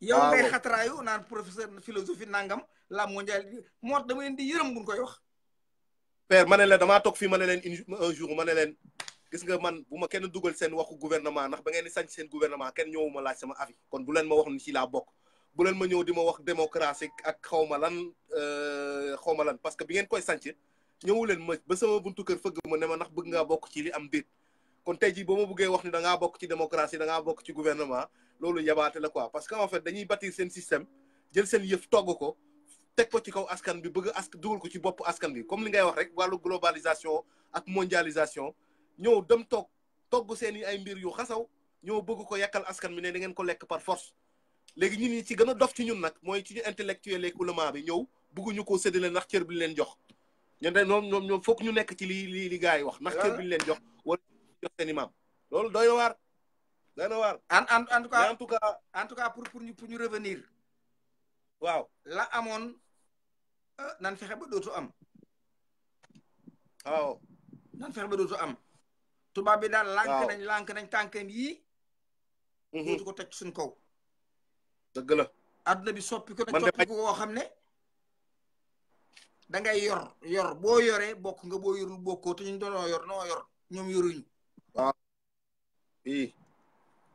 yow ngay xataraayu naan professeur philosophie nangam la mondial moo dama leen di yërëm buñ koy wax. père ma ne leen damaa toog fii ma un jour gis nga man bu ma kenn dugal sen waxu gouvernement nak ba ngeen di sañ sen gouvernement kenn ñëwuma laaj sama avis kon bu leen ma wax ni ci laa bokk. bu leen ma ñëw di ma wax démocratie ak xaw ma lan euh, xaw ma lan parce que bi ngeen koy sànc ñëwu leen ma ba sama buntu kër fëgg ma ne ma ndax bëgg ngaa bokk ci li am déet kon tey jii boo ma bëggee wax ni da nga bok ci démocratie da nga bok ci gouvernement loolu yabaate la quoi parce que en fait dañuy bâtir seen système jël seen yëf togg ko teg ko ci kaw askan bi bëgg ask dugal ko ci bopp askan bi comme li ngay wax rek wàllu globalisation ak mondialisation ñëw dem toog togg seen i ay mbir yu xasaw ñoo bëgg ko yàkkal askan bi ne da ngeen ko lekk par force léegi ñun ñi ci gën a dof ci ñun nag mooy ci ñu intellectuel ak ulama bi ñëw bëgguñu koo séddale ndax cër bi leen jox ñun de ñoom ñoom foog ñu nekk ci li li li yi wax ndax cër bi leen jox wala jox seen doy na waar. en en en tout cas en tout cas. en ñu pour revenir. waaw la amoon nan fexe ba dootu am. waaw fexe ba dootu am. tubaab bi daal lànk nañ lànk nañ tànkam yii. ko teg suñ kow dëgg la. adduna bi soppi ko na soppi xam ne. da yor yor boo yoree bokk nga boo yorul bokkoo te ñu doonoo yor noo yor ñoom yoruñu. waaw.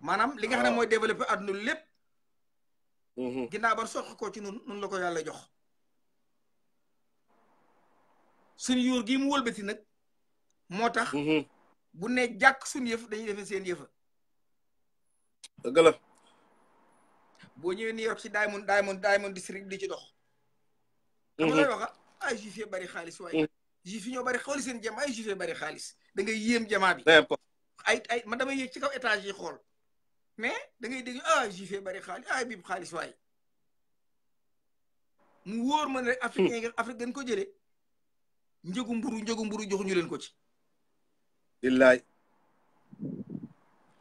maanaam li nga xam ne ah. mooy développé adduna lépp. Mhm. ginnaaw ba soq ko ci nun nun la ko yàlla jox. suñ yuur gi mu wëlbati nag. moo tax. Mhm. bu ne jàkk suñ yëf dañuy defee seen yëfa. dëgg la. boo ñëwee New York ci Diamond Diamond Diamond district di ci dox. xam nga mhm. lay wax ay juif bari xaalis waaye. juif yi ñoo bari xooli seen jama ay juif bari xaalis da ngay yéem jamaa bi. ay ay man damay yéeg ci kaw étage yi xool. mais da ngay dégg ah juifs bari xaalis ah bib xaalis waay mu wóor ma ne africain yi afrique dañ ko jëlee njëgu mburu njëgu mburu joxuñu leen ko ci billaay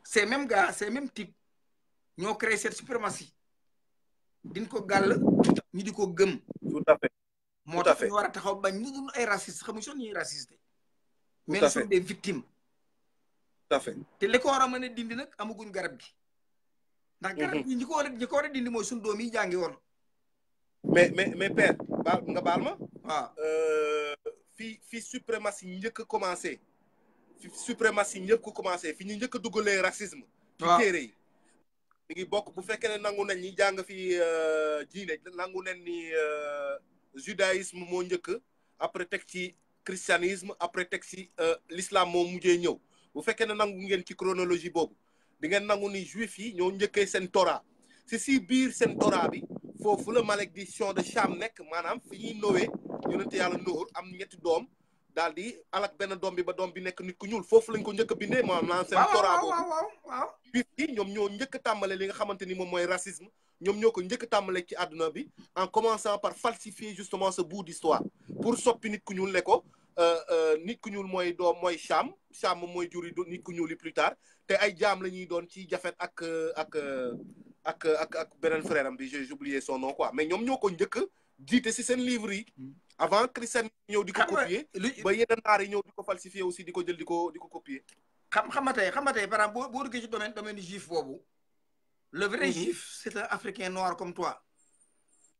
ces mêmes gars ces mêmes types ñoo créé cette suprématie din ko gàll ñu di ko gëm tout moo tax ñu war a taxaw bañ ñu dul ay raciste xamuñ son ñuy raciste mais nous de des victimes tout te li ko war a mën a dindi nag amaguñ garab gi ndax mhm. garab gi ñi ko war a ñi ko war a dindi mooy mais mais mais père nga baal ma waaw ah. euh, fii fii suprématie njëkk a commencé fi suprématie ñëpp ko commencé fi ñu njëkk a dugalee racisme ci ah. téere yi ngi bokk bu fekkee ne nangu nañ ñi jàng fi euh, diine nangu nañ ni euh, judaïsme moo njëkk après teg ci christianisme après teg ci l'islam moo mujjee ñëw bu fekkee ne nangu ngeen ci chronologie boobu di ngeen nangu ni juif yi ñoo njëkkee seen Torah Ceci bir sen Torah bi foofu la malédiction de Cham nek maanaam fi ñuy nowee yonente yàlla Nuux am ñetti doom dali, di alak ben doom bi ba doom bi nek nit ku ñul fofu lañ ko ñëk bindé mo maanaam naan seen Torah boobu juif ñom ñoo ñëk a li nga xamante ni moy racisme ñom ñoo ko njëkk a ci aduna bi en commençant par falsifier justement ce bout d'histoire pour soppi nit ku ñuul ne ko euh, euh, nit ku ñul moy doom moy Cham Cham moy juri nit ku ñul li plus tard té ay à la doon ci jafet ak euh, euh, euh, ak ak j'ai oublié son nom quoi mais ñom ñoko dit que c'était si livre mm. avant Christian ñëw di copier ba yeneen naar yi ñëw di falsifier aussi di jël di copier par exemple domaine le vrai mhm. juif c'est un africain noir comme toi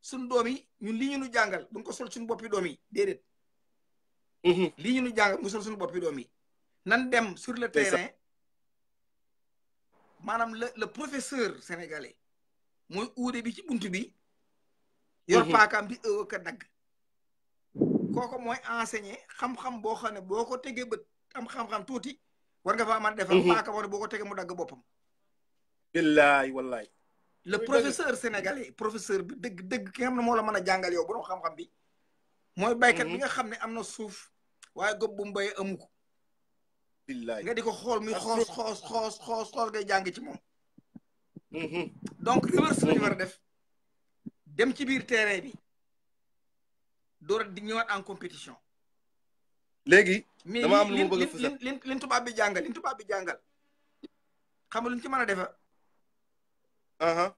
suñ doom yi ñun lii ñu nu jàngal buñ ko sol suñu boppi doom yi déedéet. Mhm. lii ñu nu jàngal mu sol suñu boppi doom nan dem sur le terrain maanaam le le professeur sénégalais mooy uude bi ci bunt bi. yor mhm. paakaam di ëw ka dagg. kooko mooy enseigner xam-xam boo xam ne boo ko tegee bët am xam-xam tuuti war nga faa man defal war boo ko tegee mu dagg boppam. billaay le professeur sénégalais professeur bi deug deug ki xamna mo la mën jàngal yow bu borom xam-xam bi moy baykat bi nga xamne amna souf waye suuf gob bu mbéy amuko billahi nga diko xol muy xoos xoos xoos xoos xoos ngay jàng ci mom hmm donc reverse lañu war a def dem ci biir terrain bi door di ñëwaat en compétition légui dama am lu bëgg fa fësal li li tubaab bi jàngal li tuba bi jàngal xam lu ñu ci mëna a defa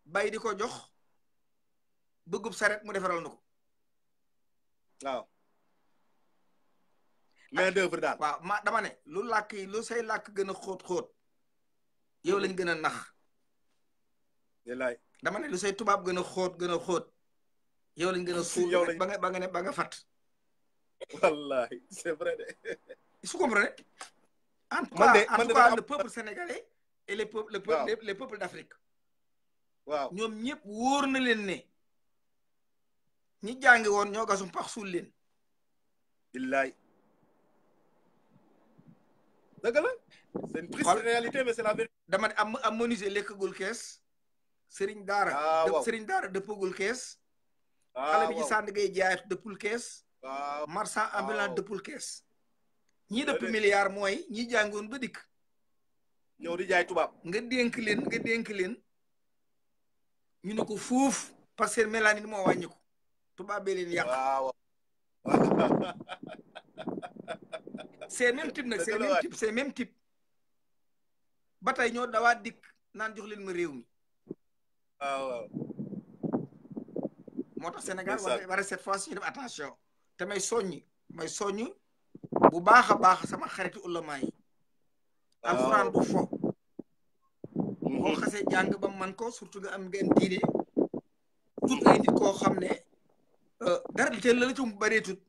bay di ko jox bëggub saret mu defaral na ko waaw ah. main d'œuvre daal waaw ma damane ne lu làkk yi lu say làkk gën a xóot-xóot yow lañ gën a nax dama ne lu say tubaab gën a xóot gën a xóot yow lañ gën a suul ba nga ba nga ne ba nga fat wallahi c'est vrai de su comprenez en tout cas en tout cas le peuple sénégalais et les peuples le peuple les peuples d'Afrique waaw ñoom ñëpp wóor na leen ne ñi jàngi woon ñoo gasum pax suul leen billaay dëgg la c'est une triste réalité mais c'est la vérité dama ne am am menuisier lekkagul kees sëriñ daara ah, sëriñ daara dëppagul kees sànd ngay jaayatu dëppul kees marchand ambulant dëpp milliard mooy ñi jàngoon ba dikk ñëw di jaay tubaab nga dénk leen nga dénk leen ñu ne ko fuuf parce que mélanine moo wàññi ko tubaab bee leen yàq. waaw. c'est même type même type ba tey ñoo dawaa dikk naan jox leen ma réew mi. moo tax Sénégal war cette fois ci ñu def attention te may soññ may soññ bu baax a baax sama xaritu ulama yi. alxuraan bu fo. boo xasee jàng ba man ko surtout nga am ngeen diine tut ay nit xam ne euh, dara teel la la ci bëreetut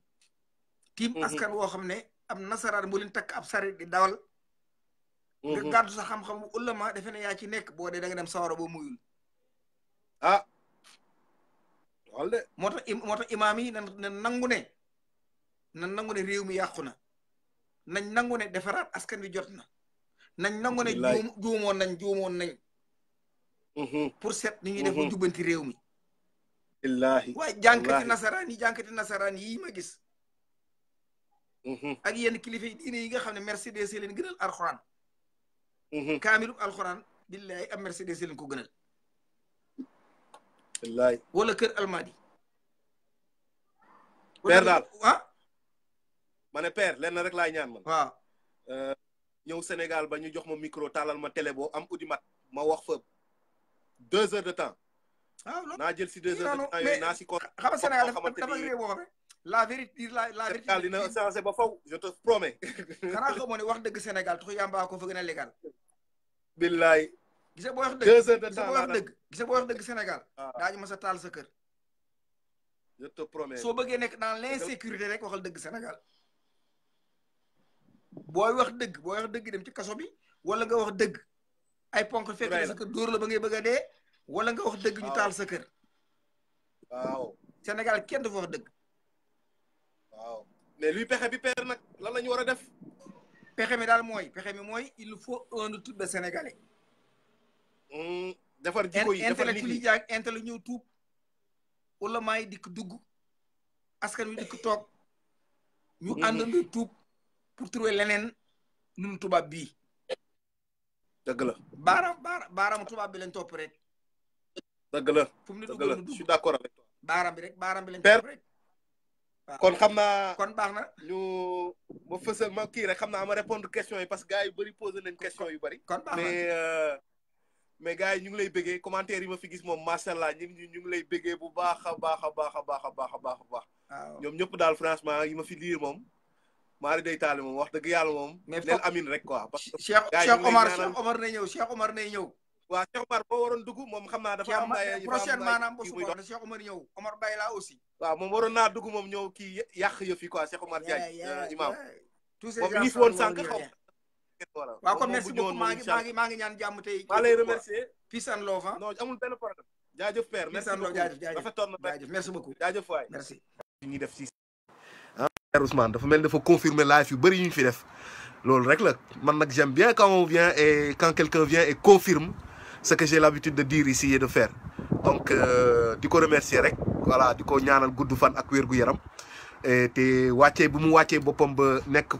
tiim mhm. askan woo xam ne am nasaraan mu leen takk ab sarit di dawal nga mhm. gàddu sa xam-xam ulama defe ne yaa ci nekk boo dee da nga dem sawara boo muyul ah wala moo tax moo tax imaam yi nan nan nangu ne nan nangu réew mi yàqu na nañ nangu ne defaraat askan wi jot na nañ nangu ne juumoon nañ juumoon nañ mm-hmm. pour seet ni ñuy def ba mm-hmm. réew mi illaahi waaye jànkati nasaraan yi jànkati nasaraan yi ma gis mm-hmm. ak yenn kilifa yi diine yi nga xam ne mercedes leen gënal alxuraan kaamilub alxuraan billahi am mercedes leen ko gënal wallaay wala kër almaadi père daal ah ma ne lenn rek laay ñaan man Au Sénégal jox micro ma télé am ma wax fa deux heures de temps. Ah, jël deux heures de temps xam Sénégal la vérité la vérité. je te promets. xamone wax Sénégal ko légal. deux heures de temps wax vais wax Sénégal. Ah. je te promets. so bëggee nek dans l'insécurité Sénégal. booy wax dëgg booy wax dëgg dem ci kaso bi wala nga wax dëgg ay ponk fekk na sa dóor la ba ngay bëgg a dee wala nga wax dëgg ñu taal sa kër waaw Sénégal kenn dafa wax dëgg waaw luy pexe bi per nag lan la ñu war a def pexe mi daal mooy pexe mi mooy il faut un tout de sénégalais hmm, defar jikko yi defar nit ñëw tuub wala maay dikk dugg askan wi dikk toog ñu hmm. àndandoo tuub pour trouver leneen ñun tubaab bii. dëgg la baara baara baaraamu tubaab bi lañ top rek. dëgg la dëgg la je suis d'accord avec toi. baaraam bi rek baaraam bi lañ topp rek. kon xam naa kon baax na ñu ma fësal ma kii rek xam naa ma répondre question yi parce que gars yu bëri posé nañ question yu bëri. kon baax na mais euh, mais ñu ngi lay bëggee commentaire yi ma fi gis moom macha allah ñu ngi ñu ngi lay bëggee bu baax a baax a baax a baax a baax a baax. ñoom ñëpp daal franchement yi ma fi lire moom. maari day taali moom wax dëgg yàlla moom. mais neel amin rek quoi. parce que Cheikh Omar Cheikh Omar nay ñëw Cheikh Omar nay ñëw. waaw Cheikh Omar boo waroon dugg moom xam naa dafa prochaine maanaam ba suba la Cheikh Omar ñëw Omar Baye aussi waaw moom waroon naa dugg moom ñëw kii yàq yëf yi quoi Omar Diagne euh, imam moom ñi fi woon sànq xaw waaw merci beaucoup maa ngi maa ngi maa ngi ñaan jàmm and love ah non merci beaucoup jaajëf jaajëf merci Ousmane dafa mel dafa confirmer live yu bari yu ñu fi def loolu rek la man nak j'aime bien quand on vient et quand quelqu'un vient et confirme ce que j'ai l'habitude de dire ici et de faire donc euh, di ko remercier rek voilà diko ñaanal gudd fan ak wér gu yaram te wàccee bu mu waccé bopam ba nek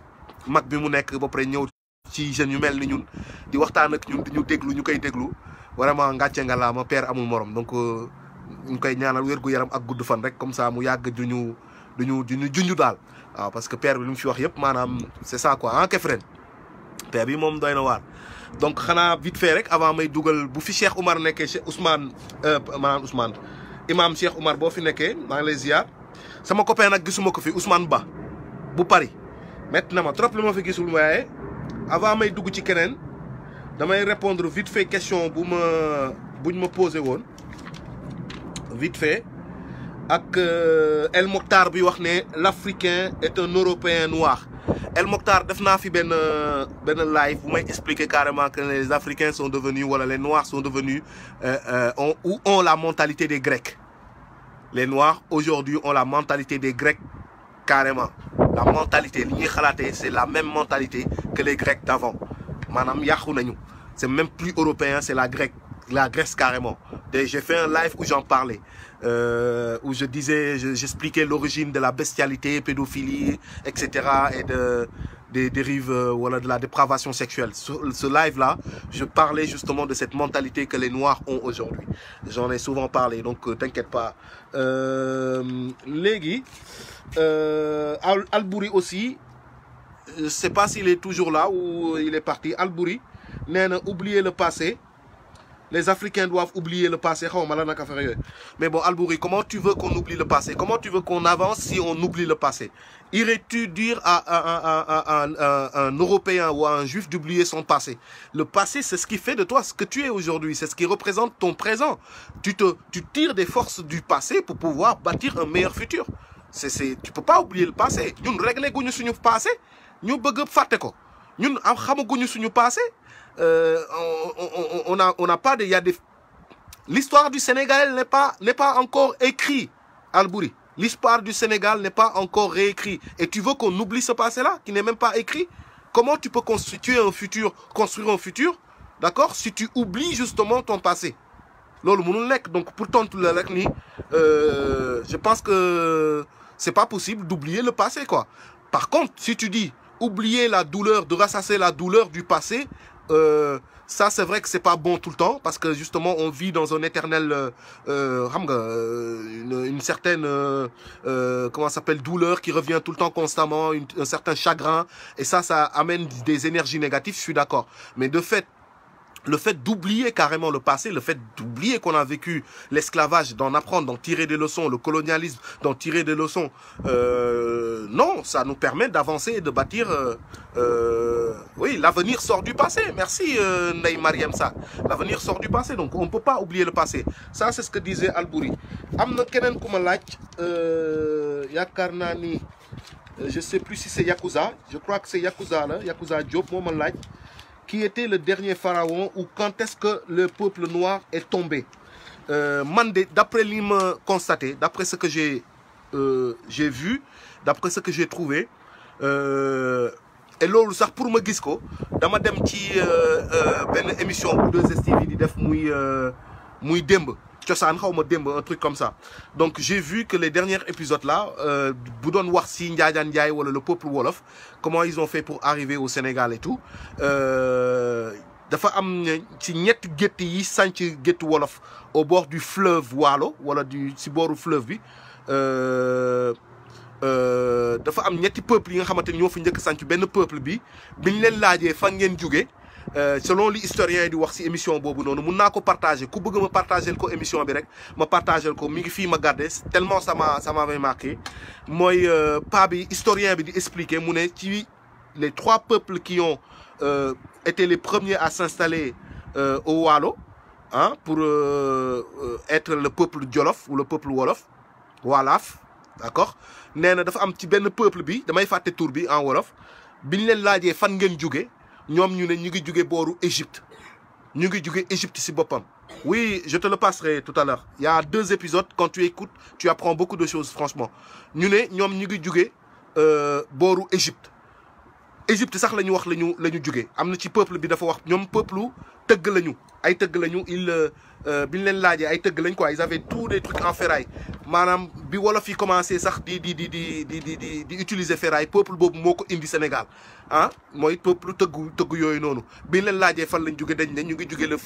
mag bi mu nekk ba pare ñëw ci jeune yu mel ni ñun di waxtaan ak ñun di ñu déglu ñu déglu vraiment ngatché nga ma père amul morom donc euh, ñu koy ñaanal wér gu yaram ak gudd fan rek comme ça mu yag du duñu du ñu du ah parce que père bi lu fi wax yëpp manam c'est ça quoi ah hein, Kéfrène père bi mom doyna war donc xana vite fait rek avant may dougal bu fi Cheikh Oumar nekkee Cheikh Ousmane euh manam Ousmane imam Cheikh Oumar bo fi nekkee mang lay ziar sama copain nak gisuma ko fi Ousmane Ba bu Paris metti ma trop li fi gisul waaye avant may dugg ci kenen damay répondre vite fait question bu ma buñ ma poser won vite fait ak euh, El Mokhtar bi wax l'Africain est un Européen noir El Mokhtar def fi ben ben live où carrément que les Africains sont devenus voilà, les Noirs sont devenus euh, ou ont la mentalité des Grecs les Noirs aujourd'hui ont la mentalité des Grecs carrément la mentalité li c'est la même mentalité que les Grecs d'avant c'est même plus européen c'est la grecque la Grèce carrément j'ai fait un live où j'en parlais euh, où je disais, j'expliquais l'origine de la bestialité, pédophilie, etc. et de, des dérives, euh, voilà, de la dépravation sexuelle. ce live-là, je parlais justement de cette mentalité que les Noirs ont aujourd'hui. J'en ai souvent parlé, donc euh, t'inquiète pas. Légui, Albouri aussi, je sais pas s'il est toujours là ou il est parti. Albouri, oubliez le passé. Les Africains doivent oublier le passé. Mais bon, Albouri, comment tu veux qu'on oublie le passé Comment tu veux qu'on avance si on oublie le passé Irais-tu dire à un, Européen ou à un Juif d'oublier son passé Le passé, c'est ce qui fait de toi ce que tu es aujourd'hui. C'est ce qui représente ton présent. Tu, te, tu tires des forces du passé pour pouvoir bâtir un meilleur futur. C'est, c'est, tu peux pas oublier le passé. Nous réglons le passé. Nous Nous ne passé. Euh, on n'a on, pas de... L'histoire du Sénégal n'est pas, pas encore écrite, Albouri. L'histoire du Sénégal n'est pas encore réécrite. Et tu veux qu'on oublie ce passé-là, qui n'est même pas écrit Comment tu peux constituer un futur, construire un futur, d'accord, si tu oublies justement ton passé donc pourtant euh, je pense que c'est pas possible d'oublier le passé quoi par contre si tu dis oublier la douleur de rassasser la douleur du passé euh, ça c'est vrai que c'est pas bon tout le temps parce que justement on vit dans un éternel euh, euh, une, certaine comment s'appelle douleur qui revient tout le temps constamment un certain chagrin et ça ça amène des énergies négatives je suis d'accord mais de fait le fait d'oublier carrément le passé, le fait d'oublier qu'on a vécu l'esclavage, d'en apprendre, d'en tirer des leçons, le colonialisme, d'en tirer des leçons, euh, non, ça nous permet d'avancer et de bâtir... Euh, euh, oui, l'avenir sort du passé. Merci Neymar Yemsa L'avenir sort du passé, donc on ne peut pas oublier le passé. Ça, c'est ce que disait Albouri. Amna kenen je sais plus si c'est Yakuza, je crois que c'est Yakuza, là. Yakuza Diop, moi, qui était le dernier pharaon ou quand est-ce que le peuple noir est tombé. Euh, d'après l'imme constaté, d'après ce que j'ai euh, vu, d'après ce que j'ai trouvé, euh, et loolu pour ma qui dama euh, euh, émission ou deux stv di def cosaan ça a démb un truc comme ça donc j'ai vu que les derniers épisodes là euh, Boudon Warsi wax si Njaajaan le peuple wolof comment ils ont fait pour arriver au Sénégal et tout euh, dafa am ci ñetti gétt yi sànc géttu wolof au bord du fleuve Waalo wala du si du fleuve bi euh, dafa am ñetti peuple yi nga xamante ni ñoo fi ben sànc benn peuple bi biñ leen laajee fan ngeen jóge euh, selon l'historien du di wax si émission bobu nonou mun nako partager ku bëgg ma partager ko émission bi rek ma partager ko mi ngi fi ma gardé tellement ça m'a ça m'avait marqué moy euh, pa bi historien bi di expliquer ci les trois peuples qui ont euh, été les premiers à s'installer au Walo hein, pour être le peuple Djolof ou le peuple Wolof Walaf d'accord Néna, na dafa am ci benn peuple bi damay fàtte tur bi en wolof bi ñu leen fan ñom ñu ne ñu ngi jóge boru Égypte ñu ngi jóge Égypte ci oui je te le passerai tout à l'heure il y a deux épisodes quand tu écoutes tu apprends beaucoup de choses franchement ñu ne ñoom ñu ngi euh Égypte Égypte sax la que wax la ñu la peuple bi dafa peuple euh, euh, ils avaient tous des trucs en ferraille Madame, commencé ferraille peuple Sénégal ah, peuple le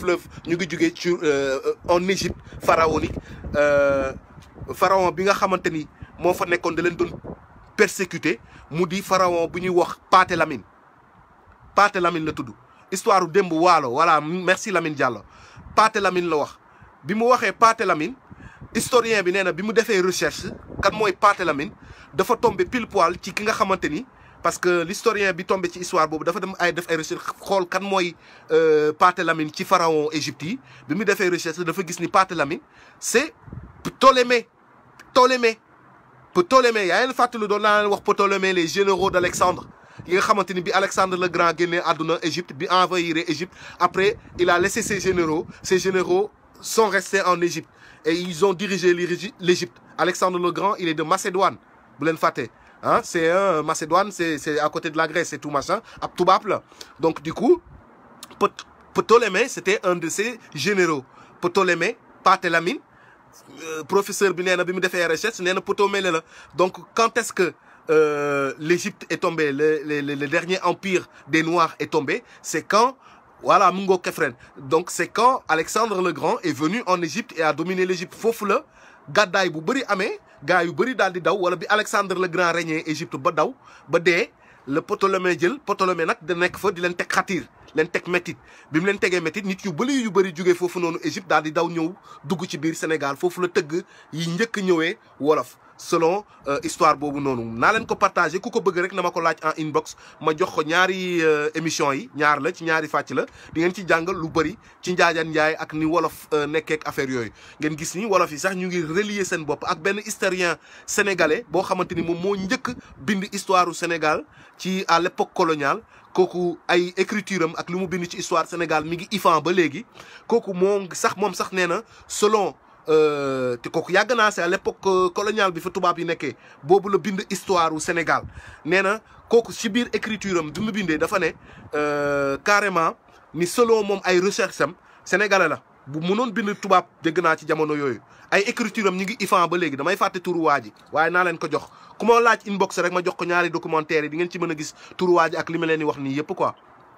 euh, en pharaon bi persécuté mu di pharaon bu wax Pathé Lamine Pathé Lamine la tuddu histoire dembu walo voilà merci Lamine Diallo Pathé Lamine la wax bi mu waxee Pathé Lamine historien bi néna na bi mu defee recherche kan moy Pathé Lamine dafa tombé pile poil ci ki nga xamante parce que l'historien bi tombé ci histoire bobu dafa dem ay def ay recherche xol kan mooy euh, Pathé Lamine ci pharaon Égypte yi bi mu defee recherche dafa gis ni Pathé Lamine c'est Ptolémée Ptolémée Ptolémée y a fàttali doon wax Ptolémée les généraux d'Alexandre. Il a a Alexandre le Grand donné à Égypte a envoyé Égypte après il a laissé ses généraux ses généraux sont restés en Égypte et ils ont dirigé l'Égypte. Alexandre le Grand il est de Macédoine Vous hein? un Macédoine c'est à côté de la Grèce et tout machin à donc du coup Ptolémée c'était un de ses généraux Ptolémée Ptolemy euh, professeur bi nee bi mu defee recherche nee ptolémée la donc quand est-ce que euh, l'Égypte est tombée le, le, le, dernier empire des Noirs est tombé c'est quand voilà Mungo Kefren donc c'est quand Alexandre le Grand est venu en Égypte et a dominé l'Égypte foofu la gaday bu bari amé gaay yu bari daal daw wala bi Alexandre le Grand régné Égypte ba daw ba dé le Ptolémée jël Ptolémée nak de nek fa di len tek leen teg métit bi mu leen tegee métit nit yu bëri yu bëri jógee foofu noonu Égypte daal di daw ñëw dugg ci biir Sénégal foofu la tëgg yi njëkk ñëwee wolof selon euh, histoire boobu noonu naa leen ko partagé ku ko bëgg rek na ma ko laaj en inbox ma jox ko ñaari euh, émission yi ñaar la ci ñaari fàcc la di ngeen ci jàngal lu bëri ci njaajaan njaay ak ni wolof euh, nekkeek affaire yooyu ngeen gis ni wolof yi sax ñu ngi relier seen bopp ak benn historien sénégalais boo xamante ni moom moo njëkk bind histoire u Sénégal ci à l'époque kooku ay écriture am ak lu mu bind ci histoire Sénégal mi ngi ifan ba léegi kooku moo sax moom sax nee na selon euh, te kooku yàgg naa c'est à l'époque euh, coloniale bi fa tubaab yi nekkee boobu la bind histoire wu Sénégal nee na kooku ci biir écriture am bi mu bindee dafa ne euh, carrément ni selon moom ay recherche am sénégalais la bu mënoon bind tubaab dégg naa ci jamono yooyu ay écriture am ñu ngi ifan ba léegi damay fàtte turu waa ji waaye naa leen ko jox ku ma laaj inbox rek ma jox ko ñaari documentaire yi di ngeen ci mën a gis turu waa ji ak li ma leen di wax nii yëpp quoi.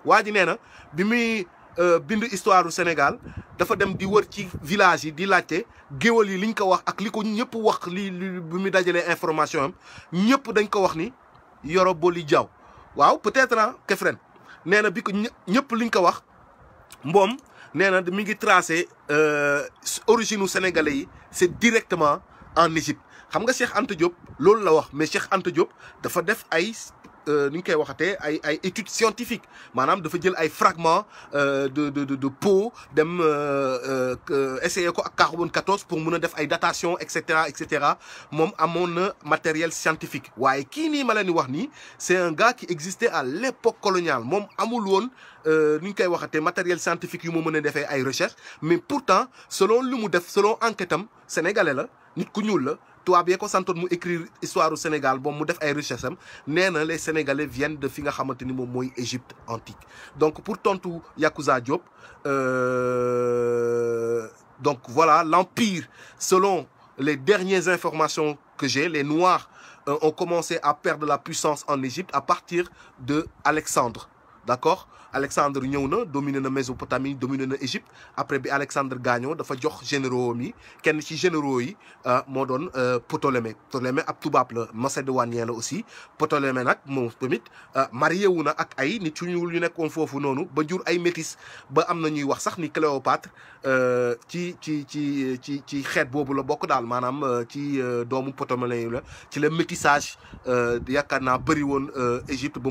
waa ji nee na bi muy euh, bind histoire du Sénégal dafa dem di wër ci village yi di laajte géwal yi li ñu ko wax ak li ko ñëpp wax li bi mu dajalee information am ñëpp dañ ko wax ni Yoro Boli Diaw waaw peut-être ah nee na bi ñëpp liñ ko wax mboom. nee na mi ngi tracé euh, origine u sénégalais c'est directement en Égypte xam nga Cheikh Anto Diop que je wax mais Cheikh Anto Diop a fait ay euh, ni ñu koy ay ay études scientifiques maanaam dafa jël ay fragments euh, de de de peau dem euh, essayer ko carbone 14 pour faire des def ay datation etc etc, mon matériel scientifique. waaye qui ni malani c'est un gars qui existait à l'époque coloniale moom amul woon ni ñu matériel scientifique yu mu des recherches. mais pourtant selon lu mu def selon enquête sénégalais la nit ku toi, bien qu'on s'entende mu écrire histoire au Sénégal Bon, mu def ay les sénégalais viennent de fi nga antique donc pourtant tout Yakuza Diop euh, donc voilà l'empire selon les dernières informations que j'ai les noirs euh, ont commencé à perdre la puissance en Égypte à partir de Alexandre d'accord Alexandre ñëw na dominé Mésopotamie na après Alexandre Gagnon dafa jox généraux mi kenn ci généraux yi euh, euh, Ptolémée Ptolémée ab la aussi Ptolémée nak euh, marié wuna ak ay ba ay métis ba Cléopâtre ci ci ci ci ci la Ptolémée la métissage Égypte ba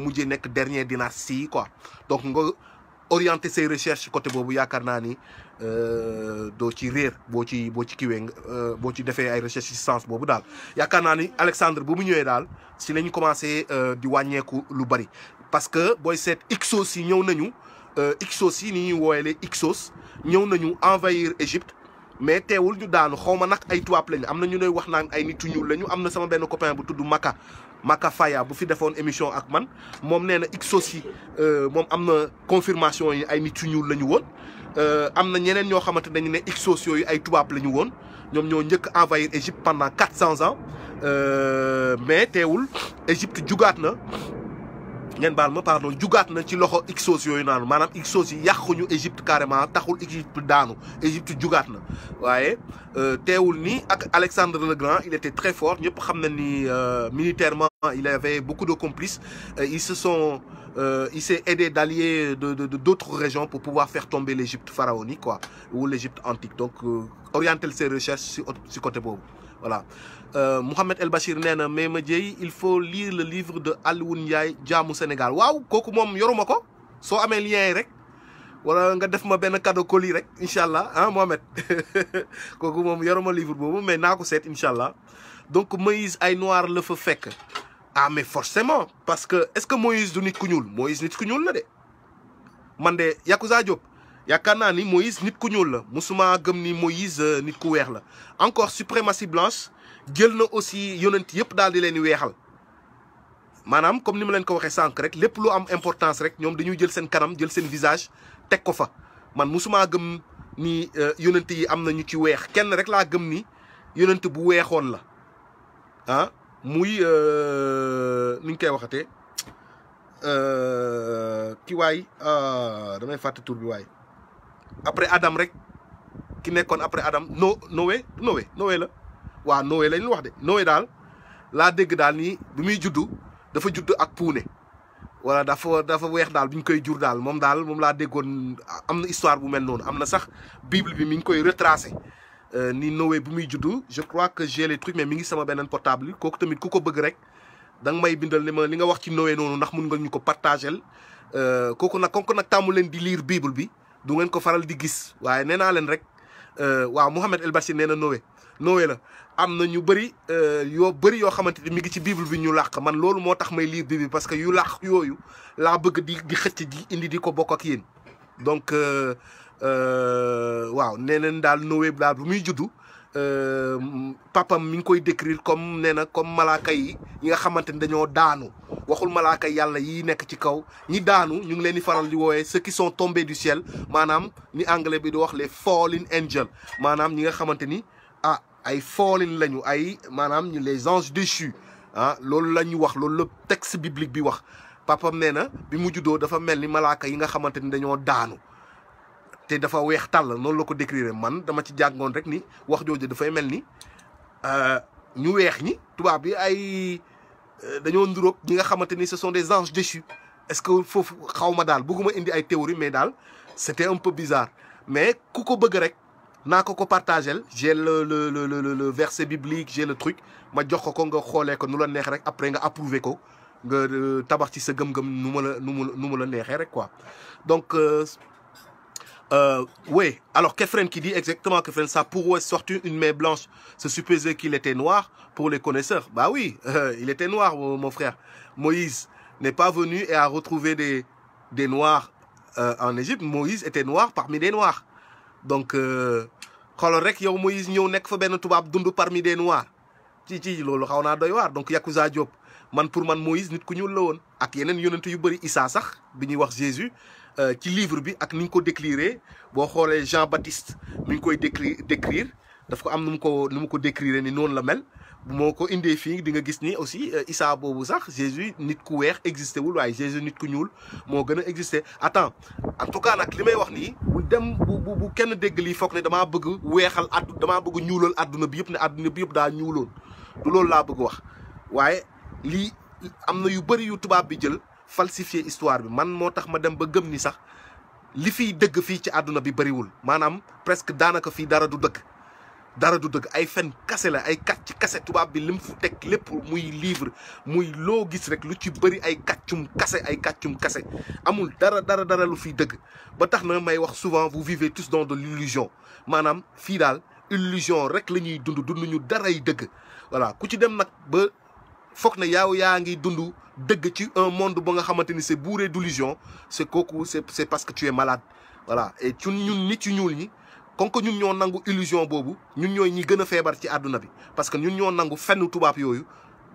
dynastie quoi donc orienter ses recherches côté bobu yakarnani naa ni euh, ci bo ci bo ci euh, bo ci defé ay recherche ci sens bobo dal Alexandre bu mu Dal. si nous commencé euh, di wàññeeku lu bari. parce que Boy set xos yi ñëw nañu xos yi ni xos ñëw nañu envahir Égypte mais téwul ñu daanu xawma nak ay tuap lañu amna ñu lay wax naan ay lañu am sama copain bu Maka. Maka Faya bu fi une émission ak man Mom nee na que euh, mom amna confirmation à ay nit yu ñuul la euh, Amna ñeneen ñoo X aussi ne Ixos ay la envahir Égypte pendant 400 ans euh, mais Égypte ngeen baal ma pardon jugaat na ci loxo xos yooyu naanu maanaam xos yi yàquñu Égypte carrément taxul Égypte daanu Égypte jugaat na waaye euh, teewul ni ak Alexandre le Grand il était très fort ñëpp xam na ni euh, militairement il avait beaucoup de complices euh, ils se sont il s'est aidé d'alliés de d'autres régions pour pouvoir faire tomber l'Égypte pharaonique quoi ou l'Égypte antique donc orienter ses recherches sur ce côté boobu voilà euh, Mohamed El Bachir mais il faut lire le livre de Alioune Ndiaye Diamou Sénégal waaw koku mom ko so lien rek wala nga def ma cadeau colis rek inshallah hein, Mohamed kooku moom yoruma livre bobu mais nako set inshallah donc Moïse ay noir le ah mais forcément parce que est-ce que Moïse du pas Moïse nit ku la de man de Yakuza Diop a ni Moïse nit ku ñuul la musuma gëm ni Moïse euh, nit ku encore suprématie blanche jël na aussi yonent yëpp daal di leen weexal maanaam comme ni ma leen ko waxee sànq rek lépp lu am importance rek ñoom dañuy jël seen kanam jël seen visage teg ko fa man musuma gëm ni euh, yonent yi am na ñu ci weex kenn rek laa gëm ni yonent bu weexoon la ah muy euh, ni ñu koy waxatee euh, ki waay ah, damay fàtte tur bi waay après Adam rek ki nekkoon après Adam no Noé Noé Noé la wa Noé lañ wax de Noé dal la dégg dal ni bi muy juddu dafa judd ak pouné wala dafa dafa wéx dal bi koy jur dal mom dal mom la amna histoire bu mel non amna sax bible bi mi ngi koy euh, ni Noé bi muy je crois que j'ai les trucs mais mi ngi sama benen portable koku tamit ku ko bëgg rek da nga may bindal ni ma li nga wax ci Noé noonu ndax mën nga ko partagel euh, kooku nag kooku nag tàmmu leen di lire bible bi du ngeen ko faral di gis waaye nee naa leen euh, El nee Noé noowee la am na ñu bëri euh, yoo bëri yoo xamante ni mi ngi ci bible bi ñu làq man loolu moo tax may liir bible bi parce que yu làq yooyu laa bëgg di di xëcc ji indi di ko bokk ak yéen donc euh, euh, waaw nee nañ daal bi daal bu muy juddu papam mi ngi koy décrire comme nee na comme malaaka yi ñi nga xamante ni dañoo daanu waxul malaaka yàlla yi nekk ci kaw ñi daanu ñu ngi leen di faral di woowee ceux qui sont tombés du ciel maanaam ni anglais bi di wax les fallen angels maanaam ñi nga xamante ni ay foolin lañu ay manam ñu les anges déchus ah loolu la wax loolu le texte biblique bi wax papam néna bi mu juddoo dafa melni ni malaaka yi nga xamanteni ni dañoo daanu té dafa wéx tal non la ko décrire man dama ci jàngoon rek ni wax jooju dafay melni ni euh, ñu wéx ñi tuba bi ay euh, dañoo ndurok ñi nga xamanteni ce sont des anges déchus est-ce que fofu xawma dal daal bëgguma indi ay théorie mais dal c'était un peu bizarre mais ku bëgg rek naa ko ko partager, j'ai le le le le verset biblique j'ai le truc ma jox ko ko nga xoolee ko nu la neex rek après nga approuvé ko nga euh, tabax ci sa gëm la la rek quoi donc euh, euh, oui alors Kefren qui dit exactement Kefren ça pour sortir une main blanche se supposer qu'il était noir pour les connaisseurs bah oui il était noir mon frère Moïse n'est pas venu et a retrouvé des des noirs en Égypte Moïse était noir parmi les noirs donc euh, xoolal rek yow Moïse ñëw nek fa benn tubaab dund parmi des noirs ci ci loolu xaw doy donc Yakuza Diop man pour man Moïse nit ku ak yeneen yu Issa sax bi wax Jésus euh, ci livre bi ak Jean Baptiste mi ngi koy décrire daf ko am ni la moko ko fi fii nga gis ni aussi euh, Isa bobu sax Jésus nit ku weex existé wul way Jésus nit ku ñuul mo gëna existé attends en tout cas nak limay wax ni bu dem bu bu kenn dégg li foog ne bëgg wéxal addu dama bëgg ñuulal aduna bi yëpp né aduna bi yëpp da ñuuloon du lool la bëgg wax waye li amna yu bari yu tuba bi jël falsifier histoire bi man motax ma dem ba gëm ni sax li fi dëgg fi ci aduna bi wul manam presque danaka fi dara du dëgg dara du deug ay fen kase la ay katch kase tuba bi lim fu tek lepp muy livre muy lo gis rek lu ci ay katchum kase ay katchum kase amul dara dara dara lu fi deug ba tax na may wax souvent vous vivez tous dans de l'illusion manam fidal dal illusion rek lañuy dund dada ñu daray deug voilà ku ci dem nak ba foog na yaaw yaangi ngi dund ci un monde ba nga xamanteni c'est bourré d'illusion c'est kooku c'est c'est parce que tu es malade voilà et ñun nit yu ñuul ñi kon que ñun ñoo nangu illusion boobu ñun ñooy ñi gën feebar ci àdduna bi parce que ñun ñoo nangu fenn tubaab yooyu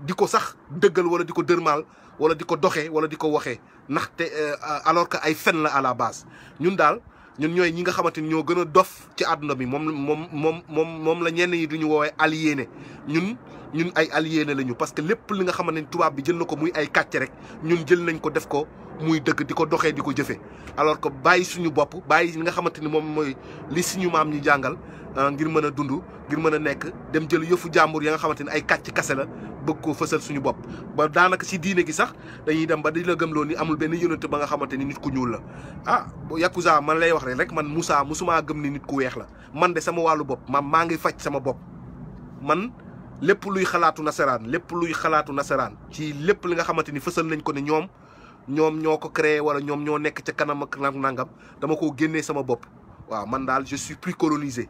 di ko sax dëggal wala di ko dërmaal wala di ko doxee wala di ko waxee ndaxte euh, alors que ay fen la à la base ñun daal ñun ñooy ñi nga xamante ni ñoo gën a dof ci àdduna bi moom moom moom moom moom la ñenn ñi ñu woowee aliéné ñun ñun ay alliés lañu parce que lepp li nga xamante tuba bi jël nako ko muy ay katch rek ñun jël nañ ko def ko muy deug diko ko diko jëfé bayi alors que bayyi suñu bop bayyi li nga xamante mom moy li suñu maam ñu jangal ah, ngir mëna dundu ngir mëna dem jël yëfu jamur ya nga xamante ay katch kase la bëgg ko fësal suñu bop ba daanaka ci diiné gi sax dañuy dem ba di la lo ni amul ben yonent ba nga xamante ni nit ku ñuul la ah yakuza man lay wax rek man musa musuma gëm ni nit ku wéx la man de sama walu bop maam ngi sama bop man lépp luy xalaatu nasaraan lépp luy xalaatu nasaraan ci lépp li nga xamanteni fessel fësal nañ ko ne ñom ñom ñoo ko créé wala ñom ño nekk ci kanam ak nangam dama ko génnee sama bopp waaw man dal je suis plus colonisé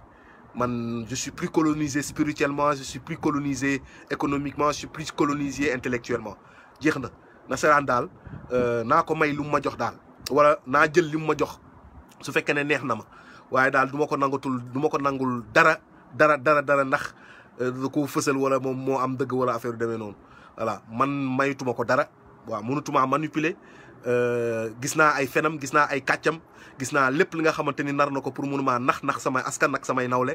man je suis plus colonisé spirituellement je suis plus colonisé économiquement je suis plus colonisé intellectuellement jeexna na dal euh na ko may lu ma jox dal wala na jël lu ma jox su fekkene ne neex na ma ko nangatul duma ko nangul dara dara dara dara nakh da euh, ko fësal wala mom mo am deug wala affaire yu demee noonu voilà man maytuma ko dara waaw mënutuma manipuler euh gisna ay fenam gisna ay katcham gisna lepp li nga xamante ni nar na ko pour mënumaa nax nax samay askan sama samay nawle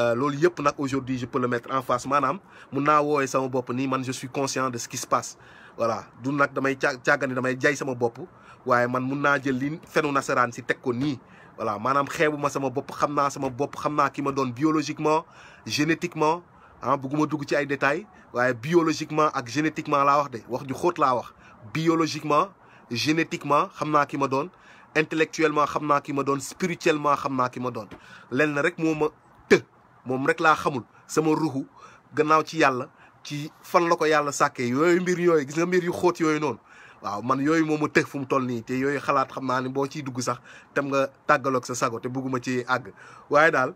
euh, loolu yep nak aujourd'hui je peux le mettre en face manam muna naa sama bop ni man je suis conscient de ce qui se passe voilà du nak damay caa càggani damay jay sama bop waye man muna jël li fenu nasaraan si tek ko ni voilà manam xeebu ma sama bop xamna sama bop xamna naa ki ma doon biologiquement génétiquement ah bëgguma dugg ci ay détails waye biologiquement ak génétiquement la wax dé wax ju xoot la wax biologiquement génétiquement xamna ki ma doon intellectuellement xamna ki ma doon spirituellement xamna ki ma doon lenn rek moma te mom rek la xamul sama ruhu gannaaw ci yalla ci fan la ko yàlla sàkkee yooyu mbir yoy gis nga mbir yu xoot yoy non waaw man yoy moma te tëx fu mu toll nii te yooyu xalaat xamna ni bo ci dugg sax tam nga tàggaloog sa sago té bugguma ci ag waye dal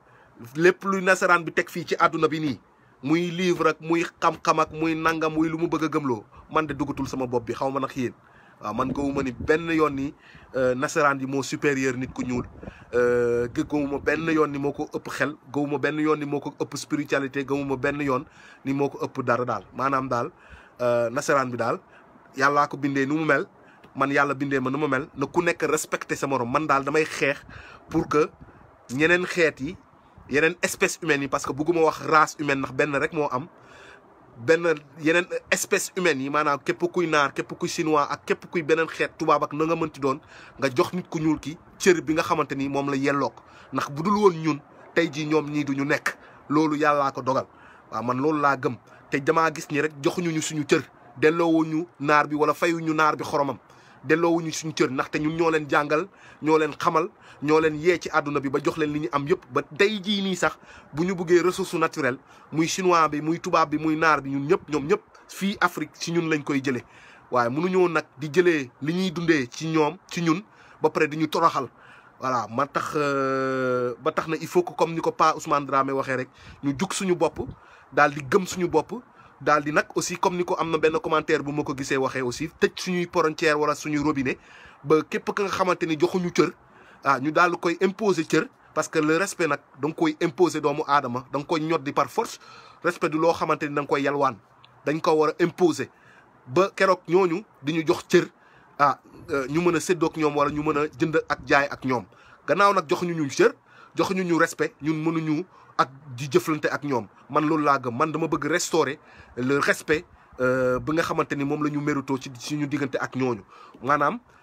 lépp luy nasaraan bi teg fi ci aduna bi ni muy livre ak muy xam ak muy nangam muy lu mu bëgg a gëmloo man de duggatul sama bopp bi xaw ma nag yéen waaw man gëmuma ni benn yoon ni euh, nasaraan bi moo supérieur nit ku ñuul euh, gëmuma benn yoon ni moo ko ëpp xel gëmuma benn yoon ni moo ko ëpp spiritualité gëmuma benn yoon ni moo ko ëpp dara daal maanaam daal euh, nasaraan bi daal yàllaa ko bindee nu mu mel man yàlla bindee ma nu mu mel na ku nekk respecté sa morom man daal damay xeex pour que ñeneen xeet yi une espèce humaine parce que bëgguma wax race humaine ndax benn rek mo am a une espèce humaine yi maanaam kep kuy nar kep kuy chinois ak kep kuy benen xet tubaab ak na nga meunti don nga jox nit ku ñuul ki cieur bi nga xamanteni ni la yellok nak budul won ñun tay ji ñom ñi duñu nek lolu yalla ko dogal wa man lolu la gëm te gis ni rek joxuñu ñu suñu delo delloowuñu nar bi wala ñu nar bi xoromam delloowuñu suñu nak te ñun ñoo leen jàngal xamal ñoo leen yee ci àdduna bi ba jox leen li ñu am yëpp ba day jii nii sax bu ñu buggee ressource naturel muy chinois bi muy tubaab bi muy naar bi ñun ñëpp ñoom ñëpp fii Afrique ci ñun lañ koy jëlee. waaye munu mënuñoo nag di jëlee li ñuy dundee ci ñoom ci ñun ba pare di ñu toroxal voilà man tax euh, ba tax na il faut comme ni ko Pa Ousmane Dramé waxee rek ñu jug suñu bopp daal di gëm suñu bopp. daal di nag aussi comme ni ko am na benn commentaire bu ma ko gisee waxee aussi tëj suñuy frontière wala suñuy robinet ba képp ka nga xamante ni joxuñu cër ah ñu daal koy imposer cër parce que le respect nak da nga koy imposer doomu aadama da nga koy ñoddi par force respect du loo xamante ni da nga koy yalwaan dañ ko war a imposer ba keroog ñooñu di ñu jox cër ah euh, ñu mën a séddoog ñoom wala ñu mën a jënd ak jaay ak ñoom gannaaw nag jox ñu ñu cër jox ñu ñu respect ñun mënuñu ak di jëflante ak ñom man lool la gëm man dama bëgg restaurer le respect euh bi nga xamanteni mom lañu la ñu mérito ci suñu diggante ak ñooñu manam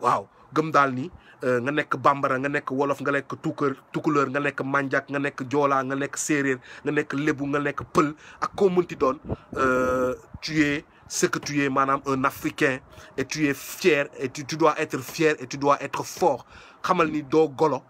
waaw gëm daal ni euh, nga nekk bambara nga nekk wolof nga nekk tuukër tukuleur nga nekk manjak nga nekk joolaa nga nekk séeréer nga nekk lébu nga nekk pël ak koo mënti doon euh, tu es ce que tu es maanaam un africain et tu es fier et tu dois être fier et tu dois être fort xamal ni doo golo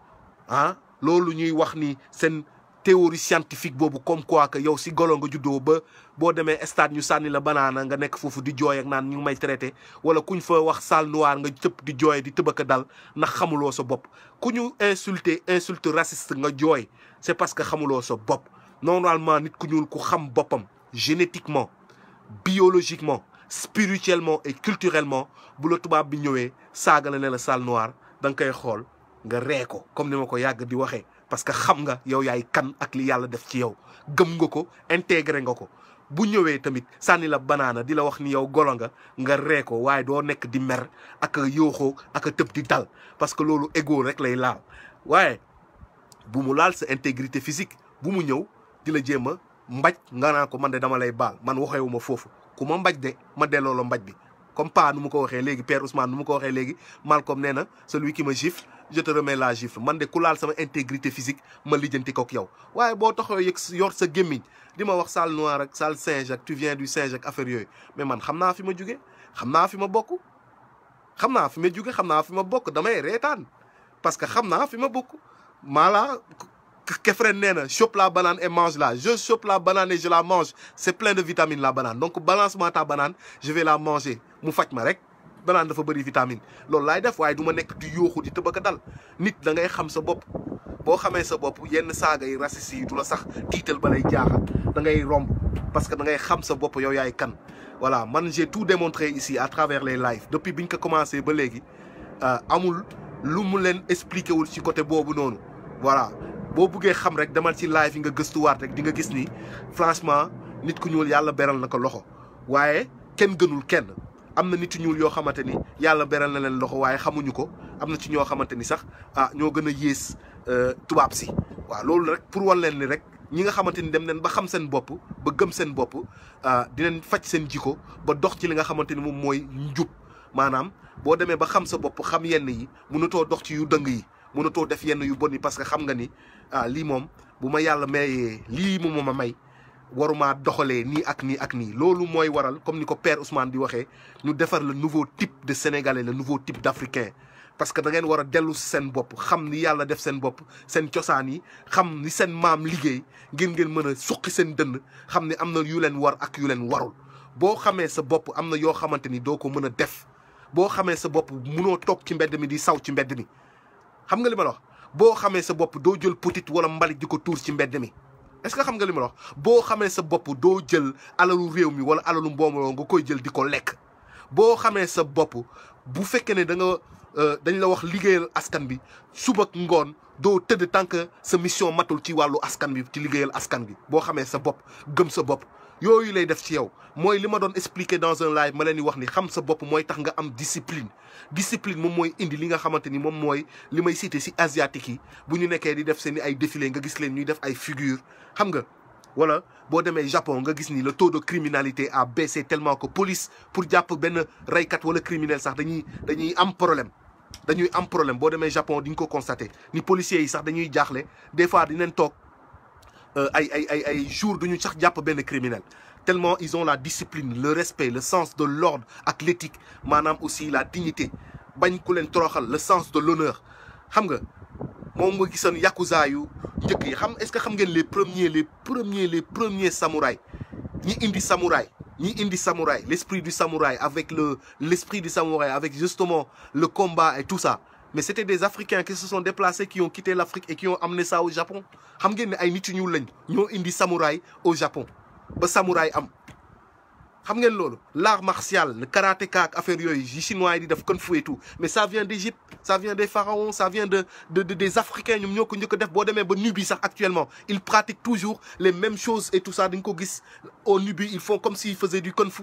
ah loolu ñuy wax ni seen théorie scientifique bobu comme quoi que yow si golo nga juddoo ba bo démé stade ñu sanni la banana nga nek fofu di joy ak nan ñu may traité wala kuñ fa wax sal noir nga tepp di joy di tëbaka dal na xamulo so bop ku insulté insulte raciste nga joy c'est parce que xamulo so bop normalement nit ku ñuul ku xam bopam génétiquement biologiquement spirituellement et culturellement bu la tubaab bi ñëwee saaga la ne la sal noir dang kay xol nga ree ko comme ni ko di parce que xam nga yow yaay kan ak li yàlla def ci yow gëm nga ko intégré nga ko bu ñëwee tamit sànni la banaana di la wax ni yow golo nga nga ree ko waaye doo nekk di mer ak a yooxoo ak a tëb di dal parce que loolu égo rek lay laal waaye bu mu laal sa intégrité physique bu mu ñëw di la jéem a mbaj nga naa ko man de dama lay baal man waxewu foofu ku ma mbaj de ma delloo la mbaj bi comme pas nu mu ko waxee léegi Père Ousmane nu mu ko waxee léegi Malcolm nee na celui qui je te remets la gifle man de ku laal sama intégrité physique ma lijjanti kook yow waaye boo taxoo yëg yor sa gémmiñ di ma wax sal noir ak sale singe tu viens du singe jacques affaire yooyu mais man xam naa fi ma jugee xam naa fi ma bokk xam naa fi ma jugee xam fi ma bokk damay reetaan parce que xam naa fi ma bokk maala Kefren nee chope la banane et mange la je chope la banane et je la mange c'est plein de vitamines la banane donc balance-moi ta banane je vais la manger mu faj ma rek danaan dafa bëri vitamine loolu lay def waye duma nek nekk yoxu di tëbaka dal nit da ngay xam sa bop bo xamee sa bop yenn saaga yi racistes yi du la sax tiital balay lay jaaxal da ngay romb parce que da ngay xam sa bop yow yaay kan voilà man j'ai tout démontré ici à travers les lives depuis bi ko commencé ba léegi euh, amul lu mu leen expliqué wul ci côté bobu noonu voilà bo buggee xam rek demal ci live nga gëstuwaat rek di nga gis ni franchement nit ku ñuul yalla beral na loxo waaye kenn gënul kenn am na nit ñuul yoo xamante ni yàlla beral na leen loxo waaye xamuñu ko am na ci ñoo xamante ni sax ah ñoo gën a yées euh, tubaab si waaw loolu rek pour wan leen ni rek ñi nga xamante ni dem nañ ba xam seen bopp ba gëm seen bopp ah, dinañ faj seen jikko ba dox ci li nga xamante ni moom mooy njub maanaam boo demee ba xam sa bopp xam yenn yi mënatoo dox ci yu dëng yi mënatoo def yenn yu bon yi parce que xam nga ni ah, lii moom bu ma yàlla mayee lii moom a may waruma doxale ni ak ni ak ni lolou moy waral comme niko père Ousmane di waxee ñu defar le nouveau type de sénégalais le nouveau type d'africain parce que da ngeen wara a dellu seen xam ni def seen bop seen cosaan yi xam ni seen mam liggéey ngeen ngeen mën suqi seen dënn xam ni yu leen war ak yu leen warul bo xamé sa bop amna yo xamanteni do ko mën def bo xamé sa bop mëno tok ci mbedd mi di saw ci mbedd mi xam nga li ma wax bo xamé sa bop do jël petite wala mbalit di ko ci mbedd mi est-ce que xam nga li ma wax bo xamé sa bop do jël alalu wala alalu mboomuloo nga koy jël diko lek Bo, xamé sa bop bu fekké ne da nga euh, dañ la wax liggéeyal askan bi suba ngon Do, teud de tant que sa mission matul ci walu askan bi ci askan bi Yo, lay def ci yow dans un live ma wax ni xam sa am discipline discipline mom moy indi li nga ni moy cité ci asiatique yi di def ay défilé gis figure Japon gis le taux de criminalité a baissé tellement que police pour jàpp ben reykat wala criminel sax dañuy dañuy am problème dañuy am problème Japon on ko ni policiers yi sax dañuy des fois euh, ay ay ay jour duñu sax ben criminel tellement ils ont la discipline le respect le sens de l'ordre athlétique, manam aussi la dignité le sens de l'honneur xam nga est-ce que xam les premiers les premiers les premiers samouraï Ni indi samouraï ni indi samouraï l'esprit du samouraï avec le l'esprit du samouraï avec justement le combat et tout ça mais c'était des Africains qui se sont déplacés qui ont quitté l'Afrique et qui ont amené ça au Japon Hamgen avons ne ay samouraï au Japon ba samouraï am. Hamgen l'art martial le karatéka ak affaire chinois yi kung fu et tout mais ça vient d'Égypte ça vient des pharaons ça vient de des africains Ils ont actuellement ils pratiquent toujours les mêmes choses et tout ça au Nubie ils font comme s'ils faisaient du kung fu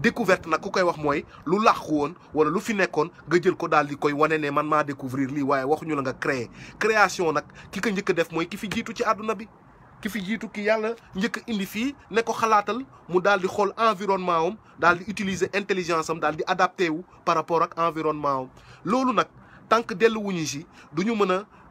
découverte nak kou koy wax moy lu làqu won wala lu fi nekkoon nga jël ko dal di koy wane né man ma découvrir waye waxu ñu la nga créer création nak ki ko ñëk def moy ki fi jitu ci aduna bi ki fi jitu ki yalla ñëk indi fi né ko xalaatal mu dal di xol environnement am di utiliser intelligence am daal di adapter wu par rapport ak environnement am loolu tank tant que delluwuñu si du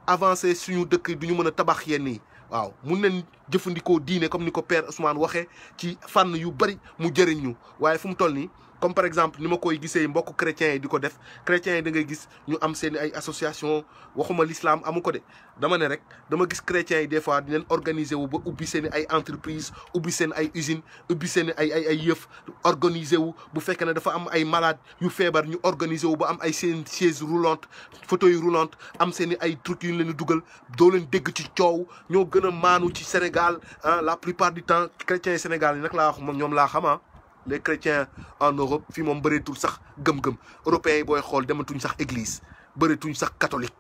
avancer suñu dëkk duñu mëna tabax yenn waaw mun nañ jëfandikoo diine comme ni ko per Ousmane waxee ci fànn yu bari mu jëriñ ñu waaye fu mu toll nii comme par exemple ni ma koy gisee chrétien diko def chrétien da ngay gis ñu am seen ay association waxuma l'islam amu ko de dama né rek dama gis chrétien des fois di leen organiser wu ba ubbi seen ay entreprise ubbi seen ay usine ubbi seen ay ay ay yeuf organiser wu bu fekkee ne dafa am ay malade yu fièvre ñu organiser wu ba am ay seen chaise roulante fauteuil roulante am seen ay truc yu ñu leen di dugal doo leen dégg ci ciow ñoo gëna manu ci Sénégal ah la plupart du temps chrétien Sénégal nak la wax moom ñoom laa xam hein les chrétiens en Europe fii moom bëreetul sax gem gem. européens boy xol dematuñ sax église bëreetuñ sax catholique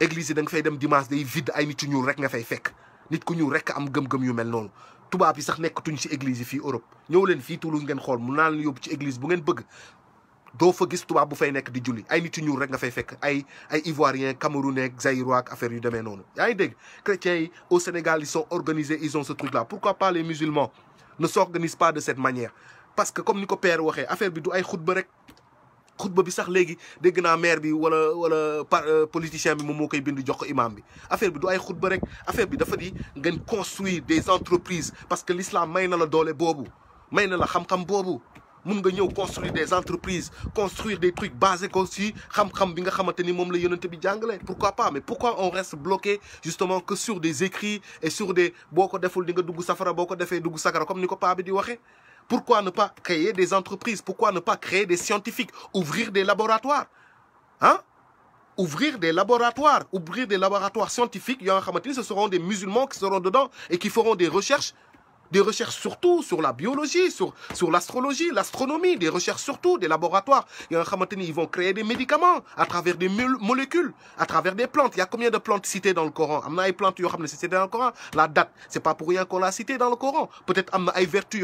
église yi da nga fay dem dimanche day vide ay nit yu ñuul rek nga fay fekk nit ku ñuul rek am gem gem yu mel noonu tubaab bi sax tuñ ci église fi Europe Ñew leen fii Toulouse ngeen xol, mu naan leen yóbbu ci église bu ngeen bëgg Do fa gis tubaab bu fay nekk di julli ay nit yu ñuul rek nga fay fekk ay ay ivoirien camerounais zaïrois ak affaire yu demee noonu Yaay dégg chrétiens au Sénégal ils sont organisés ils ont ce truc là pourquoi pas les musulmans ne s'organisent pas de cette manière parce que comme ni père waxee affaire bi du ay khutba rek khutba bi sax léegi dégg naa maire bi wala wala par euh, politicien bi mom mokay bind jox ko imam bi affaire bi du ay khutba rek affaire bi dafa di ngeen construire des entreprises parce que l'islam may na la dolé bobu may na la xam-xam bobu mun nga ñëw construire des entreprises construire des trucs basés aussi xam-xam bi nga xamanteni mom la yonent bi jàngale pourquoi pas mais pourquoi on reste bloqué justement que sur des écrits et sur des boko deful di nga dugg safara boko ko dugg sakara comme niko pa bi di waxee pourquoi ne pas créer des entreprises Pourquoi ne pas créer des scientifiques Ouvrir des laboratoires Hein ouvrir des laboratoires, ouvrir des laboratoires scientifiques, ce seront des musulmans qui seront dedans et qui feront des recherches des recherches surtout sur la biologie, sur, sur l'astrologie, l'astronomie, des recherches surtout des laboratoires. Et ils vont créer des médicaments à travers des molécules, à travers des plantes. Il y a combien de plantes citées dans le Coran Amna plantes citées dans le Coran. La date, c'est pas pour rien qu'on l'a citée dans le Coran. Peut-être amna vertu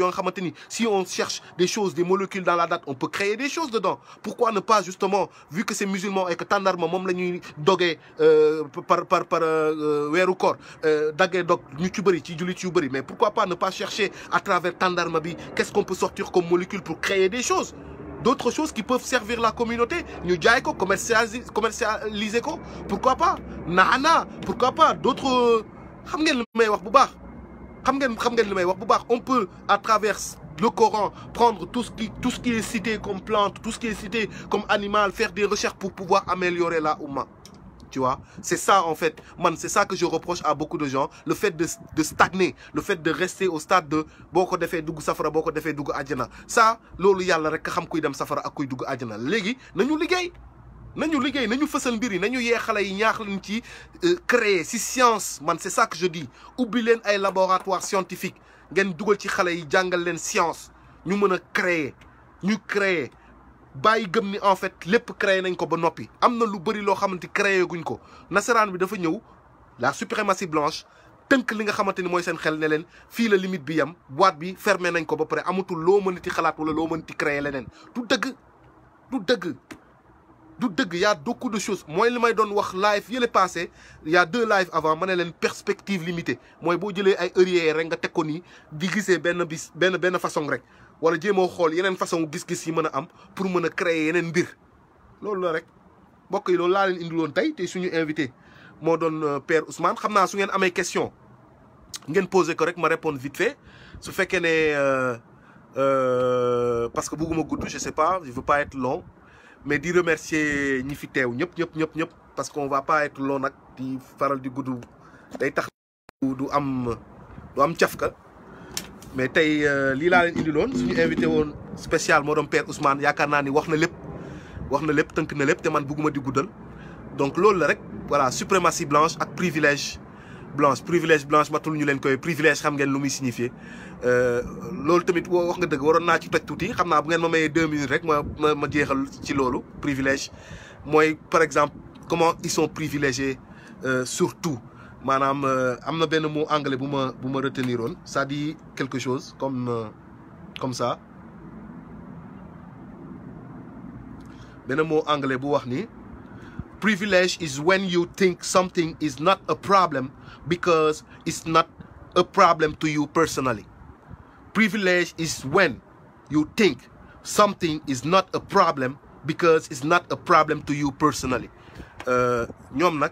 Si on cherche des choses, des molécules dans la date, on peut créer des choses dedans. Pourquoi ne pas justement, vu que c'est musulman et que tant d'armes, même les par dogué euh, par par par euh, corps, euh, euh dog, mais pourquoi pas ne pas chercher à travers tant d'armes, qu'est-ce qu'on peut sortir comme molécule pour créer des choses d'autres choses qui peuvent servir la communauté. Nous avons commercialiser. pourquoi pas Nana, pourquoi pas D'autres... On peut, à travers le Coran, prendre tout ce, qui, tout ce qui est cité comme plante, tout ce qui est cité comme animal, faire des recherches pour pouvoir améliorer la humain tu vois. C'est ça, en fait. Man, c'est ça que je reproche à beaucoup de gens. Le fait de, de stagner, le fait de rester au stade de boko defé dugg safara boko defé dugg aljana. Ça, lolu yalla rek kham kuy dem safara ak kuy dugg aljana. Légui, nañu liggéey nañu liggéey nañu fësal mbir yi nañu yee yi ñaax leen ci euh, créer si science man c'est ça que je dis ubbi ay laboratoire scientifique ngeen dugal ci xale yi jàngal len science ñu mën créer ñu créer bàyyi gëm ni en fait lépp créé nañ ko ba noppi am na lu bëri loo xamante créé guñ ko nasaraan bi dafa ñëw la suprématie blanche tënk li nga xamante ni mooy seen xel ne leen fii la limite bi yam boîte bi fermé nañ ko ba pare amatul loo mënati xalaat wala loo mënati créé leneen du dëgg du dëgg du dëgg y a beaucoup de choses mooy li may doon wax live yële passé y a deux live avant ma ne leen perspective limitée mooy boo jëlee ay heurier rek nga teg ko nii di gisee benn bis benn benn façon rek wala jéemoo xol yenen façon gis-gis yi mën am pour mën créer yenen bir loolu la rek bokk yi loolu laa leen won tay tey suñu invité mo don euh, Père Ousmane xamna naa su ngeen amee question ngeen poser ko rek ma répondre vite fait su né euh euh parce que bëgguma goudou je sais pas je veux pas être long mais di remercier ñi fi téw ñep ñep ñep ñep parce qu'on va pas être long nak di faral di goudou day tax du am du am tiafka mais tey euh, lii invité spécial Père Ousmane ni waxna man di donc la voilà suprématie blanche ak privilège blanche privilège blanche matul ñu len privilège xam ngeen lu muy signifié euh, loolu tamit wax nga dëgg waron na ci tout deux rek ma ma privilège par exemple comment ils sont privilégiés euh, surtout i am na benn mot anglais bu ma bu ma retenir oon ça dit quelque chose comme euh, comme ça benn mot anglais bu wax ni privilege is when you think something is not a problem because it's not a problem to you personally privilege is when you think something is not a problem because it's not a problem to you personally euh, ñoom nag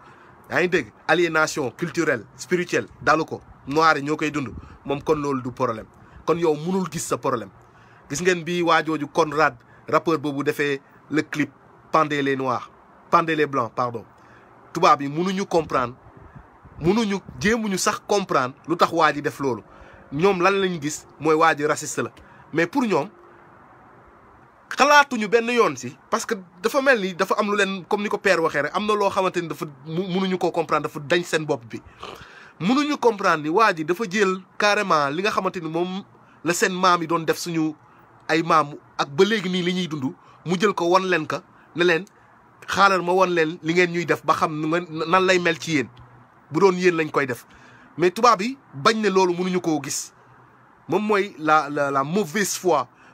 yaa aliénation culturelle spirituelle dalu noir yi ñoo dund kon du problème kon yow munul gis sa problème gis ngeen bi waajooju Conrad rappeur boobu le clip pendez les noirs pendez les blancs pardon tubaab yi munuñu comprendre munuñu jéemuñu sax comprendre lu tax def loolu ñoom lan gis raciste mais pour ñoom xalaatuñu benn yoon si parce que dafa mel ni dafa am lu leen comme ni ko père waxee rek am na loo xamante ni dafa mënuñu koo comprendre dafa dañ seen bopp bi mënuñu comprendre ni waa ji dafa jël carrément li nga xamante ni moom la seen maam yi doon def suñu ay maam ak ba léegi nii li ñuy dund mu jël ko wan leen ka ne leen xaaral ma wan leen li ngeen ñuy def ba xam nan lay mel ci yéen bu doon yéen lañ koy def mais tubaab yi bañ ne loolu mënuñu koo gis moom mooy la la la mauvaise foi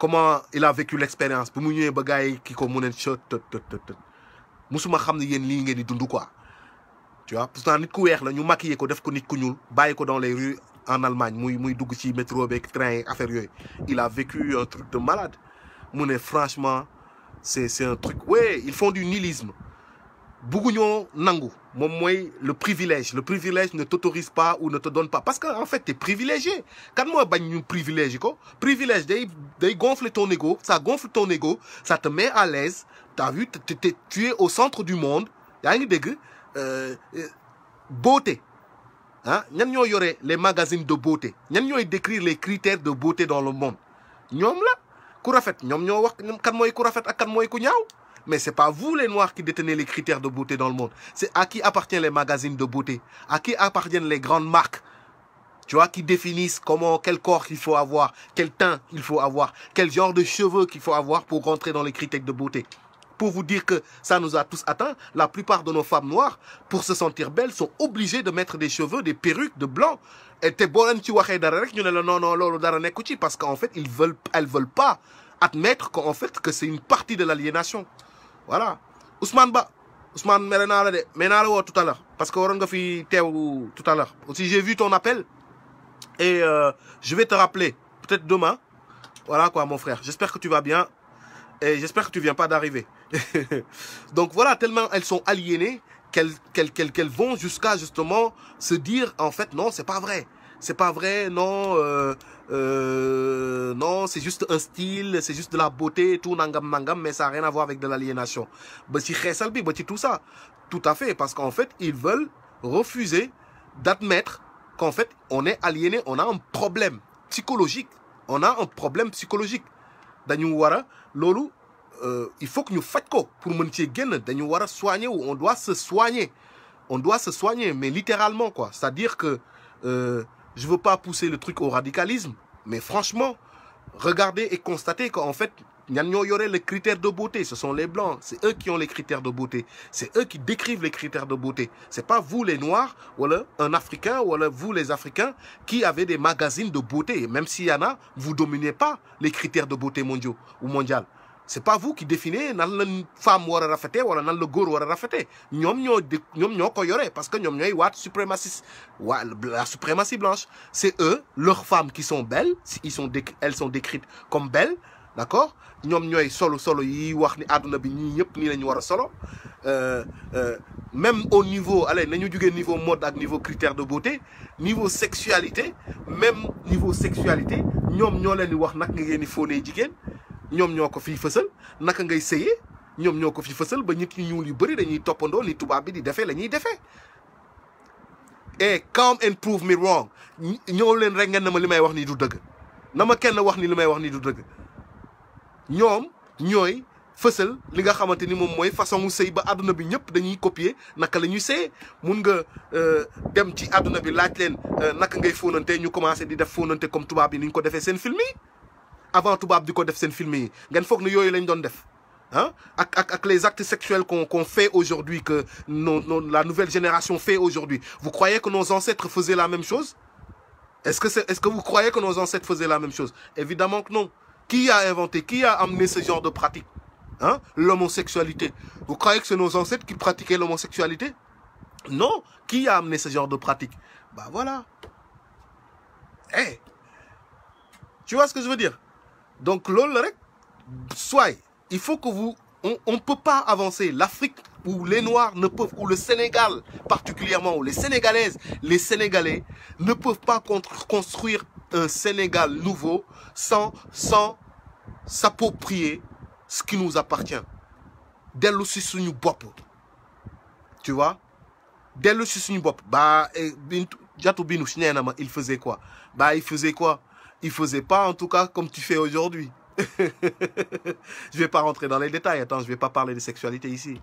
comment il a vécu l'expérience Pour mu ñëwee ba gars qui kii ko mu neen chot tët tët tët musuma xam ne yéen lii ngeen di quoi tu vois pourtant nit ku weex la ñu maquillé ko def ko nit ku ñul bayiko dans les rues en Allemagne muy muy dugg ci métro beeg train affaire yoy il a vécu un truc de malade Mon franchement c'est c'est un truc ouais ils font du nihilisme bugguñoo nangu mon mooy le privilège le privilège ne t'autorise pas ou ne te donne pas parce qu'en en fait es privilégié kan moi bañ un privilège ko privilège day day gonfler ton ego ça gonfle ton ego ça te met à l'aise t'as vu t'es tu es au centre du monde a ngi dégg euh, euh, beauté ah ñan ñoo yore les magazines de beauté ñan ñooy décrit les critères de beauté dans le monde ñoom la ku rafet ñoom ñoo wax kan mooy ku rafet ak kan mooy ku ñaaw mais ce n'est pas vous les Noirs qui détenez les critères de beauté dans le monde. C'est à qui appartiennent les magazines de beauté, à qui appartiennent les grandes marques. Tu vois, qui définissent comment, quel corps il faut avoir, quel teint il faut avoir, quel genre de cheveux qu'il faut avoir pour rentrer dans les critères de beauté. Pour vous dire que ça nous a tous atteints, la plupart de nos femmes noires, pour se sentir belles, sont obligées de mettre des cheveux, des perruques, de blanc. parce qu'en fait, ils veulent, veulent pas admettre qu'en fait, que c'est une partie de l'aliénation voilà Ousmane Ba Ousmane tout à l'heure parce que tu nga tout à l'heure aussi j'ai vu ton appel et euh, je vais te rappeler peut-être demain voilà quoi mon frère j'espère que tu vas bien et j'espère que tu viens pas d'arriver donc voilà tellement elles sont aliénées qu'elles vont jusqu'à justement se dire en fait non c'est pas vrai c'est pas vrai non euh, euh, non, c'est juste un style, c'est juste de la beauté tout, nangam, nangam, mais ça n'a rien à voir avec de l'aliénation. Bah, bah, tout ça. Tout à fait, parce qu'en fait, ils veulent refuser d'admettre qu'en fait, on est aliéné, on a un problème psychologique. On a un problème psychologique. Daniouara, Lolo, euh, il faut que nous fassions pour nous soigner, on doit se soigner. On doit se soigner, mais littéralement, quoi. C'est-à-dire que... Euh, je ne veux pas pousser le truc au radicalisme, mais franchement, regardez et constatez qu'en fait, il y aurait les critères de beauté. Ce sont les blancs. C'est eux qui ont les critères de beauté. C'est eux qui décrivent les critères de beauté. C'est pas vous les noirs, ou un africain, ou vous les africains qui avez des magazines de beauté. même s'il y en a, vous dominez pas les critères de beauté mondiaux ou mondial c'est pas vous qui définissez nan la femme war a rafetee wala nan la góor war a rafetee ñoom ñoo di ñoom ñoo ko yoree parce que ñoom ñooy waat suprémaciste waa la suprématie blanche c'est eux leurs femmes qui sont belles ils sont déc elles sont décrites comme belles d'accord ñoom ñooy solo solo yi wax ni àdduna bi ñii ñëpp nii la ñu war a solo euh, euh, même au niveau allez nañu jugee niveau mode ak niveau critère de beauté niveau sexualité même niveau sexualité ñoom ñoo leen di wax nag nga ngeen di fóonee jigéen ñoom ñoo ko fiy fësal naka ngay sëyee ñoom ñoo ko fi fësal ba ñu ñu ñuul yu bëri dañuy toppandoo li tubaab bi di defee la ñuy defee et eh, come and prove me wrong ñëw leen rek ngeen na ma li may wax nii du dëgg na ma kenn wax ni li may wax nii du dëgg ñoom ñooy fësal li nga xamante ni moom mooy façon sëy ba àdduna bi ñëpp dañuy copier naka la ñuy sëyee mun nga euh, dem ci àdduna bi laaj leen euh, naka ngay fóonante ñu commencé di def fóonante comme tubaab yi ni ñ ko defee seen film avant tout le def sen film yi ngeen ni lañ hein? les actes sexuels qu'on fait aujourd'hui que la nouvelle génération fait aujourd'hui vous croyez que nos ancêtres faisaient la même chose est-ce que vous croyez que nos ancêtres faisaient la même chose évidemment que non qui a inventé qui a amené ce genre de pratique hein? l'homosexualité vous croyez que c'est nos ancêtres qui pratiquaient l'homosexualité non qui a amené ce genre de pratique bah voilà eh tu vois ce que je veux dire donc soit il faut que vous on ne peut pas avancer l'Afrique où les noirs ne peuvent ou le Sénégal particulièrement ou les sénégalaises les sénégalais ne peuvent pas construire un Sénégal nouveau sans sans s'approprier ce qui nous appartient Dès le suñu Bop. tu vois Dès le suñu Bop. Eh, ba il faisait quoi Bah, il faisait quoi il faisait pas, en tout cas, comme tu fais aujourd'hui. je vais pas rentrer dans les détails. Attends, je vais pas parler de sexualité ici.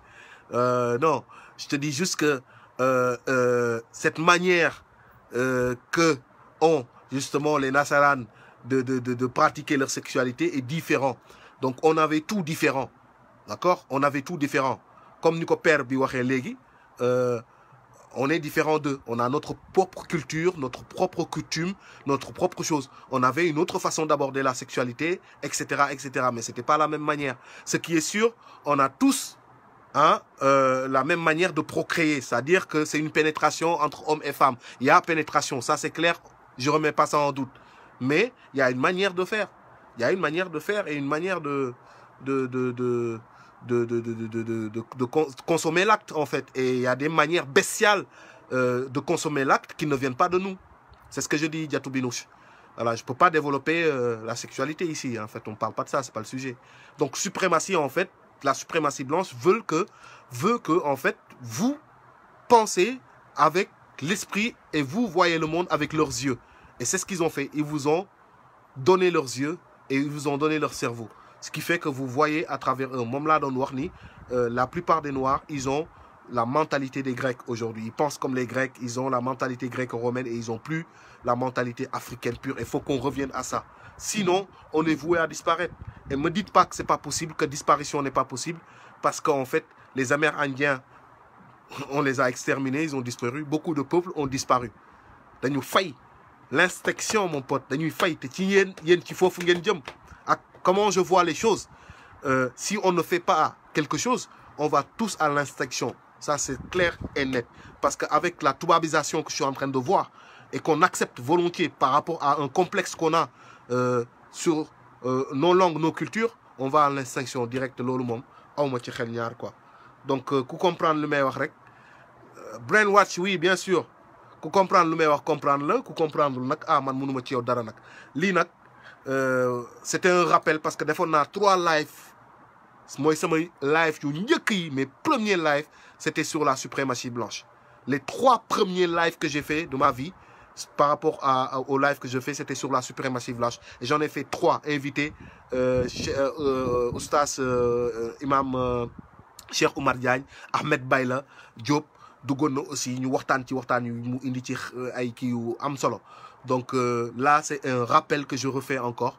Euh, non, je te dis juste que euh, euh, cette manière que ont justement les Nassarans de, de, pratiquer leur sexualité est différent. Donc on avait tout différent. D'accord On avait tout différent. Comme Nico Père Biwache on est différents d'eux. On a notre propre culture, notre propre coutume, notre propre chose. On avait une autre façon d'aborder la sexualité, etc., etc. Mais c'était pas la même manière. Ce qui est sûr, on a tous hein, euh, la même manière de procréer, c'est-à-dire que c'est une pénétration entre hommes et femmes. Il y a pénétration, ça c'est clair. Je remets pas ça en doute. Mais il y a une manière de faire. Il y a une manière de faire et une manière de de, de de, consommer l'acte, en fait. Et il y a des manières bestiales euh, de consommer l'acte qui ne viennent pas de nous. C'est ce que je dis, Diatou Binouche. je ne peux pas développer euh, la sexualité ici. Hein. En fait, on ne parle pas de ça, ce n'est pas le sujet. Donc, suprématie, en fait, la suprématie blanche veut que, veut que en fait, vous pensez avec l'esprit et vous voyez le monde avec leurs yeux. Et c'est ce qu'ils ont fait. Ils vous ont donné leurs yeux et ils vous ont donné leur cerveau. Ce qui fait que vous voyez à travers un là dans euh, la plupart des Noirs, ils ont la mentalité des Grecs aujourd'hui. Ils pensent comme les Grecs, ils ont la mentalité grecque-romaine et ils n'ont plus la mentalité africaine pure. Il faut qu'on revienne à ça. Sinon, on est voué à disparaître. Et ne me dites pas que ce n'est pas possible, que disparition n'est pas possible, parce qu'en fait, les Amérindiens, on les a exterminés, ils ont disparu. Beaucoup de peuples ont disparu. Nous failli. L'inspection, mon pote, nous failli comment je vois les choses. Euh, si on ne fait pas quelque chose, on va tous à l'instruction. Ça, c'est clair et net. Parce qu'avec la toubabisation que je suis en train de voir et qu'on accepte volontiers par rapport à un complexe qu'on a euh, sur euh, nos langues, nos cultures, on va à l'instruction directe. quoi. Donc, comprendre le meilleur. Brainwatch, oui, bien sûr. pour comprendre le meilleur, comprendre le. Pour comprendre le. Ah, man, euh, c'était un rappel parce que on a trois lives moi mon live yu mes premiers live c'était sur la suprématie blanche les trois premiers lives que j'ai fait de ma vie par rapport à, au live que je fais, c'était sur la suprématie blanche. et J'en ai fait trois invité euh, euh, Oustas, Imam Cheikh Oumar Diagne, Ahmed Baila, Diop duggoon aussi ñu waxtaan ci waxtaan mu indi ci euh, ay ki yu am solo donc euh, là c'est un rappel que je refais encore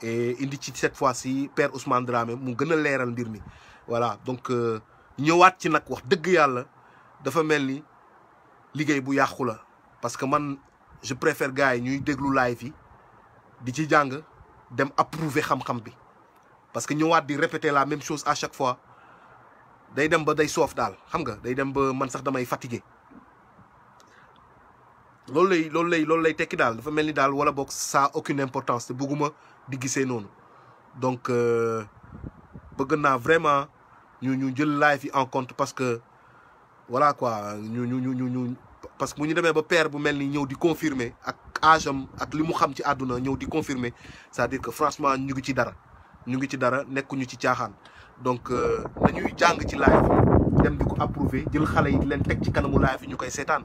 et indi ci cette fois-ci Père Ousmane Dramé mu gëna léral leeral mbir mi voilà donc euh, ñëwaat ci nak wax deug yalla dafa melni ni bu yàqu la parce que man je préfère gars ñuy déglu live yi di ci jang dem approuver xam-xam bi parce que ñëwaat di répéter la même chose à chaque fois day dem ba day sof dal xam nga day dem ba man sax damay fatigué lay wala ça aucune importance te di non, donc euh, bëgg vraiment ñu ñu jël live en compte parce que voilà quoi ñu ñu ñu ñu parce que bu ñu demee ba père bu ni di confirmer ak âge ak limu xam ci di confirmer c'est-à-dire que franchement ñu ngi ci dara ñu ngi ci dara ci donc euh, dañuy jang ci live dem diko approuver jël xalé yi di leen teg ci kanamu live ñukay sétane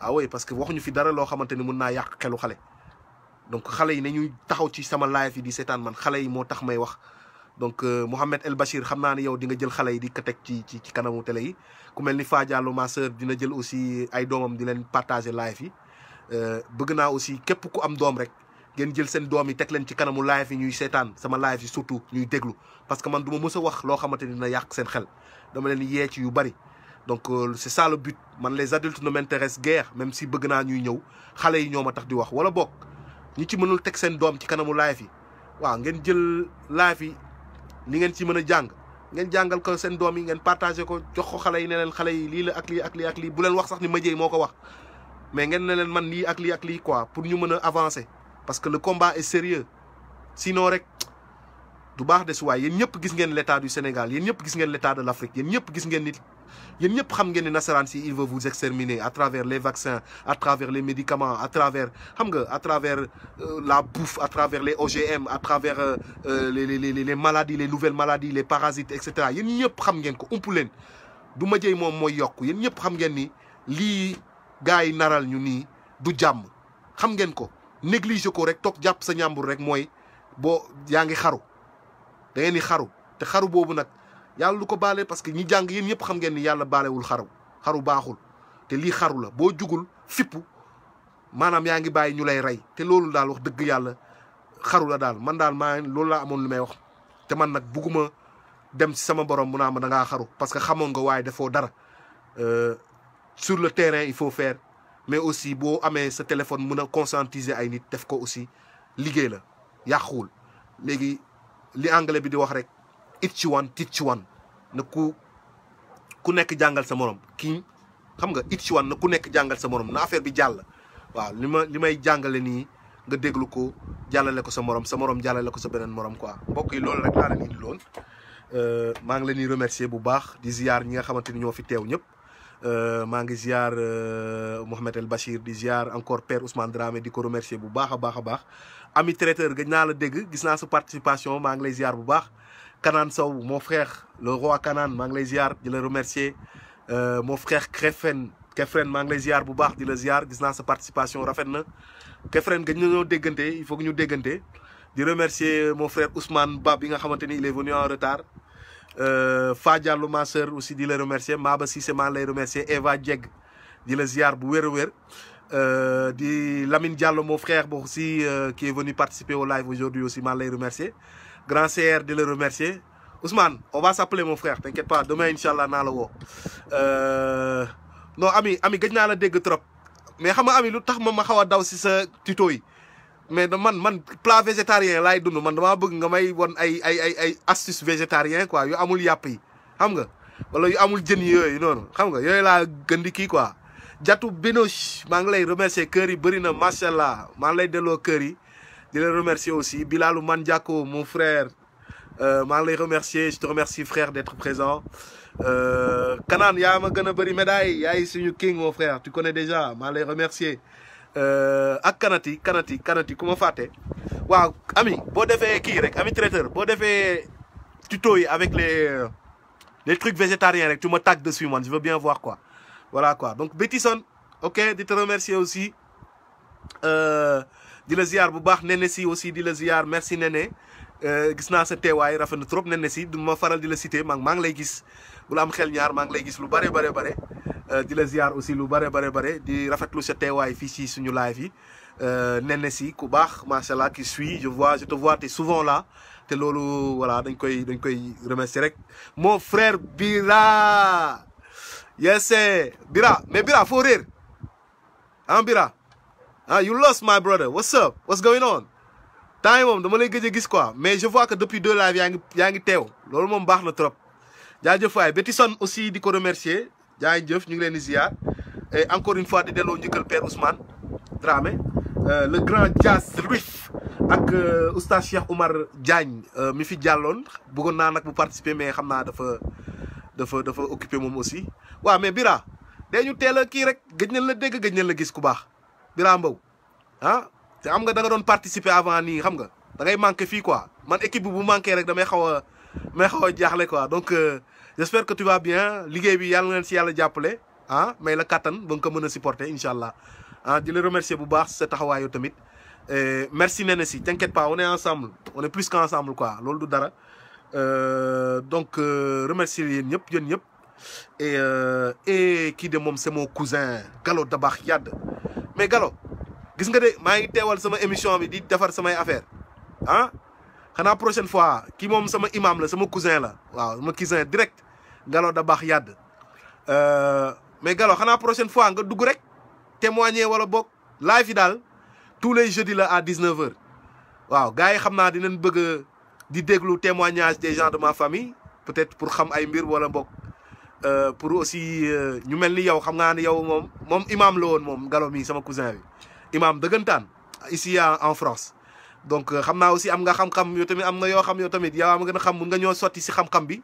ah oui parce que waxuñu fi dara lo xamanteni ni mun naa xalé donc xalé yi nañuy taxaw ci sama live yi di sétane man xalé yi mo tax may wax donc euh, mohammed El Bachir xamna ni yow di nga jël xalé yi di ko tek ci ci kanamu télé yi ku melni Fadialo ma sœur dina jël aussi ay domam di len partager live yi euh bëgg na aussi képp ku am dom rek ngeen jël seen doom yi teg leen ci kanamu live yi ñuy seetaan sama live yi surtout ñuy déglu parce que man du ma mës a wax loo xamante ni dina yàq seen xel dama leen yee ci yu bari donc euh, c'est ça le but man les adultes ne m'intéressent guère même si bëgg naa ñuy ñëw xale yi ñoo ma tax di wax wala bokk ñu ci mënul teg seen doom ci kanamu live yi waaw ngeen jël live yi li ngeen ci mën a jàng ngeen jàngal ko seen doom yi ngeen partagé ko jox ko xale yi ne leen xale yi lii la ak lii ak lii lii bu leen wax sax ni ma jëy moo ko wax mais ngeen ne leen man lii ak lii ak lii quoi pour ñu mën a avancer parce que le combat est sérieux sinon rek du baax des waaye yéen ñëpp gis ngeen l'état du Sénégal yéen ñëpp gis ngeen l'état de l'Afrique yéen ñëpp gis ngeen ni yéen ñëpp xam ngeen ni nasaraan si il veut vous exterminer à travers les vaccins à travers les médicaments à travers xam nga à travers euh, la bouffe à travers les OGM à travers euh, euh, les les les maladies les nouvelles maladies les parasites etc. cetera yéen ñëpp xam ngeen ko umpu du ma jëy moom mooy yokk yéen ñëpp xam ngeen ni lii gars yi naral ñu nii du jàmm xam ngeen ko. négliger ko rek toog jàpp sa ñàmbur rek mooy boo yaa ngi xaru dangeen ngeen xaru te xaru boobu nag yàlla du ko baale parce que ñi jàng yéen ñëpp xam ngeen ni yàlla baalewul xaru xaru baaxul te lii xaru la boo jugul fippu maanaam yaa ngi bàyyi ñu lay rey te loolu daal wax dëgg yàlla xaru la daal man daal maa loolu laa amoon lu may wax te man nag bugguma dem si sama borom mu naa ma da ngaa xaru parce que xamoon nga waaye defoo dara euh, sur le terrain il faut faire mais aussi bo amé ce téléphone mën a conscientiser ay nit def ko aussi ligé la yàquwul légui li anglais bi di wax rek each one teach one ne ku ku nek jangal sa morom ki xam nga each one na ku nek jangal sa morom na affaire bi jàll wa li ma samorom may nga déglu ko jàllale ko sa morom sa morom jàllale ko sa benen morom quoi mbokk yi loolu rek laa leen indi euh ma ngi leen remercier bu baax di ziar ñi nga xamanteni ñoo fi tew ñep euh, maa Mohamed ziar euh, Mohamed El Bachir di ziar encore père Ousmane Dramé di ko remercier bu baax a baax ami traiteur gëj naa la dégg gis na sa participation maa lay ziar bu Sow mon frère le roi Kanan, maa il lay ziar di le remercier euh, mon frère Krefen, Kefren, maa lay ziar bu baax di le ziar gis na sa participation rafet na Krefren gëj nañoo il faut que ñu déggante di remercier mon frère Ousmane Bab, bi nga il est venu en retard euh, Fadja, ma sœur aussi dit le remercier Maba c'est mal, le remercier Eva Dieg dit le ziar bu wér Euh, Lamine Diallo, mon frère, euh, qui est venu participer au live aujourd'hui aussi, mal les remercier. Grand CR, de le remercier. Ousmane, on va s'appeler mon frère, t'inquiète pas, demain, Inch'Allah, na le euh... Non, ami, ami, gagne la dégue trop. Mais, ami, ami, daw je ce tuto mais man man plat végétarien lay dund man dama bëgg nga may won ay ay ay ay astuce végétarien quoi yu amul yàpp yi xam nga wala yu amul jën yooyu noonu xam nga yooyu laa gën kii quoi jatu binoche maa ngi lay remercier kër yi bëri na macha allah maa ngi lay delloo kër yi di la remercier aussi Bilalou Mandiako mon frère euh, maa ngi lay remercier je te remercie frère d'être présent euh, Kanaan yaa ma gën a bëri médaille yaay suñu king mon frère tu connais déjà maa ngi lay remercier euh, ak kanati kanati kanati kuma faté fàtte waaw ami bo défé ki rek ami traiteur bo défé tuto yi avec les les trucs végétariens rek tu me tagues dessus man je veux bien voir quoi voilà quoi donc bétisson ok di te remercier aussi euh, di la ziar bu bax néné si aussi di ziar merci Nene euh, gis naa sa téway rafa na trop néné si du ma faral di la citer mang lay gis bu la am xel ñaar mang lay gis lu bare bare bare euh, di la aussi lu bare bare bare di rafetlu sa teewaay fi ci suñu live yi euh, Néné si ku bax machallah qui suit je vois je te vois Tu es souvent là té lolu voilà dañ koy dañ koy remercier rek mon frère Bira yes Bira mais Bira faut rire hein Bira ah you lost my brother what's up what's going on Time on. dama lay gëj gis quoi mais je vois que depuis deux live yaa ngi yaa lolu mom loolu moom trop jaajëf waay Betison aussi di ko remercier jaay jëf ñu ngi leen ziar et encore une fois di delloo njëkkal père Ousmane Dramé euh, le grand jazz Louis ak euh, oustad Cheikh Oumar Diagne euh, mi fi jàlloon bëggoon naa nak bu participer mais xamna dafa dafa dafa occuper mom aussi wa mais Bira dee ñu teel a rek gëj nañ la dégg gëj nañ la gis ku baax Bira mbaw hein ah, te am nga da nga don participer avant ni xam nga da ngay manquer fi quoi man équipe bi bu manquer rek damay xaw a damay xaw a quoi donc j'espère que tu vas bien liggéey bi yalla ngeen ci yalla jàppale ah may la kattan bon nga ko meuna supporter inshallah hein di le remercier bu baax sa taxawaayu tamit eh, merci Néné si t'inquiète pas on est ensemble on est plus qu'ensemble quoi loolu du dara euh, donc euh, remercier yéen ñëpp yéen ñëpp et euh, et qui de mom c'est mon cousin Gallo dabakh yad mais Gallo gis nga de ma ngi téwal sama émission bi di défar sama affaire ah xanaa prochaine fois kii moom sama imam la sama cousin la waaw mon cousin direct Gallo da bax yad euh mais Gallo xanaa prochaine fois nga dugg rek témoigner wala bok live fi daal tous les jeudis là à 19h waaw gaay xamna dinañ bëgg di déglu témoignage des gens de ma famille peut-être pour xam ay mbir wala bok euh, pour aussi euh, ñu melni yow xam nga ne yow mom mom imam la woon moom Gallo mii sama cousin bi imam dëggantaan ici en France. donc euh, xamna aussi am nga xam-xam yo tamit am na yo xam yo tamit yaa ma gën xam mun nga ñoo soti ci xam-xam bi.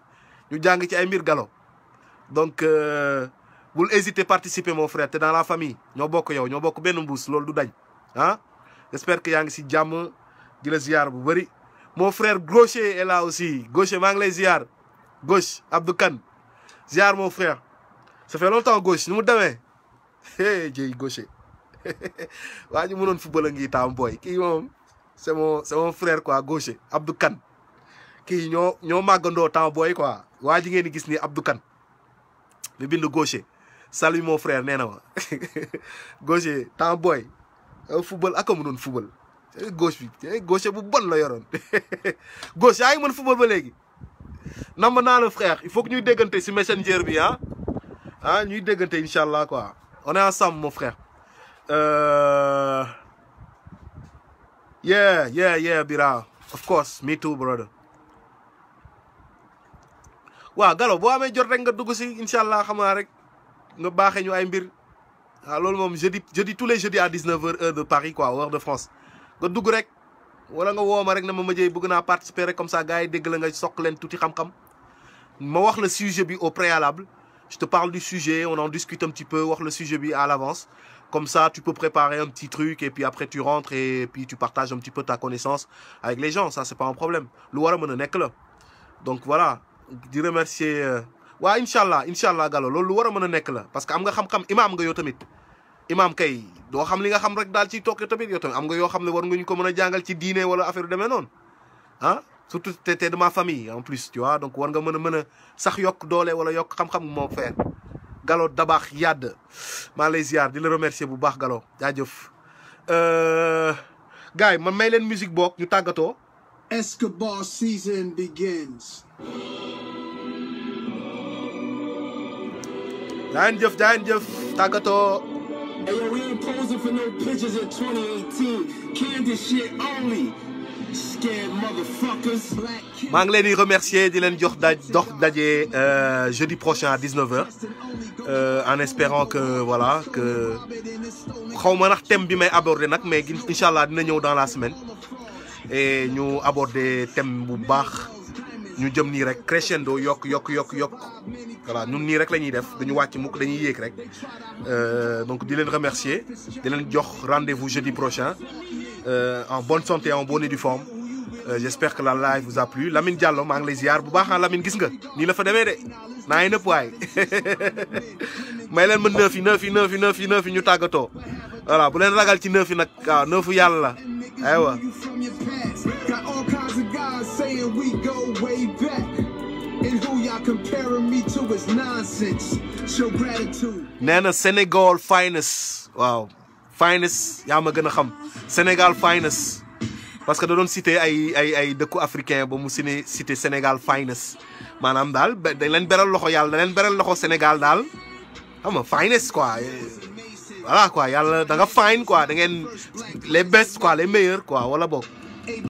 Nous avons ci ay mbir galo donc pas euh, à participer mon frère es dans la famille ñoo bokk yow ñoo bokk benn mbuus lolou du dañ ah j'espère que yaa ci jamm di la ziar bu mon frère Gaucher est là aussi Gaucher mang lay ziar Gauche Abdou kan ziar mon frère ça fait longtemps Gauche Nous mu demee hey jéy Gaucher Je ne mënoon football ngi tam boy ki c'est mon c'est mon frère quoi Gaucher Abdou kii ñoo ñoo màggandoo temps booy quoi waa ji ngeen gis ni Abdou Kane mi bind gaucher salut mon frère nee na ma gaucher euh, football eh, gauche eh, bu bon la yoroon gauche yaa ngi mën football ba léegi nam naa la frère il ñuy déggante si messenger bi ah. ah ñuy déggante incha allah quoi on est ensemble mon frère euh, yeah yeah yeah Bira of course me too brother wa galo bo amé jot rek nga dugg ci inshallah allah rek nga baaxee ñu ay mbir waaw loolu tous les jeudis à 19h heure de Paris quoi heure de France nga dugg rek wala nga woma rek na ma ma participer comme ça gaay dégg la nga sokk leen touti xam-xam ma wax le sujet bi au préalable je te parle du sujet on en discute un petit peu wax le sujet bi à l'avance comme ça tu peux préparer un petit truc et puis après tu rentres et puis tu partages un petit peu ta connaissance avec les gens ça c'est pas un problème lu war a donc voilà di remercier euh, wa inshallah inshallah galo allah Gallo loolu lu war a la parce que am nga xam-xam imam nga yo tamit imam kay do xam li nga xam rek dal ci tokki tamit yo tamit am nga yo xam ne war nga ñu ko meuna jangal ci diine wala affaire yu non noonu ah surtout te de ma famille en plus tu vois donc war nga meuna meuna sax yok doole wala yok xam-xam mo feer Gallo dabax Yade ma lay ziar di le remercier bu baax Gallo jaajëf euh yi man may leen musique bok ñu tagato Escobar season begins. Daan jëf daan jëf tàggatoo. And we ain't posing for no pictures in 2018. Candy shit only. maa remercier di leen jox daj dox daje euh, jeudi prochain à 19h euh, en espérant que voilà que xaw nak thème bi may aborder nak mais incha dina ñëw dans la semaine et nous aborder thème bu bax ñu jëm ni rek crescendo yok yok yok yok voilà ñun ni rek lañuy def dañu wacc mukk dañuy yéeg rek euh, donc di leen remercier di leen jox rendez-vous jeudi prochain euh, en bonne santé en bonne et du forme euh, j'espère que la live vous a plu Lamine Diallo maa ngi lay ziar bu baax ah, Lamine gis nga la fa de Je may len ma 9 9 9 9 9 ñu tagato voilà bu len ragal ci neuf yi nag Je neuf Sénégal finest Wow. finest Yama ma finest parce que da doon cité ay ay ay deku africain ba mu sine cité Sénégal finest manam Dal, dañ len beral loxo yalla dañ len beral loxo Sénégal Dal. xam nga finest quoi voilà quoi yalla da nga fine quoi da ngeen les best quoi les meilleurs quoi wala bok